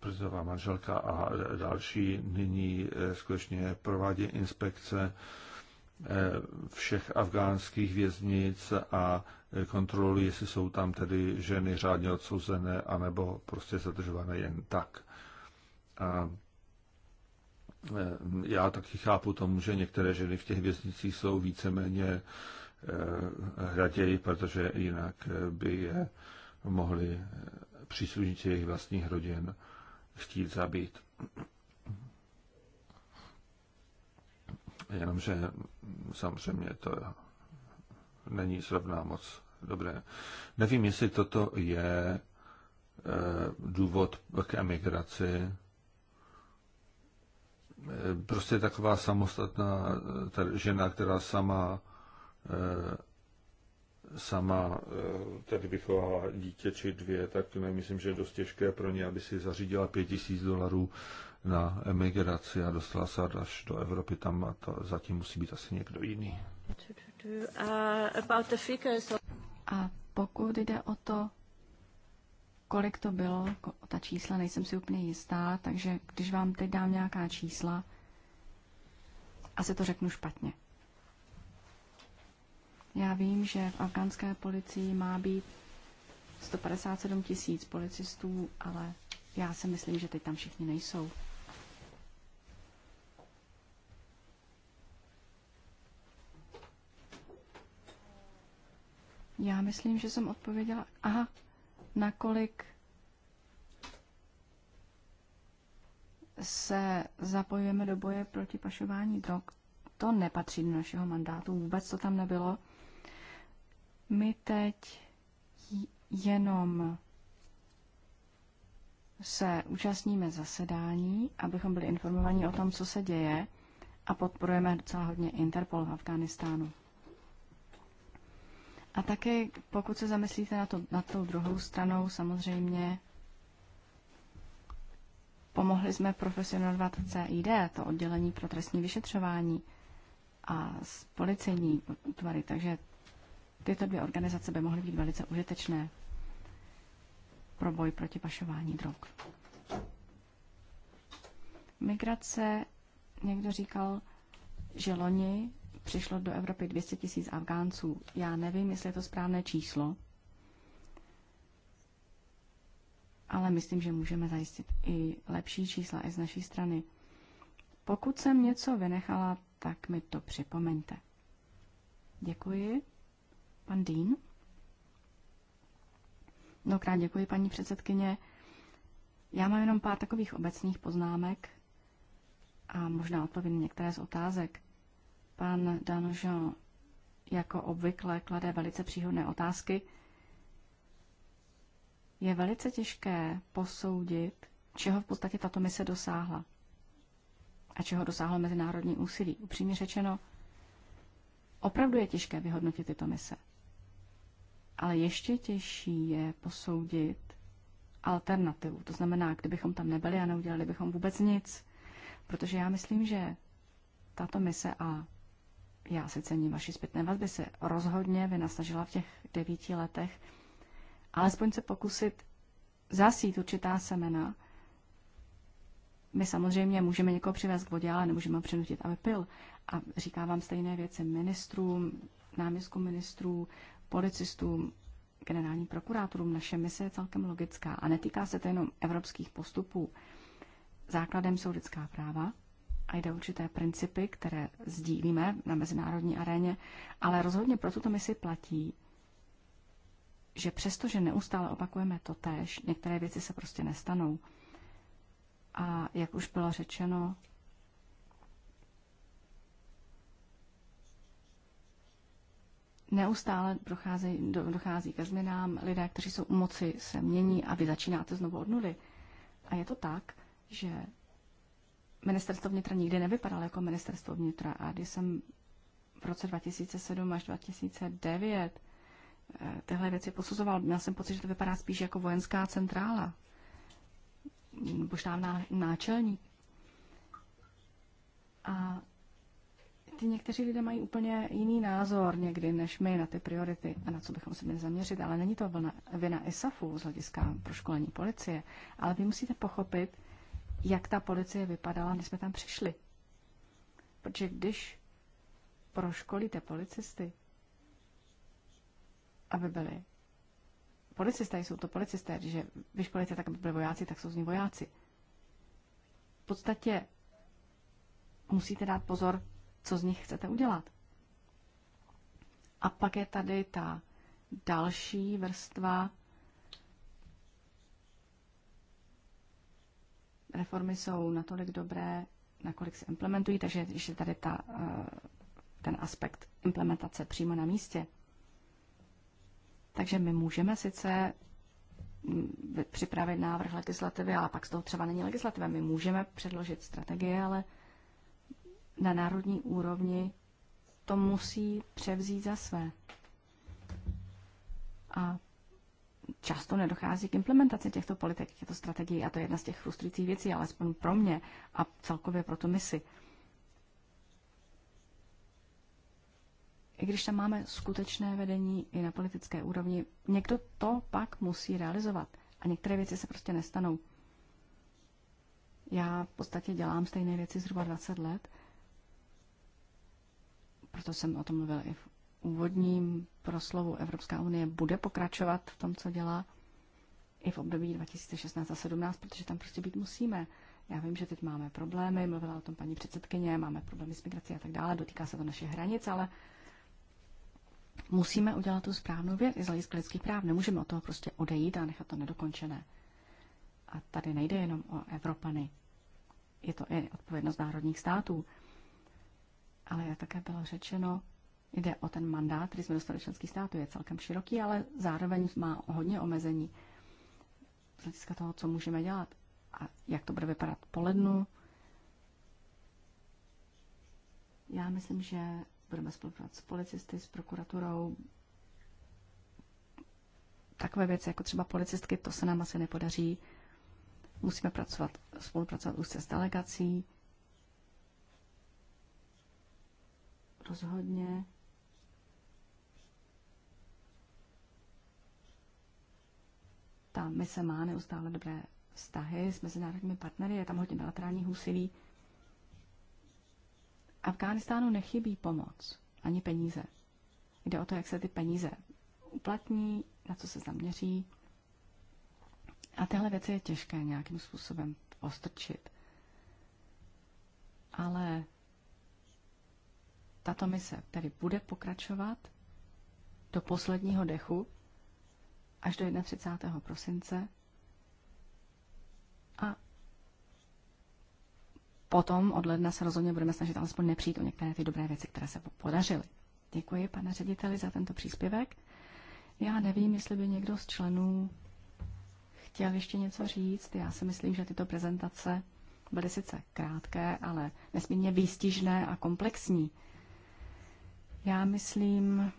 Brzová eh, manželka a další nyní skutečně provádí inspekce všech afgánských věznic a kontrolují, jestli jsou tam tedy ženy řádně odsouzené anebo prostě zadržované jen tak. A Eh, já taky chápu tomu, že některé ženy v těch věznicích jsou víceméně eh, raději, protože jinak eh, by je mohli příslušníci jejich vlastních rodin chtít zabít. Jenomže samozřejmě to není zrovna moc dobré. Nevím, jestli toto je důvod k emigraci, prostě taková samostatná žena, která sama eh, sama eh, tady vychovala dítě či dvě, tak nemyslím, že je dost těžké pro ně, aby si zařídila pět tisíc dolarů na emigraci a dostala se až do Evropy tam a to zatím musí být asi někdo jiný. A pokud jde o to, kolik to bylo, ta čísla, nejsem si úplně jistá, takže když vám teď dám nějaká čísla, asi to řeknu špatně. Já vím, že v afgánské policii má být 157 tisíc policistů, ale já si myslím, že teď tam všichni nejsou. Já myslím, že jsem odpověděla. Aha, nakolik se zapojujeme do boje proti pašování drog. To nepatří do našeho mandátu, vůbec to tam nebylo. My teď jenom se účastníme zasedání, abychom byli informovaní o tom, co se děje a podporujeme docela hodně Interpol v Afganistánu. A také, pokud se zamyslíte na, to, na tou druhou stranou, samozřejmě pomohli jsme 2 CID, to oddělení pro trestní vyšetřování a s policejní útvary, takže tyto dvě organizace by mohly být velice užitečné pro boj proti pašování drog. Migrace, někdo říkal, že loni přišlo do Evropy 200 tisíc Afgánců. Já nevím, jestli je to správné číslo, ale myslím, že můžeme zajistit i lepší čísla i z naší strany. Pokud jsem něco vynechala, tak mi to připomeňte. Děkuji. Pan Dean? Mnohokrát děkuji, paní předsedkyně. Já mám jenom pár takových obecných poznámek a možná odpovím některé z otázek. Pan Danžon jako obvykle klade velice příhodné otázky. Je velice těžké posoudit, čeho v podstatě tato mise dosáhla a čeho dosáhlo mezinárodní úsilí. Upřímně řečeno, opravdu je těžké vyhodnotit tyto mise. Ale ještě těžší je posoudit alternativu. To znamená, kdybychom tam nebyli a neudělali bychom vůbec nic. Protože já myslím, že tato mise a já si cením vaší zpětné vazby, se rozhodně vynasnažila v těch devíti letech alespoň se pokusit zasít určitá semena. My samozřejmě můžeme někoho přivést k vodě, ale nemůžeme ho přinutit, aby pil. A říká vám stejné věci ministrům, náměstkům ministrů, policistům, generálním prokurátorům. Naše mise je celkem logická a netýká se to jenom evropských postupů. Základem jsou lidská práva, a jde určité principy, které sdílíme na mezinárodní aréně, ale rozhodně pro tuto misi platí, že přestože neustále opakujeme to tež, některé věci se prostě nestanou. A jak už bylo řečeno, neustále dochází, dochází ke změnám, lidé, kteří jsou u moci, se mění a vy začínáte znovu od nuly. A je to tak, že Ministerstvo vnitra nikdy nevypadalo jako ministerstvo vnitra a když jsem v roce 2007 až 2009 eh, tyhle věci posuzoval, měl jsem pocit, že to vypadá spíš jako vojenská centrála, nebo štávná náčelní. A ty někteří lidé mají úplně jiný názor někdy než my na ty priority a na co bychom se měli zaměřit, ale není to vina ISAFu z hlediska proškolení policie, ale vy musíte pochopit, jak ta policie vypadala, než jsme tam přišli. Protože když proškolíte policisty, aby byli policisté, jsou to policisté, když je vyškolíte tak, aby byli vojáci, tak jsou z ní vojáci. V podstatě musíte dát pozor, co z nich chcete udělat. A pak je tady ta další vrstva reformy jsou natolik dobré, nakolik se implementují, takže když je tady ta, eh, ten aspekt implementace přímo na místě. Takže my můžeme sice mm, připravit návrh legislativy, ale pak z toho třeba není legislativa. My můžeme předložit strategie, ale na národní úrovni to musí převzít za své. A často nedochází k implementaci těchto politik, těchto strategií a to je jedna z těch frustrujících věcí, alespoň pro mě a celkově pro tu misi. I když tam máme skutečné vedení i na politické úrovni, někdo to pak musí realizovat a některé věci se prostě nestanou. Já v podstatě dělám stejné věci zhruba 20 let, proto jsem o tom mluvil i v úvodním proslovu Evropská unie bude pokračovat v tom, co dělá i v období 2016 a 2017, protože tam prostě být musíme. Já vím, že teď máme problémy, mluvila o tom paní předsedkyně, máme problémy s migrací a tak dále, dotýká se to naše hranic, ale musíme udělat tu správnou věc i z hlediska lidských práv. Nemůžeme od toho prostě odejít a nechat to nedokončené. A tady nejde jenom o Evropany. Je to i odpovědnost národních států. Ale jak také bylo řečeno, Jde o ten mandát, který jsme dostali členský státu je celkem široký, ale zároveň má hodně omezení z hlediska toho, co můžeme dělat a jak to bude vypadat po lednu. Já myslím, že budeme spolupracovat s policisty, s prokuraturou. Takové věci, jako třeba policistky, to se nám asi nepodaří. Musíme pracovat, spolupracovat se s delegací. Rozhodně Ta mise má neustále dobré vztahy s mezinárodními partnery, je tam hodně bilaterální úsilí. Afghánistánu nechybí pomoc, ani peníze. Jde o to, jak se ty peníze uplatní, na co se zaměří. A tyhle věci je těžké nějakým způsobem postrčit. Ale tato mise tedy bude pokračovat do posledního dechu až do 31. prosince a potom od ledna se rozhodně budeme snažit alespoň nepřijít o některé ty dobré věci, které se podařily. Děkuji, pane řediteli, za tento příspěvek. Já nevím, jestli by někdo z členů chtěl ještě něco říct. Já si myslím, že tyto prezentace byly sice krátké, ale nesmírně výstižné a komplexní. Já myslím,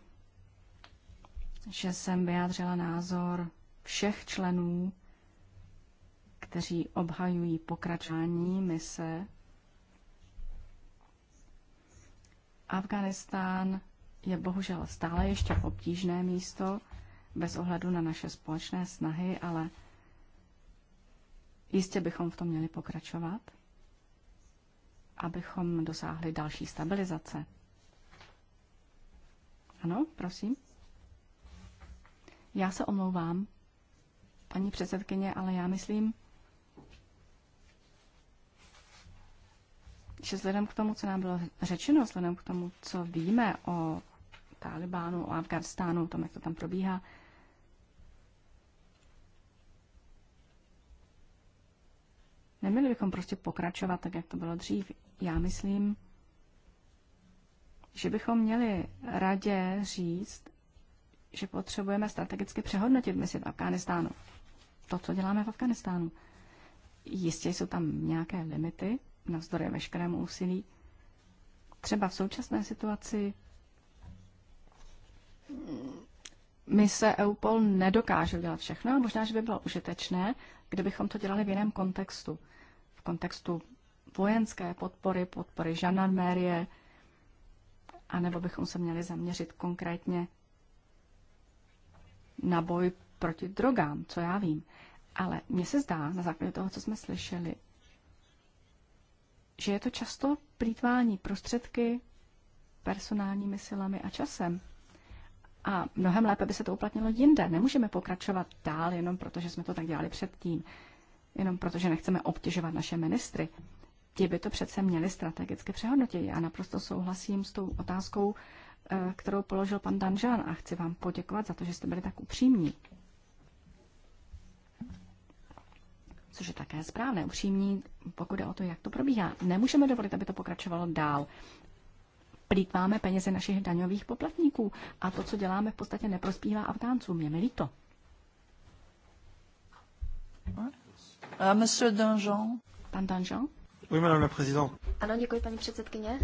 že jsem vyjádřila názor všech členů, kteří obhajují pokračování mise. Afganistán je bohužel stále ještě obtížné místo, bez ohledu na naše společné snahy, ale jistě bychom v tom měli pokračovat, abychom dosáhli další stabilizace. Ano, prosím. Já se omlouvám, paní předsedkyně, ale já myslím, že vzhledem k tomu, co nám bylo řečeno, vzhledem k tomu, co víme o Talibánu, o Afganistánu, o tom, jak to tam probíhá, neměli bychom prostě pokračovat tak, jak to bylo dřív. Já myslím, že bychom měli radě říct, že potřebujeme strategicky přehodnotit misi v Afghánistánu. To, co děláme v Afghánistánu. Jistě jsou tam nějaké limity, navzdory veškerému úsilí. Třeba v současné situaci mise EUPOL nedokáže dělat všechno a možná, že by bylo užitečné, kdybychom to dělali v jiném kontextu. V kontextu vojenské podpory, podpory žandarmérie, anebo bychom se měli zaměřit konkrétně na boj proti drogám, co já vím. Ale mně se zdá, na základě toho, co jsme slyšeli, že je to často plítvání prostředky, personálními silami a časem. A mnohem lépe by se to uplatnilo jinde. Nemůžeme pokračovat dál jenom proto, že jsme to tak dělali předtím. Jenom proto, že nechceme obtěžovat naše ministry. Ti by to přece měli strategicky přehodnotit. Já naprosto souhlasím s tou otázkou Eh, kterou položil pan Danžan a chci vám poděkovat za to, že jste byli tak upřímní. Což je také správné, upřímní, pokud jde o to, jak to probíhá. Nemůžeme dovolit, aby to pokračovalo dál. Plítváme peněze našich daňových poplatníků a to, co děláme, v podstatě neprospívá Afgáncům. Je mi líto. Euh, pan Danžan? Oui, madame la présidente. Ano, děkuji, paní předsedkyně.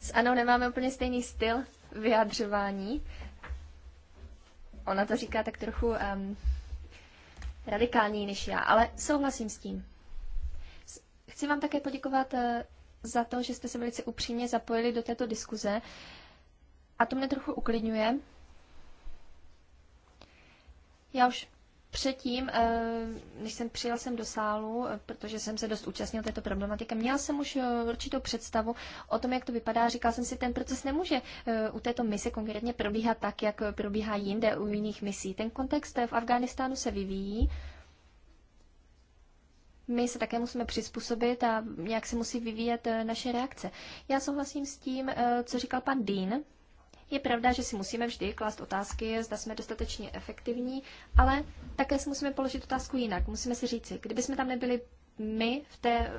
S Anou nemáme úplně stejný styl vyjadřování. Ona to říká tak trochu um, radikální než já, ale souhlasím s tím. Chci vám také poděkovat eh, za to, že jste se velice upřímně zapojili do této diskuze. A to mě trochu uklidňuje. Já už Předtím, eh, než jsem přijel sem do sálu, eh, protože jsem se dost účastnil této problematiky, měl jsem už eh, určitou představu o tom, jak to vypadá. Říkal jsem si, ten proces nemůže u této mise konkrétně probíhat tak, jak probíhá jinde u jiných misí. Ten kontext v Afghánistánu se vyvíjí. My se také musíme přizpůsobit a nějak se musí vyvíjet naše reakce. Já souhlasím s tím, co říkal pan Dean, je pravda, že si musíme vždy klást otázky, zda jsme dostatečně efektivní, ale také si musíme položit otázku jinak. Musíme si říci, kdyby jsme tam nebyli my v té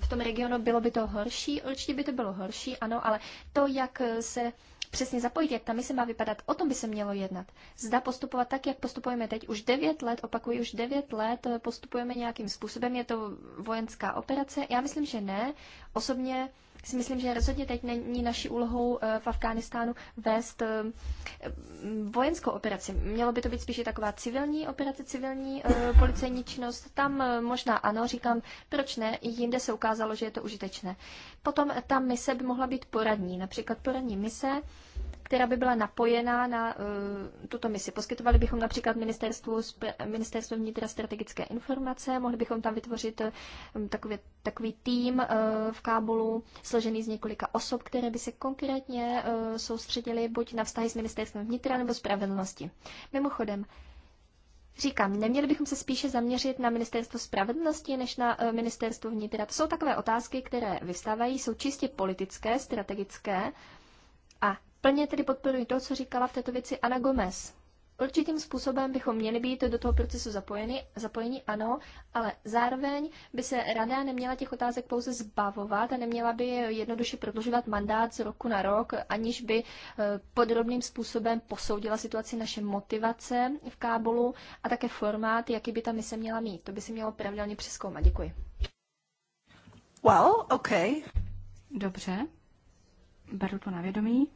v tom regionu bylo by to horší, určitě by to bylo horší, ano, ale to, jak se přesně zapojit, jak ta mise má vypadat, o tom by se mělo jednat. Zda postupovat tak, jak postupujeme teď. Už devět let, opakuji, už devět let postupujeme nějakým způsobem. Je to vojenská operace? Já myslím, že ne. Osobně si myslím, že rozhodně teď není naší úlohou eh, v Afghánistánu vést eh, vojenskou operaci. Mělo by to být spíše taková civilní operace, civilní eh, policejní činnost. Tam možná ano, říkám, proč ne, i jinde se ukázalo, že je to užitečné. Potom ta mise by mohla být poradní, například poradní mise která by byla napojená na uh, tuto misi. Poskytovali bychom například ministerstvu, ministerstvu vnitra strategické informace, mohli bychom tam vytvořit um, takový, takový tým uh, v Kábulu, složený z několika osob, které by se konkrétně uh, soustředili buď na vztahy s ministerstvem vnitra nebo spravedlnosti. Mimochodem, Říkám, neměli bychom se spíše zaměřit na ministerstvo spravedlnosti než na ministerstvo vnitra. To jsou takové otázky, které vystávají, jsou čistě politické, strategické Plně tedy podporuji to, co říkala v této věci Ana Gomez. Určitým způsobem bychom měli být do toho procesu zapojeni, zapojeni ano, ale zároveň by se rada neměla těch otázek pouze zbavovat a neměla by jednoduše prodlužovat mandát z roku na rok, aniž by eh, podrobným způsobem posoudila situaci naše motivace v Kábulu a také formát, jaký by ta mise měla mít. To by se mělo pravidelně přeskoumat. Děkuji. Well, okay. Dobře, beru to na vědomí.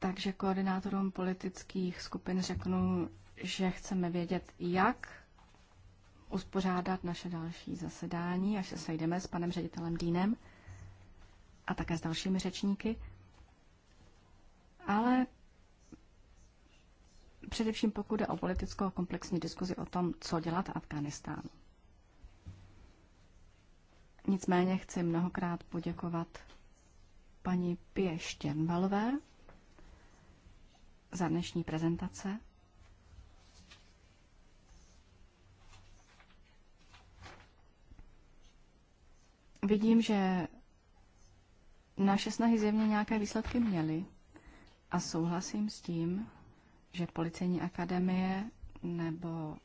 Takže koordinátorům politických skupin řeknu, že chceme vědět, jak uspořádat naše další zasedání, až se sejdeme s panem ředitelem Dýnem a také s dalšími řečníky. Ale především pokud jde o politickou a komplexní diskuzi o tom, co dělat v Afganistánu. Nicméně chci mnohokrát poděkovat paní Pě za dnešní prezentace. Vidím, že naše snahy zjevně nějaké výsledky měly a souhlasím s tím, že policejní akademie nebo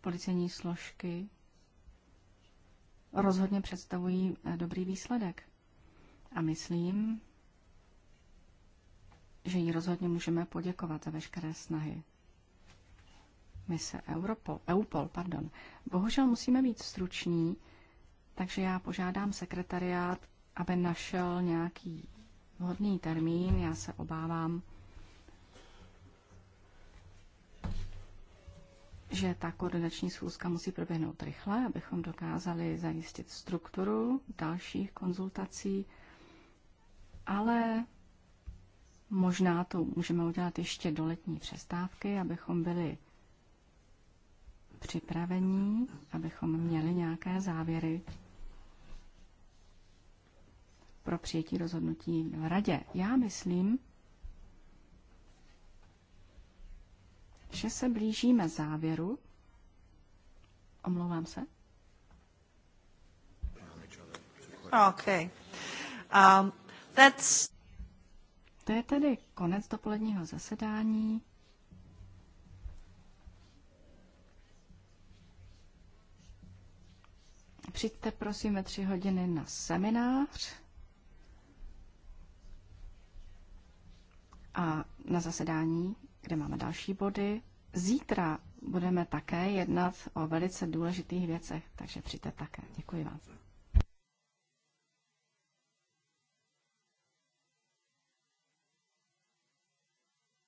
policejní složky rozhodně představují eh, dobrý výsledek. A myslím, že jí rozhodně můžeme poděkovat za veškeré snahy. Mise Europol, EUPOL, pardon. Bohužel musíme být struční, takže já požádám sekretariát, aby našel nějaký vhodný termín. Já se obávám, že ta koordinační schůzka musí proběhnout rychle, abychom dokázali zajistit strukturu dalších konzultací, ale Možná to můžeme udělat ještě do letní přestávky, abychom byli připravení, abychom měli nějaké závěry pro přijetí rozhodnutí v radě. Já myslím, že se blížíme závěru. Omlouvám se. Okay. Um, that's... To je tedy konec dopoledního zasedání. Přijďte prosím ve tři hodiny na seminář a na zasedání, kde máme další body. Zítra budeme také jednat o velice důležitých věcech, takže přijďte také. Děkuji vám.